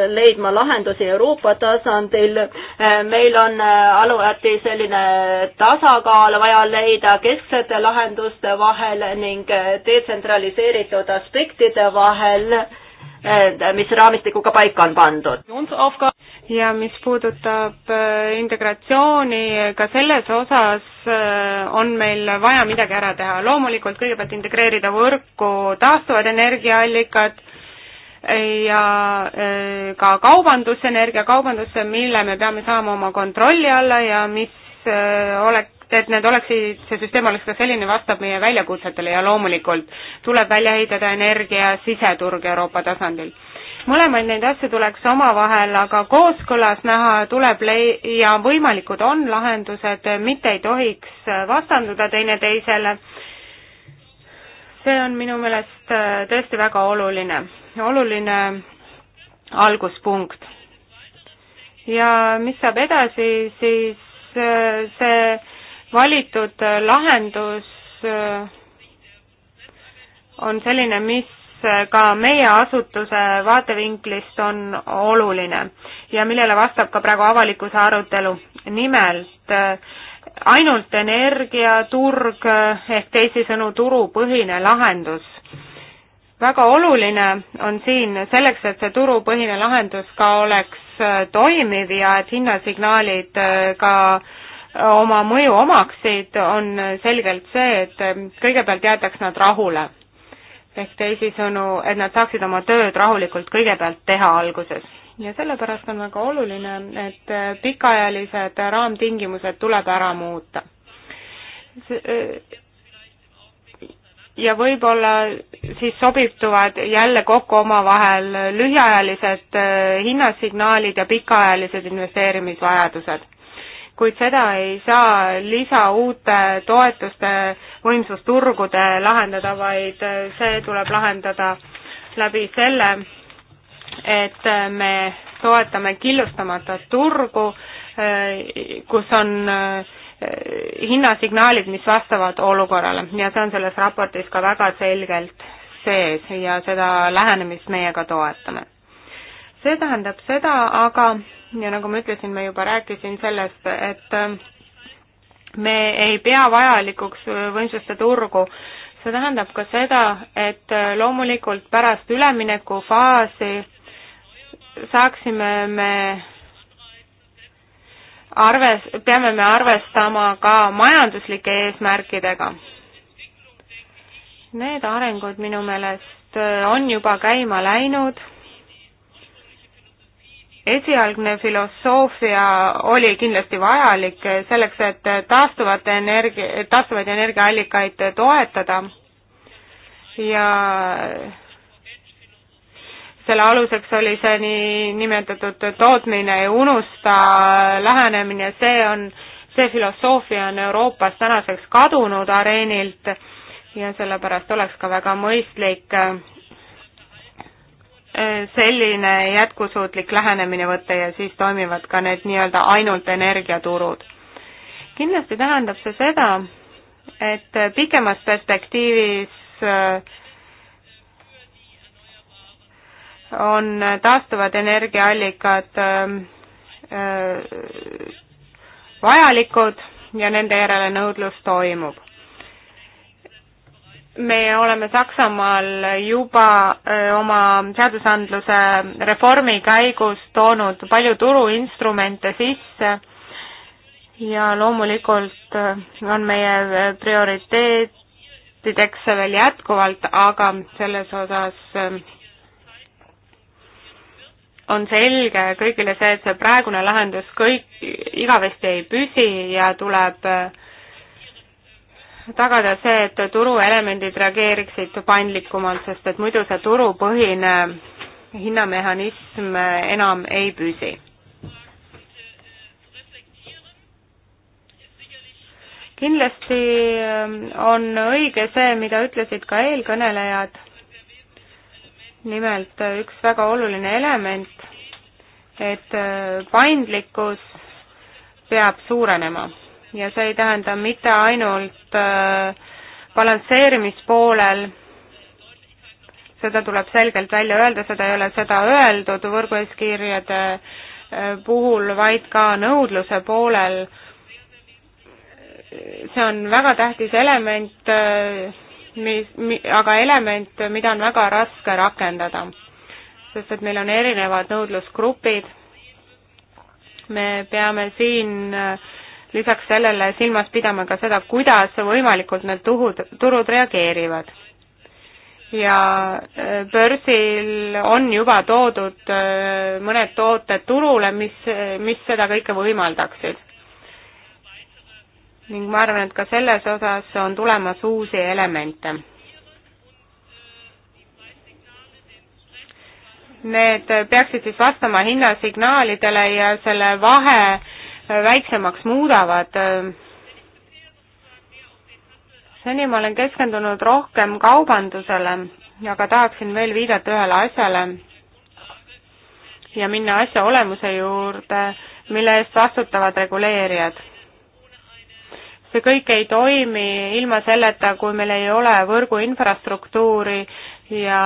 leidma lahendusi Euroopa tasandil. Eh, meil on eh, alati selline tasakaal vaja leida kesksete lahenduste vahel ning eh, detsentraliseeritud aspektide vahel mis raamistikuga paika on pandud. ja mis puudutab integratsiooni, ka selles osas on meil vaja midagi ära teha. loomulikult kõigepealt integreerida võrku taastuvad energiaallikad ja eh, ka kaubandusse, energiakaubandusse, mille me peame saama oma kontrolli alla ja mis eh, oleks, et need oleksid, see süsteem oleks ka selline, vastab meie väljakutsetele ja loomulikult tuleb välja ehitada energia siseturg Euroopa tasandil mõlemaid neid asju tuleks omavahel aga kooskõlas näha, tuleb lei- ja võimalikud on lahendused, mitte ei tohiks vastanduda teineteisele see on minu meelest äh, tõesti väga oluline, oluline alguspunkt. ja mis saab edasi, siis äh, see valitud äh, lahendus on selline, mis ka meie asutuse vaatevinklist on oluline ja millele vastab ka praegu avalikkuse arutelu. nimelt ainult energiaturg ehk teisisõnu turupõhine lahendus. väga oluline on siin selleks, et see turupõhine lahendus ka oleks äh, toimiv ja et hinnasignaalid äh, ka äh, oma mõju omaksid, on selgelt see, et kõigepealt jäetaks nad rahule. ehk teisisõnu, et nad saaksid oma tööd rahulikult kõigepealt teha alguses ja sellepärast on väga oluline, et pikaajalised raamtingimused tuleb ära muuta. Äh, ja võib-olla siis sobituvad jälle kokku omavahel lühiajalised äh, hinnasignaalid ja pikaajalised investeerimisvajadused kuid seda ei saa lisa uute toetuste võimsusturgude lahendada, vaid äh, see tuleb lahendada läbi selle, et äh, me toetame killustamata turgu, äh, kus on äh, hinnasignaalid, mis vastavad olukorrale ja see on selles raportis ka väga selgelt sees ja seda lähenemist meie ka toetame. see tähendab seda aga, ja nagu ma ütlesin, ma juba rääkisin sellest, et me ei pea vajalikuks võimsuste turgu, see tähendab ka seda, et loomulikult pärast üleminekufaasi saaksime me arves-, peame me arvestama ka majanduslike eesmärkidega. Need arengud minu meelest äh, on juba käima läinud. esialgne filosoofia oli kindlasti vajalik selleks, et taastuvate energia, taastuvaid energiaallikaid toetada ja selle aluseks oli see niinimetatud tootmine ja unusta lähenemine, see on, see filosoofia on Euroopas tänaseks kadunud areenilt ja sellepärast oleks ka väga mõistlik äh, selline jätkusuutlik lähenemine võtta ja siis toimivad ka need nii-öelda ainult energiaturud. kindlasti tähendab see seda, et pikemas perspektiivis äh, on taastuvad energiaallikad ähm, äh, vajalikud ja nende järele nõudlus toimub. me oleme Saksamaal juba äh, oma seadusandluse reformi käigus toonud palju turuinstrumente sisse ja loomulikult äh, on meie prioriteetideks veel jätkuvalt, aga selles osas on selge kõigile see, et see praegune lahendus kõik, igavesti ei püsi ja tuleb äh, tagada see, et turuelemendid reageeriksid paindlikumalt, sest et muidu see turupõhine hinnamehhanism äh, enam ei püsi. kindlasti äh, on õige see, mida ütlesid ka eelkõnelejad nimelt äh, üks väga oluline element, et äh, paindlikkus peab suurenema ja see ei tähenda mitte ainult äh, balansseerimispoolel, seda tuleb selgelt välja öelda, seda ei ole seda öeldud võrgueeskirjade puhul, vaid ka nõudluse poolel. see on väga tähtis element mis, aga element, mida on väga raske rakendada, sest et meil on erinevad nõudlusgrupid, me peame siin äh, lisaks sellele silmas pidama ka seda, kuidas võimalikult need tuhud, turud reageerivad. ja äh, börsil on juba toodud äh, mõned tooted turule, mis, mis seda kõike võimaldaksid ning ma arvan, et ka selles osas on tulemas uusi elemente. Need peaksid siis vastama hinnasignaalidele ja selle vahe väiksemaks muudavad. seni ma olen keskendunud rohkem kaubandusele, aga tahaksin veel viidata ühele asjale ja minna asja olemuse juurde, mille eest vastutavad reguleerijad see kõik ei toimi ilma selleta, kui meil ei ole võrgu infrastruktuuri ja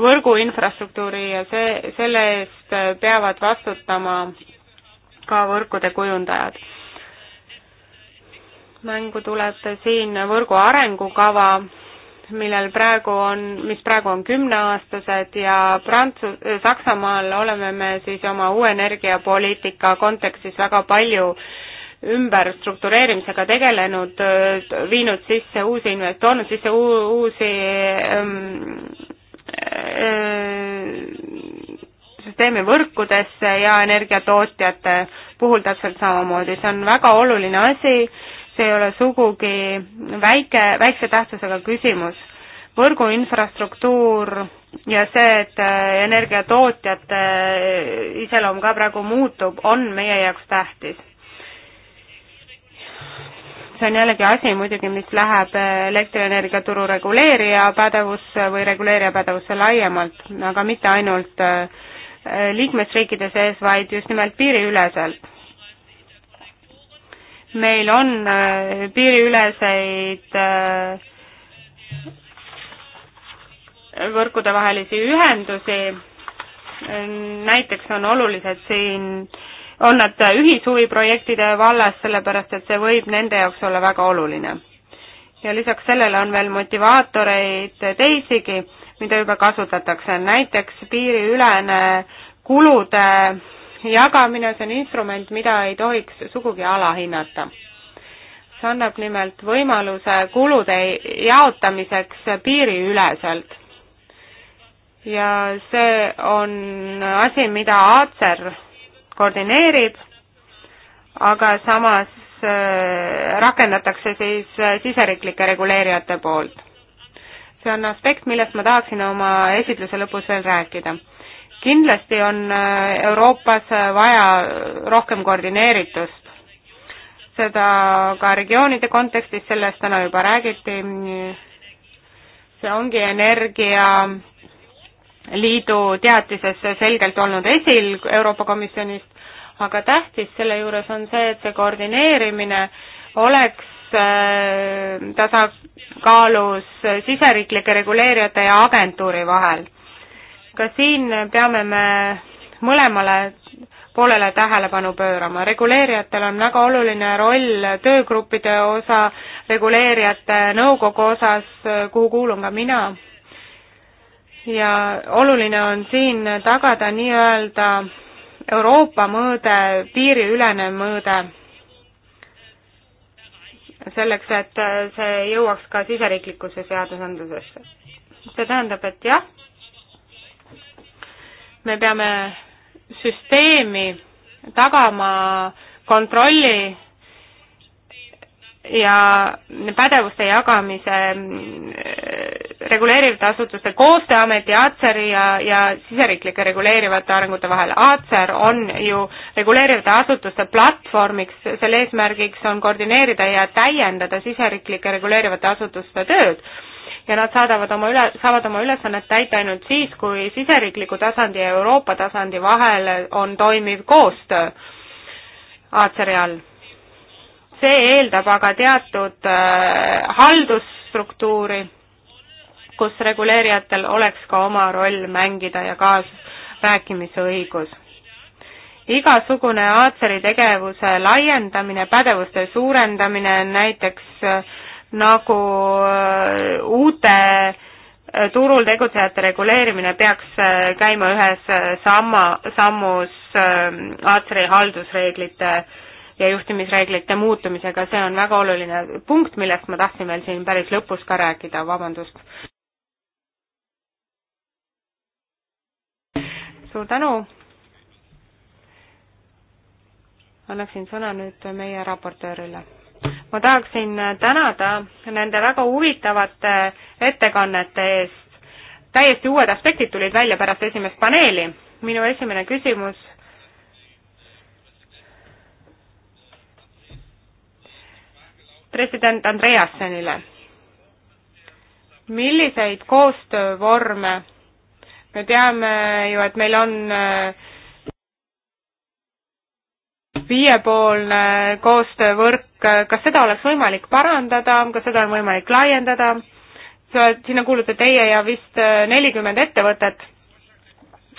võrgu infrastruktuuri ja see, selle eest peavad vastutama ka võrkude kujundajad. mängu tuleb siin võrgu arengukava, millel praegu on, mis praegu on kümneaastased ja Prantsu-, Saksamaal oleme me siis oma uue energiapoliitika kontekstis väga palju äh, ümberstruktureerimisega tegelenud, viinud sisse uusi, toonud sisse uusi ähm, äh, süsteemi võrkudesse ja energiatootjate puhul täpselt samamoodi, see on väga oluline asi, see ei ole sugugi väike, väikse tähtsusega küsimus. võrgu infrastruktuur ja see, et äh, energiatootjate äh, iseloom ka praegu muutub, on meie jaoks tähtis see on jällegi asi muidugi, mis läheb äh, elektrienergia turu reguleerija pädevusse äh, või reguleerija pädevusse laiemalt, aga mitte ainult äh, liikmesriikide sees, vaid just nimelt piiriüleselt. meil on piiriüleseid võrkudevahelisi ühendusi, näiteks on olulised siin äh, on nad ühishuviprojektide vallas, sellepärast et see võib nende jaoks olla väga oluline. ja lisaks sellele on veel motivaatoreid teisigi, mida juba kasutatakse, näiteks piiriülene kulude jagamine, see on instrument, mida ei tohiks sugugi alahinnata. see annab nimelt võimaluse kulude jaotamiseks piiriüleselt. ja see on asi, mida Acer koordineerib, aga samas äh, rakendatakse siis äh, siseriiklike reguleerijate poolt. see on aspekt, millest ma tahaksin oma esitluse lõpus veel rääkida. kindlasti on äh, Euroopas vaja rohkem koordineeritust, seda ka regioonide kontekstis, sellest täna juba räägiti, see ongi energia liidu teatises selgelt olnud esil Euroopa Komisjonist aga tähtis selle juures on see, et see koordineerimine oleks äh, tasakaalus siseriiklike reguleerijate ja agentuuri vahel. ka siin peame me mõlemale poolele tähelepanu pöörama. reguleerijatel on väga oluline roll töögruppide osa, reguleerijate nõukogu osas, kuhu kuulun ka mina. ja oluline on siin tagada nii-öelda Euroopa mõõde, piiriülene mõõde, selleks, et see jõuaks ka siseriiklikusse seadusandlusesse. see tähendab, et jah, me peame süsteemi tagama kontrolli ja pädevuste jagamise reguleerivate asutuste koostööameti, ACER-i ja, ja siseriiklike reguleerivate arengute vahel. ACER on ju reguleerivate asutuste platvormiks, selle eesmärgiks on koordineerida ja täiendada siseriiklike reguleerivate asutuste tööd ja nad saadavad oma üle, saavad oma ülesannet täita ainult siis, kui siseriikliku tasandi ja Euroopa tasandi vahel on toimiv koostöö ACER-i all. see eeldab aga teatud äh, haldusstruktuuri kus reguleerijatel oleks ka oma roll mängida ja kaasrääkimise õigus. igasugune Aatseri tegevuse laiendamine, pädevuste suurendamine näiteks äh, nagu äh, uute äh, turul tegutsejate reguleerimine peaks käima ühes samma, sammus Aatseri haldusreeglite ja juhtimisreeglite muutumisega, see on väga oluline punkt, millest ma tahtsin veel siin päris lõpus ka rääkida, vabandust. suur tänu. annaksin sõna nüüd meie raportöörile. ma tahaksin tänada nende väga huvitavate ettekannete eest. täiesti uued aspektid tulid välja pärast esimest paneeli. minu esimene küsimus president Andreasenile. milliseid koostöövorme me teame ju, et meil on äh, viiepoolne koostöövõrk, kas seda oleks võimalik parandada, kas seda on võimalik laiendada? sa oled, sinna kuulute teie ja vist äh, nelikümmend ettevõtet.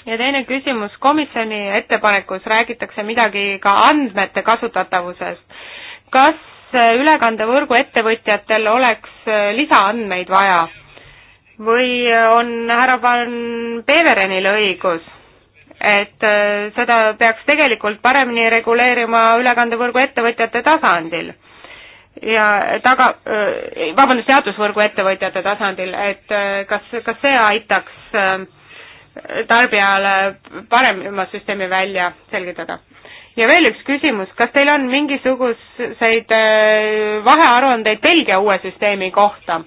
ja teine küsimus, komisjoni ettepanekus räägitakse midagi ka andmete kasutatavusest. kas äh, ülekandevõrgu ettevõtjatel oleks lisaandmeid vaja? või on härra Van Peverenil õigus, et äh, seda peaks tegelikult paremini reguleerima ülekandevõrgu ettevõtjate tasandil? ja taga, äh, vabandust, jaotusvõrgu ettevõtjate tasandil, et äh, kas, kas see aitaks tarbijale parema süsteemi välja selgitada? ja veel üks küsimus, kas teil on mingisuguseid vahearuandeid Belgia uue süsteemi kohta?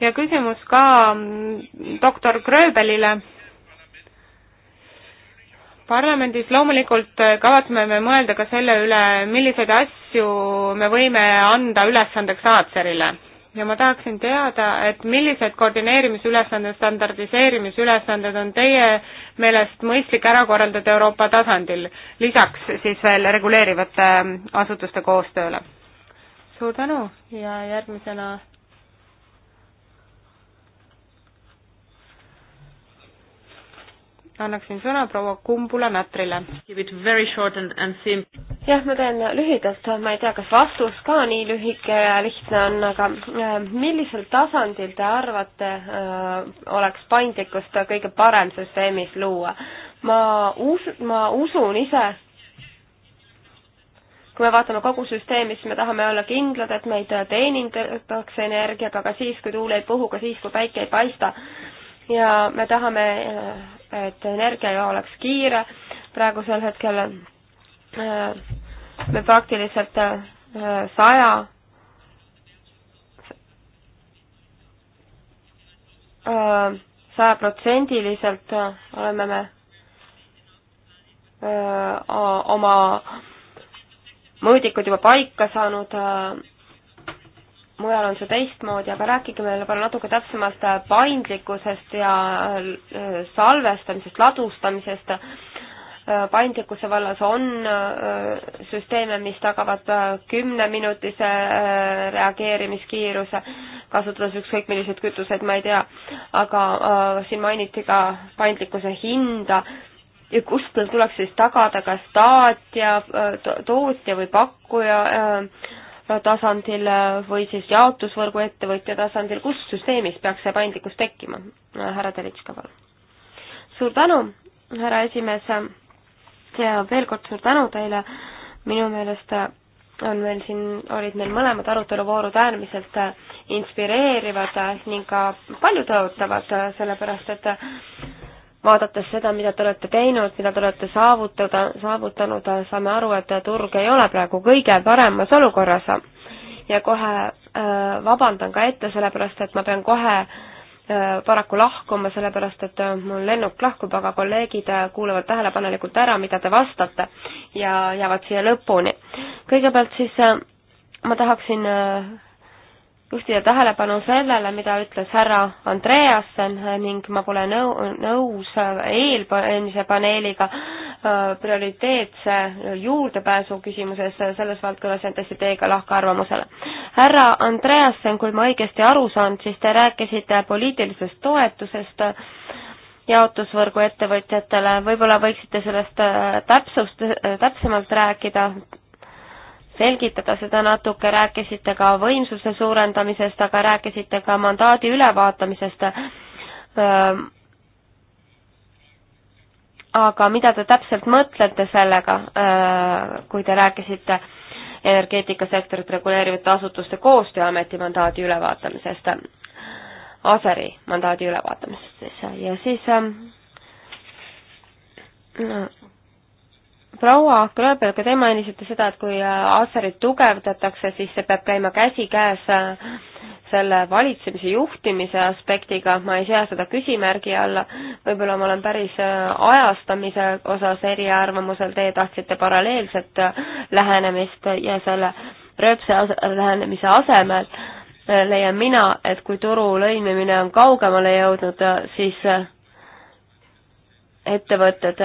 ja küsimus ka doktor Gröbelile. parlamendis loomulikult kavatseme me mõelda ka selle üle, milliseid asju me võime anda ülesandeks Aatserile ja ma tahaksin teada, et millised koordineerimisülesanded, standardiseerimisülesanded on teie meelest mõistlik ära korraldada Euroopa tasandil, lisaks siis veel reguleerivate asutuste koostööle? suur tänu ja järgmisena annaksin sõna proua Kumbula Natrile. jah, ma teen lühidalt, ma ei tea, kas vastus ka nii lühike ja lihtne on, aga äh, millisel tasandil te arvate, äh, oleks paindlikkust kõige parem süsteemis luua? ma us-, ma usun ise, kui me vaatame kogu süsteemi, siis me tahame olla kindlad, et meid teenindatakse energiaga ka siis, kui tuul ei puhu, ka siis, kui päike ei paista. ja me tahame äh, et energia oleks kiire, praegusel hetkel äh, me praktiliselt äh, saja äh, sajaprotsendiliselt oleme me öö, oma mõõdikud juba paika saanud öö, mujal on see teistmoodi, aga rääkige meile palun natuke täpsemalt paindlikkusest ja äh, salvestamisest, ladustamisest. Äh, paindlikkuse vallas on äh, süsteeme, mis tagavad kümneminutise reageerimiskiiruse, kasutades ükskõik milliseid kütuseid, ma ei tea, aga siin mainiti ka paindlikkuse hinda ja kust tuleks siis tagada, kas taatja, tootja või pakkuja äh, tasandil või siis jaotusvõrgu ettevõtja tasandil, kus süsteemis peaks see paindlikkus tekkima? härra Telitška, palun. suur tänu, härra esimees, ja veel kord suur tänu teile, minu meelest on meil siin, olid meil mõlemad aruteluvoorud äärmiselt inspireerivad ning ka paljutõotavad, sellepärast et vaadates seda, mida te olete teinud, mida te olete saavutada, saavutanud, saame aru, et turg ei ole praegu kõige paremas olukorras. ja kohe äh, vabandan ka ette, sellepärast et ma pean kohe äh, paraku lahkuma, sellepärast et äh, mul lennuk lahkub, aga kolleegid kuulavad tähelepanelikult ära, mida te vastate ja jäävad siia lõpuni. kõigepealt siis ma tahaksin juhtida tähelepanu sellele, mida ütles härra Andreasen äh, ning ma pole nõu, nõus äh, eelmise paneeliga äh, prioriteetse juurdepääsu küsimuses selles valdkonnas ja tõesti teiega lahkarvamusele. härra Andreasen, kui ma õigesti aru saan, siis te rääkisite poliitilisest toetusest jaotusvõrgu ettevõtjatele, võib-olla võiksite sellest täpsust, täpsemalt rääkida, selgitada seda natuke, rääkisite ka võimsuse suurendamisest, aga rääkisite ka mandaadi ülevaatamisest. aga mida te täpselt mõtlete sellega, kui te rääkisite energeetikasektorit reguleerivate asutuste koostööameti mandaadi ülevaatamisest, Aseri mandaadi ülevaatamisest siis ja siis proua Krööbelga, te mainisite seda, et kui äh, Asserit tugevdatakse, siis see peab käima käsikäes äh, selle valitsemise juhtimise aspektiga, ma ei sea seda küsimärgi alla, võib-olla ma olen päris äh, ajastamise osas eriarvamusel, teie tahtsite paralleelset lähenemist ja selle rööpse lähenemise asemel leian mina, et kui turu lõimimine on kaugemale jõudnud, siis ettevõtted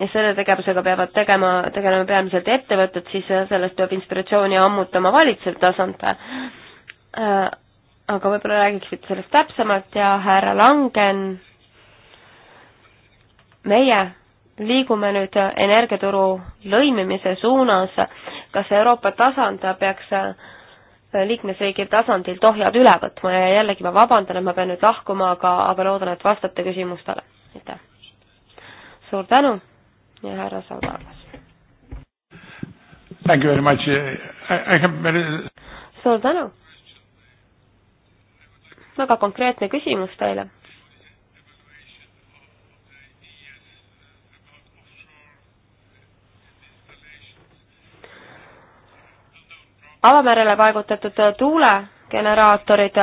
ja selle tegevusega peavad tegema, tegelema peamiselt ettevõtted, siis sellest peab inspiratsiooni ammutama valitsev tasand. Äh, aga võib-olla räägiksite sellest täpsemalt ja härra Langen, meie liigume nüüd energiaturu lõimimise suunas, kas Euroopa tasand peaks liikmesriigi tasandil tohjad üle võtma ja jällegi ma vabandan, et ma pean nüüd lahkuma, aga, aga loodan, et vastate küsimustele. aitäh! suur tänu! ja härra Saudargas. Thank you very much. I, I have very... suur tänu. väga konkreetne küsimus teile. avamerele paigutatud tuulegeneraatorid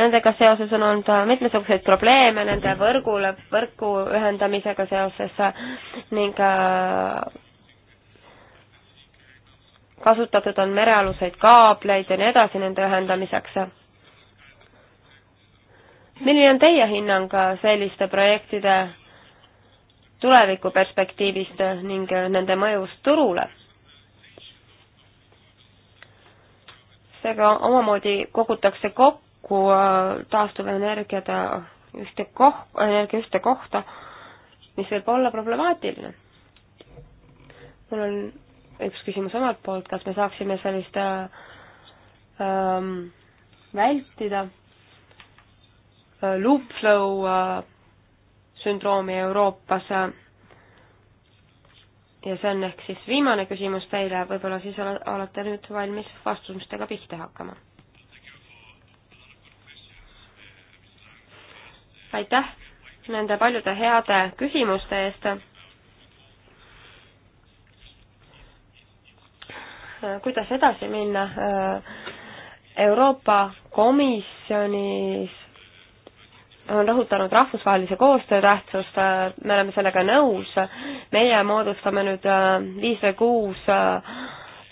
Nendega seoses on olnud mitmesuguseid probleeme nende võrgule, võrku ühendamisega seoses ning äh, kasutatud on merealuseid kaableid ja nii edasi nende ühendamiseks. milline on teie hinnang selliste projektide tulevikuperspektiivist ning nende mõjust turule? seega omamoodi kogutakse kokku kokku äh, taastuvenergiat ühte koh-, energia ühte kohta, mis võib olla problemaatiline. mul on üks küsimus omalt poolt, kas me saaksime sellist äh, ähm, vältida äh, loop flow äh, sündroomi Euroopas äh, ja see on ehk siis viimane küsimus teile, võib-olla siis olete nüüd valmis vastustega pihta hakkama aitäh nende paljude heade küsimuste eest. kuidas edasi minna? Äh, Euroopa Komisjonis on rõhutanud rahvusvahelise koostöö tähtsust, äh, me oleme sellega nõus, meie moodustame nüüd äh, viis või kuus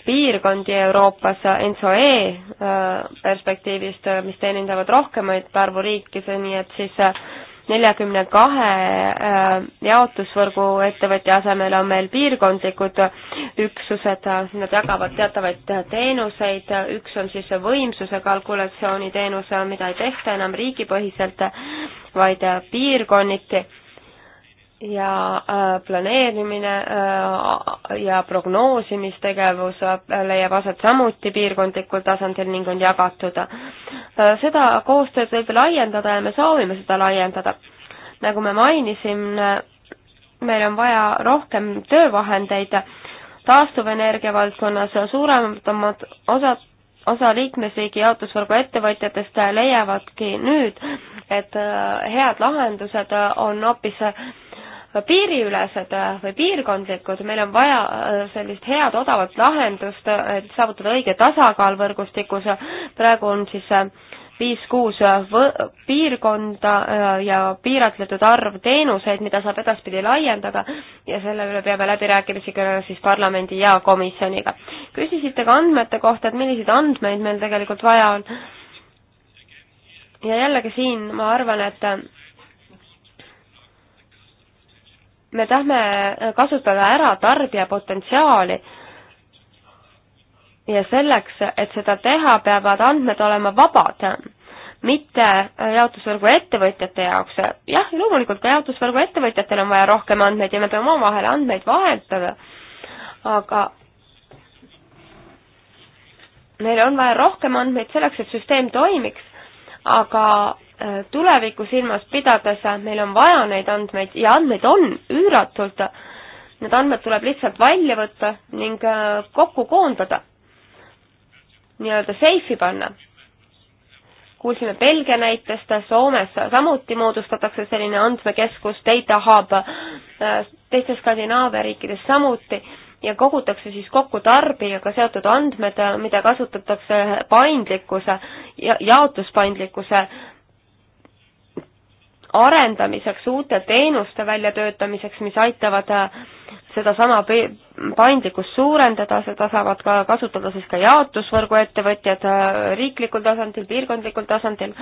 piirkondi Euroopas NSOE äh, perspektiivist, äh, mis teenindavad rohkemaid arvu riikide, nii et siis äh, neljakümne kahe jaotusvõrgu ettevõtja asemel on meil piirkondlikud üksused, nad jagavad teatavaid teenuseid, üks on siis võimsuse kalkulatsiooni teenus, mida ei tehta enam riigipõhiselt, vaid piirkonniti ja äh, planeerimine äh, ja prognoosimistegevus leiab aset samuti piirkondlikul tasandil ning on jagatud. Äh, seda koostööd võib laiendada ja me soovime seda laiendada. nagu me mainisime, meil on vaja rohkem töövahendeid taastuvenergia valdkonnas, suuremad osad osa liikmesriigi jaotusvõrgu ettevõtjatest leiavadki nüüd, et head lahendused on hoopis piiriülesed äh, või piirkondlikud, meil on vaja äh, sellist head odavat lahendust, et saavutada õige tasakaal võrgustikus, praegu on siis äh, viis-kuus piirkonda ja piiratletud arv teenuseid, mida saab edaspidi laiendada ja selle üle peame läbirääkimisi ka siis parlamendi ja komisjoniga. küsisite ka andmete kohta, et milliseid andmeid meil tegelikult vaja on. ja jällegi siin ma arvan, et me tahame kasutada ära tarbija potentsiaali ja selleks, et seda teha, peavad andmed olema vabad, mitte jaotusvõrgu ettevõtjate jaoks. jah, loomulikult ka jaotusvõrgu ettevõtjatel on vaja rohkem andmeid ja me peame omavahel andmeid vahetada, aga neil on vaja rohkem andmeid selleks, et süsteem toimiks, aga tulevikku silmas pidades meil on vaja neid andmeid ja andmeid on üüratult. Need andmed tuleb lihtsalt välja võtta ning äh, kokku koondada, nii-öelda seifi panna. kuulsime Belgia näitest, Soomes samuti moodustatakse selline andmekeskus, data hub, äh, teistes Skandinaavia riikides samuti ja kogutakse siis kokku tarbijaga seotud andmed, äh, mida kasutatakse paindlikkuse ja jaotuspaindlikkuse äh, arendamiseks, uute teenuste väljatöötamiseks, mis aitavad äh, sedasama paindlikkust suurendada, seda saavad ka kasutada siis ka jaotusvõrgu ettevõtjad äh, riiklikul tasandil, piirkondlikul tasandil.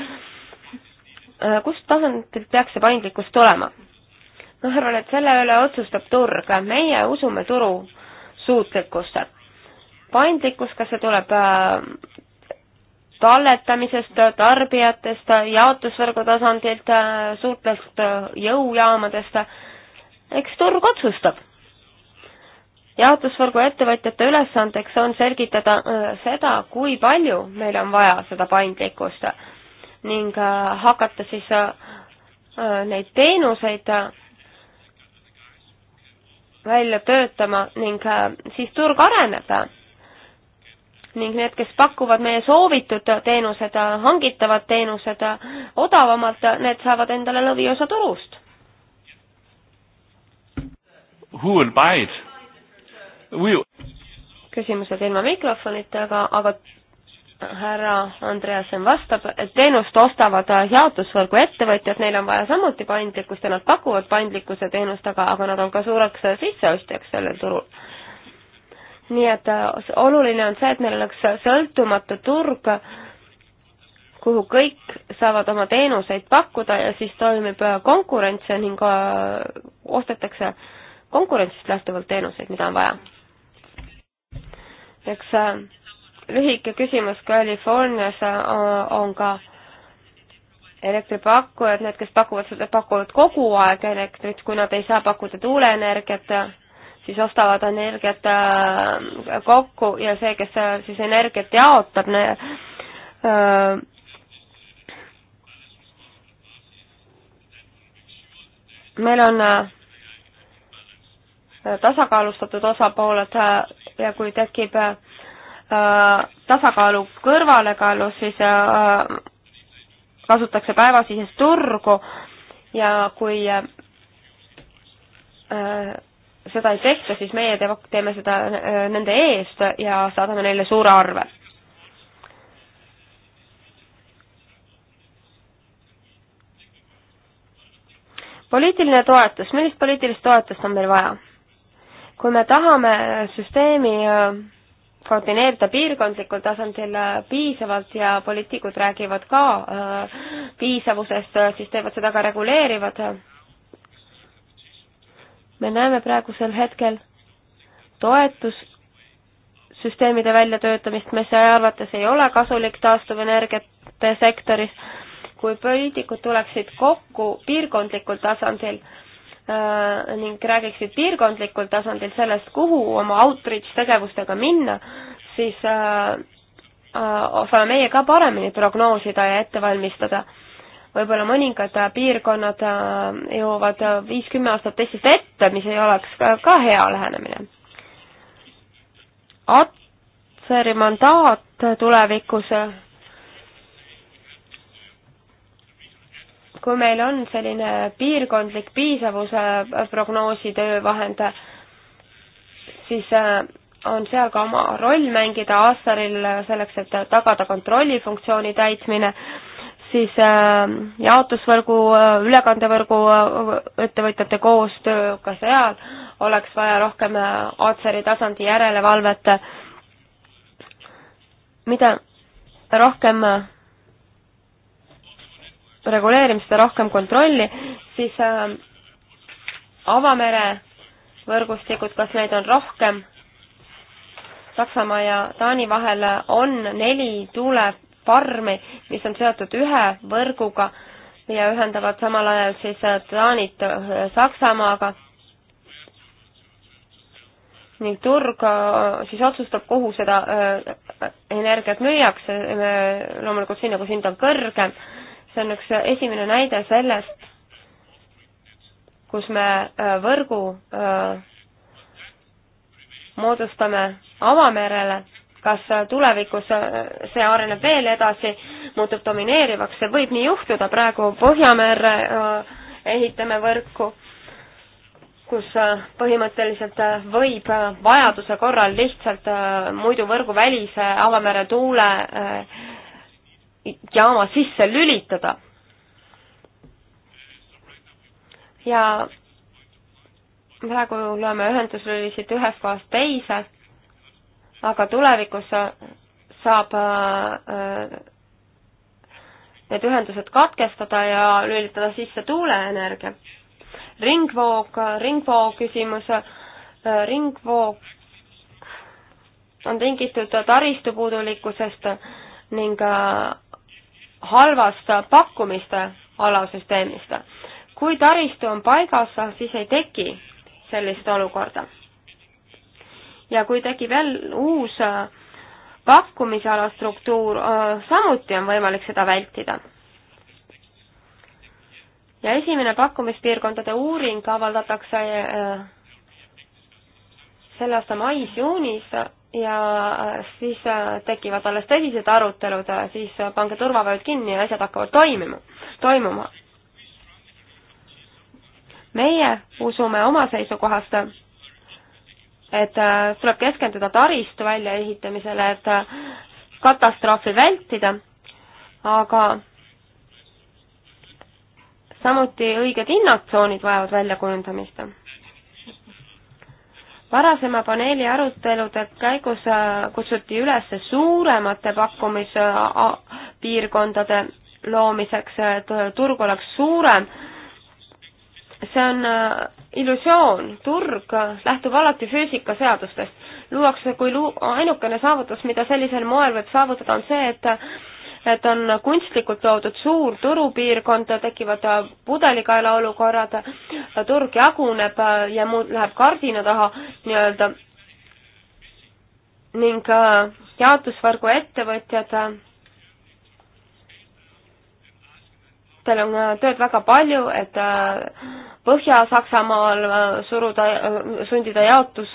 Äh, kust tasandilt peaks see paindlikkus tulema? ma arvan, et selle üle otsustab turg, meie usume turu suutlikkust. paindlikkus, kas see tuleb talletamisest, tarbijatest, jaotusvõrgu tasandilt, suurtest jõujaamadest. eks turg otsustab. jaotusvõrgu ettevõtjate ülesandeks on selgitada äh, seda, kui palju meil on vaja seda paindlikkust ning äh, hakata siis äh, neid teenuseid välja töötama ning siis turg areneb ning need, kes pakuvad meie soovitud teenused, hangitavad teenused odavamalt, need saavad endale lõviosa turust. Who will buy it? Will... küsimused ilma mikrofonita, aga, aga härra Andreasen vastab, et teenust ostavad jaotusvõrgu ettevõtjad, neil on vaja samuti paindlikkust ja nad pakuvad paindlikkuse teenust, aga, aga nad on ka suureks sisseostjaks sellel turul nii et äh, oluline on see, et meil oleks sõltumatu turg, kuhu kõik saavad oma teenuseid pakkuda ja siis toimib äh, konkurents ning äh, ostetakse konkurentsist lähtuvalt teenuseid, mida on vaja. eks lühike küsimus Californias on ka elektripakkujad, need, kes pakuvad seda, pakuvad kogu aeg elektrit, kui nad ei saa pakkuda tuuleenergiat siis ostavad energiat äh, kokku ja see, kes äh, siis energiat jaotab, äh, meil on tasakaalustatud osapooled ja kui tekib tasakaalu kõrvalekaalu, siis kasutatakse päevasisest turgu ja kui seda ei tehta, siis meie teeme seda äh, nende eest ja saadame neile suure arve. poliitiline toetus, millist poliitilist toetust on meil vaja? kui me tahame süsteemi äh, koordineerida piirkondlikul tasandil äh, piisavalt ja poliitikud räägivad ka piisavusest, siis teevad seda ka reguleerivad me näeme praegusel hetkel toetussüsteemide väljatöötamist, mis teie arvates ei ole kasulik taastuvenergiate sektoris, kui poliitikud tuleksid kokku piirkondlikul tasandil äh, ning räägiksid piirkondlikul tasandil sellest, kuhu oma outreach tegevustega minna, siis äh, äh, saame meie ka paremini prognoosida ja ette valmistada äh, võib-olla mõningad äh, piirkonnad äh, jõuavad äh, viis-kümme aastat teistest ette, mis ei oleks ka, ka hea lähenemine. Atseri mandaat tulevikus, kui meil on selline piirkondlik piisavuse prognoosi töövahend, siis on seal ka oma roll mängida Assaril selleks, et tagada kontrollifunktsiooni täitmine siis äh, jaotusvõrgu, äh, ülekandevõrgu äh, ettevõtjate koostöö, ka seal oleks vaja rohkem Atseri tasandi järelevalvet. mida rohkem reguleerimist ja rohkem kontrolli, siis avamere võrgustikud, kas neid on rohkem? Saksamaa ja Taani vahel on neli tuule farmi, mis on seotud ühe võrguga ja ühendavad samal ajal siis äh, Taanit äh, Saksamaaga ning turg äh, siis otsustab, kuhu seda energiat müüakse, loomulikult sinna, nagu kus hind on kõrgem. see on üks esimene näide sellest, kus me võrgu moodustame avamerele kas tulevikus see areneb veel edasi, muutub domineerivaks, see võib nii juhtuda, praegu Põhjamerre äh, ehitame võrku, kus äh, põhimõtteliselt äh, võib vajaduse korral lihtsalt muidu võrguvälise avamere tuule jaama sisse lülitada. ja praegu loeme ühenduslülisid ühest kohast teise aga tulevikus saab äh, need ühendused katkestada ja lülitada sisse tuuleenergia. ringvoog, ringvoo küsimus, äh, ringvoog on tingitud taristu puudulikkusest ning äh, halvast pakkumiste alasüsteemist. kui taristu on paigas, siis ei teki sellist olukorda ja kui tekib jälle uus äh, pakkumisala struktuur, äh, samuti on võimalik seda vältida. ja esimene pakkumispiirkondade uuring avaldatakse äh, selle aasta mais-juunis ja siis tekivad alles tõsised arutelud, siis pange turvavööd kinni ja asjad hakkavad toimima, toimuma. meie usume oma seisukohast et äh, tuleb keskenduda taristu väljaehitamisele, et äh, katastroofi vältida, aga samuti õiged hinnatsoonid vajavad väljakujundamist. varasema paneeli arutelude käigus äh, kutsuti üles suuremate pakkumispiirkondade loomiseks, et turg oleks suurem. see on illusioon, turg lähtub alati füüsikaseadustest. luuakse, kui lu-, ainukene saavutus, mida sellisel moel võib saavutada, on see, et et on kunstlikult loodud suur turupiirkond, tekivad pudelikaela olukorrad, turg jaguneb ja muud läheb kardina taha nii-öelda ning äh, jaotusvõrgu ettevõtjad teil on äh, tööd väga palju, et äh, Põhja-Saksamaal äh, suruda, sundida jaotus,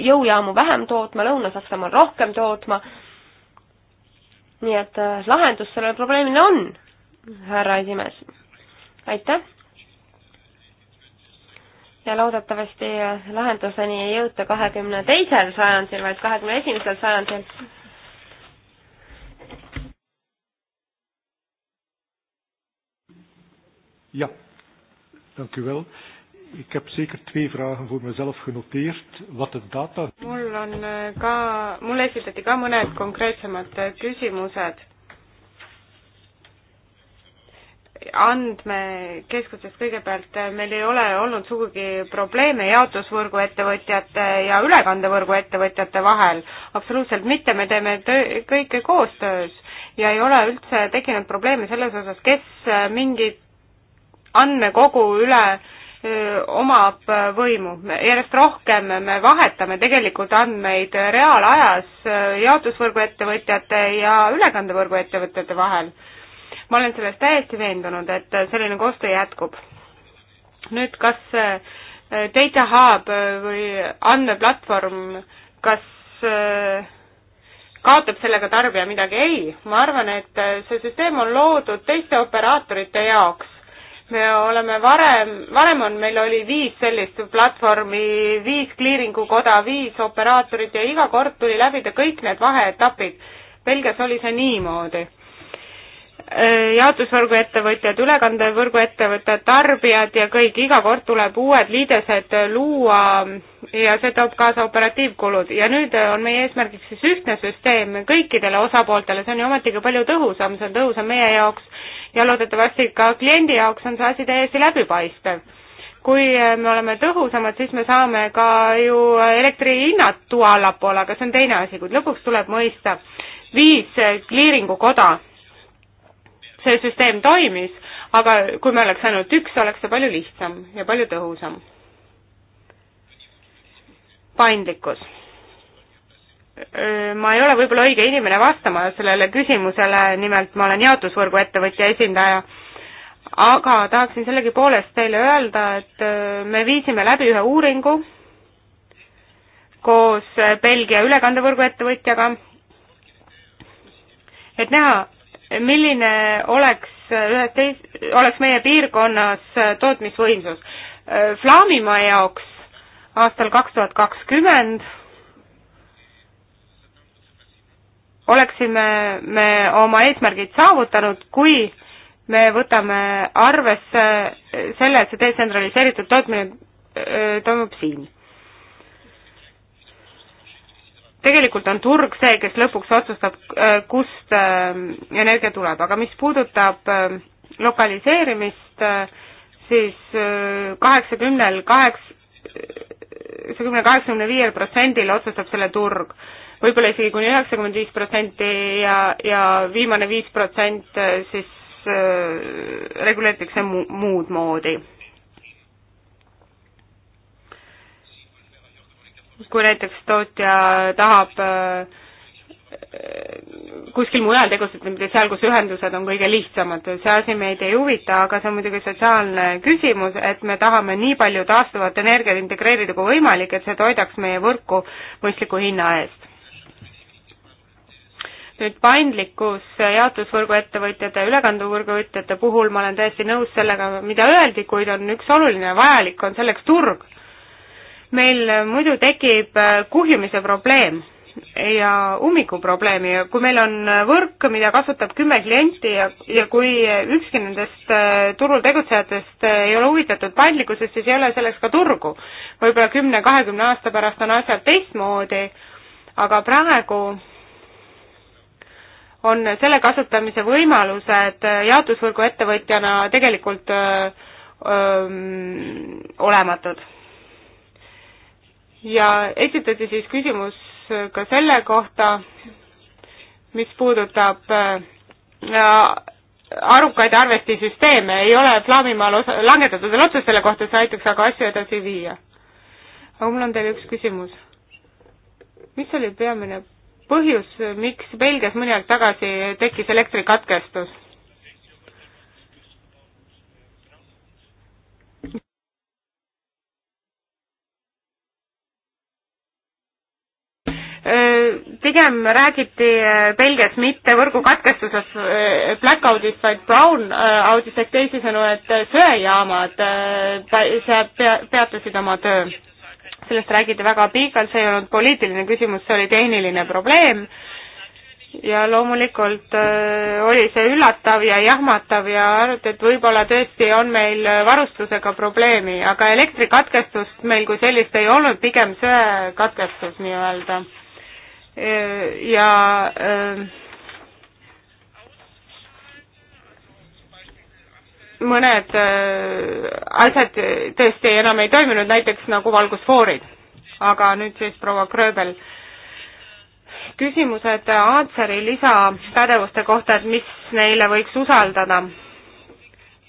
jõujaamu vähem tootma, Lõuna-Saksamaal rohkem tootma. nii et lahendus sellele probleemile on, härra esimees. aitäh! ja loodetavasti lahenduseni ei jõuta kahekümne teisel sajandil, vaid kahekümne esimesel sajandil Ja, dank u wel. Ik heb zeker twee vragen voor mezelf genoteerd. Wat de data... Mul on eh, ka, mulle esitati ka mõned konkreetsemad eh, küsimused andmekeskusest kõigepealt, eh, meil ei ole olnud sugugi probleeme jaotusvõrgu ettevõtjate ja ülekandevõrgu ettevõtjate vahel, absoluutselt mitte, me teeme töö, kõike koostöös ja ei ole üldse tekkinud probleeme selles osas, kes mingit andmekogu üle omab võimu, järjest rohkem me vahetame tegelikult andmeid reaalajas jaotusvõrguettevõtjate ja ülekandevõrguettevõtjate vahel. ma olen selles täiesti veendunud, et selline koostöö jätkub. nüüd, kas Data Hub või andmeplatvorm, kas kaotab sellega tarbija midagi, ei, ma arvan, et see süsteem on loodud teiste operaatorite jaoks, me oleme varem, varem on, meil oli viis sellist platvormi, viis kliiringukoda, viis operaatorit ja iga kord tuli läbida kõik need vaheetapid. Belgias oli see niimoodi äh, jaotusvõrguettevõtjad, ülekandevõrguettevõtted, tarbijad ja kõik, iga kord tuleb uued liidesed luua ja see toob kaasa operatiivkulud ja nüüd on meie eesmärgiks siis ühtne süsteem kõikidele osapooltele, see on ju ometigi palju tõhusam, see on tõhusam meie jaoks ja loodetavasti ka kliendi jaoks on see asi täiesti läbipaistev. kui äh, me oleme tõhusamad, siis me saame ka ju elektrihinnad tuua allapoole, aga see on teine asi, kuid lõpuks tuleb mõista viis äh, kliiringu koda. see süsteem toimis, aga kui meil oleks ainult üks, oleks see palju lihtsam ja palju tõhusam. paindlikkus Äh, ma ei ole võib-olla õige inimene vastama sellele küsimusele, nimelt ma olen jaotusvõrgu ettevõtja esindaja, aga tahaksin sellegipoolest teile öelda, et äh, me viisime läbi ühe uuringu koos äh, Belgia ülekandevõrgu ettevõtjaga, et näha, milline oleks ühes teis-, oleks meie piirkonnas tootmisvõimsus. Flaamimaa jaoks aastal kaks tuhat kakskümmend oleksime me oma eesmärgid saavutanud, kui me võtame arvesse selle, et see detsentraliseeritud tootmine äh, toimub siin. tegelikult on turg see, kes lõpuks otsustab, äh, kust äh, energia tuleb, aga mis puudutab lokaliseerimist, siis kaheksakümnel kaheks-, kaheksakümne kaheksakümne viiel protsendil otsustab selle turg võib-olla isegi kuni üheksakümmend viis protsenti ja, ja viimane viis protsent äh, siis äh, reguleeritakse mu-, muud moodi. kui näiteks tootja tahab äh, kuskil mujal tegutseda, mitte seal, kus ühendused on kõige lihtsamad. see asi meid ei huvita, aga see on muidugi sotsiaalne küsimus, et me tahame nii palju taastuvat energiat integreerida kui võimalik, et see toidaks meie võrku mõistliku hinna eest nüüd paindlikkus jaotusvõrguettevõtjate, ülekandevõrguettevõtjate puhul ma olen täiesti nõus sellega, mida öeldi, kuid on üks oluline vajalik, on selleks turg. meil muidu tekib kuhjumise probleem ja ummikuprobleemi ja kui meil on võrk, mida kasutab kümme klienti ja, ja kui ükski nendest äh, turul tegutsejatest ei ole huvitatud paindlikkusest, siis ei ole selleks ka turgu. võib-olla kümne-kahekümne aasta pärast on asjad teistmoodi, aga praegu on selle kasutamise võimalused jaotusvõrgu ettevõtjana tegelikult öö, öö, olematud. ja esitati siis küsimus ka selle kohta, mis puudutab arukaid arvestisüsteeme, ei ole Flaamimaal osa, langetatud veel otsust selle kohta, see aitaks aga asju edasi viia. aga mul on teile üks küsimus. mis oli peamine põhjus, miks Belgias mõni aeg tagasi tekkis elektrikatkestus. Äh, pigem räägiti äh, Belgias mitte võrgukatkestusest, äh, blackout'ist, vaid brown out'ist ehk teisisõnu, et söejaamad pea-, peatasid oma töö sellest räägiti väga pikalt, see ei olnud poliitiline küsimus, see oli tehniline probleem ja loomulikult äh, oli see üllatav ja jahmatav ja arvati, et võib-olla tõesti on meil varustusega probleemi, aga elektrikatkestust meil kui sellist ei olnud, pigem söekatkestus nii-öelda. Äh, ja äh, mõned äh, asjad tõesti enam ei toiminud, näiteks nagu valgusfoorid. aga nüüd siis proua Krööbel, küsimused Aatseri lisapädevuste kohta, et mis neile võiks usaldada.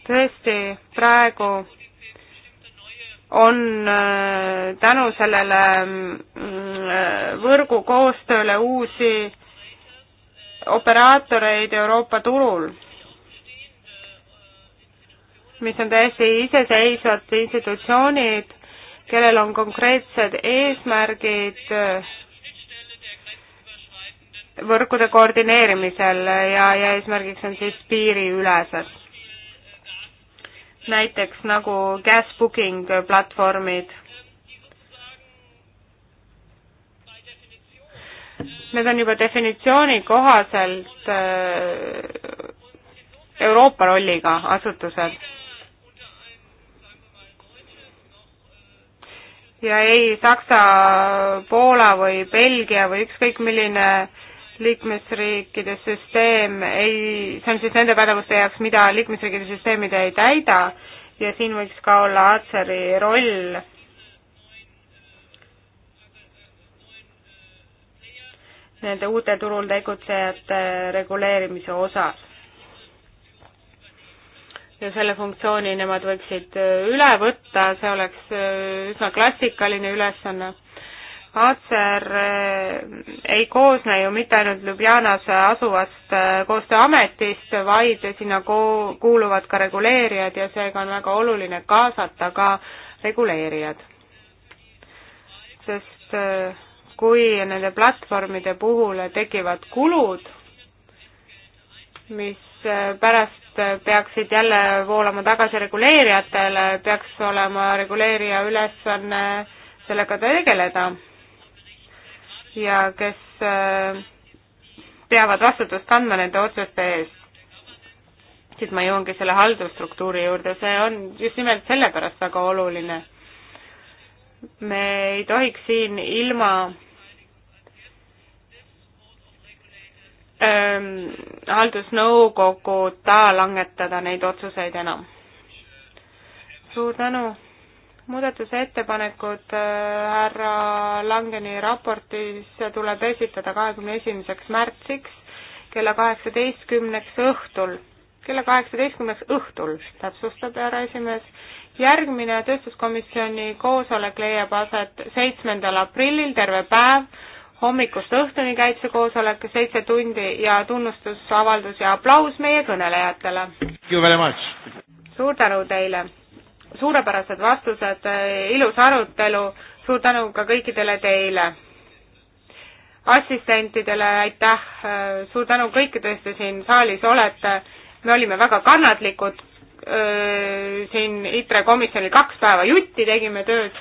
tõesti, praegu on äh, tänu sellele mm, äh, võrgu koostööle uusi operaatoreid Euroopa turul mis on täiesti iseseisvad institutsioonid, kellel on konkreetsed eesmärgid äh, võrkude koordineerimisel äh, ja, ja eesmärgiks on siis piiriülesed. näiteks nagu gas booking platvormid. Need on juba definitsiooni kohaselt äh, Euroopa rolliga asutused ja ei Saksa, Poola või Belgia või ükskõik milline liikmesriikide süsteem ei, see on siis nende pädevuste jaoks, mida liikmesriikide süsteemid ei täida ja siin võiks ka olla Atseri roll. Nende uute turul tegutsejate reguleerimise osas ja selle funktsiooni nemad võiksid äh, üle võtta, see oleks äh, üsna klassikaline ülesanne. ACER äh, ei koosne ju mitte ainult Ljubljanas asuvast koostööametist, vaid sinna ko-, kuuluvad ka reguleerijad ja seega on väga oluline kaasata ka reguleerijad. sest kui nende platvormide puhul tekivad kulud, mis pärast peaksid jälle voolama tagasi reguleerijatele, peaks olema reguleerija ülesanne sellega tegeleda ja kes äh, peavad vastutust kandma nende otsuste eest. siis ma jõuangi selle haldusstruktuuri juurde, see on just nimelt sellepärast väga oluline. me ei tohiks siin ilma Ähm, haldusnõukogu ta langetada neid otsuseid enam. suur tänu. muudatusettepanekud äh, härra Langeni raportis tuleb esitada kahekümne esimeseks märtsiks kella kaheksateistkümneks õhtul, kella kaheksateistkümneks õhtul, täpsustab härra esimees. järgmine tööstuskomisjoni koosolek leiab aset seitsmendal aprillil, terve päev hommikust õhtuni käib see koosolek seitse tundi ja tunnustusavaldus ja aplaus meie kõnelejatele. suur tänu teile, suurepärased vastused, ilus arutelu, suur tänu ka kõikidele teile assistentidele aitäh, suur tänu kõikidest, kes te siin saalis olete, me olime väga kannatlikud, siin ITRE komisjonil kaks päeva jutti tegime tööd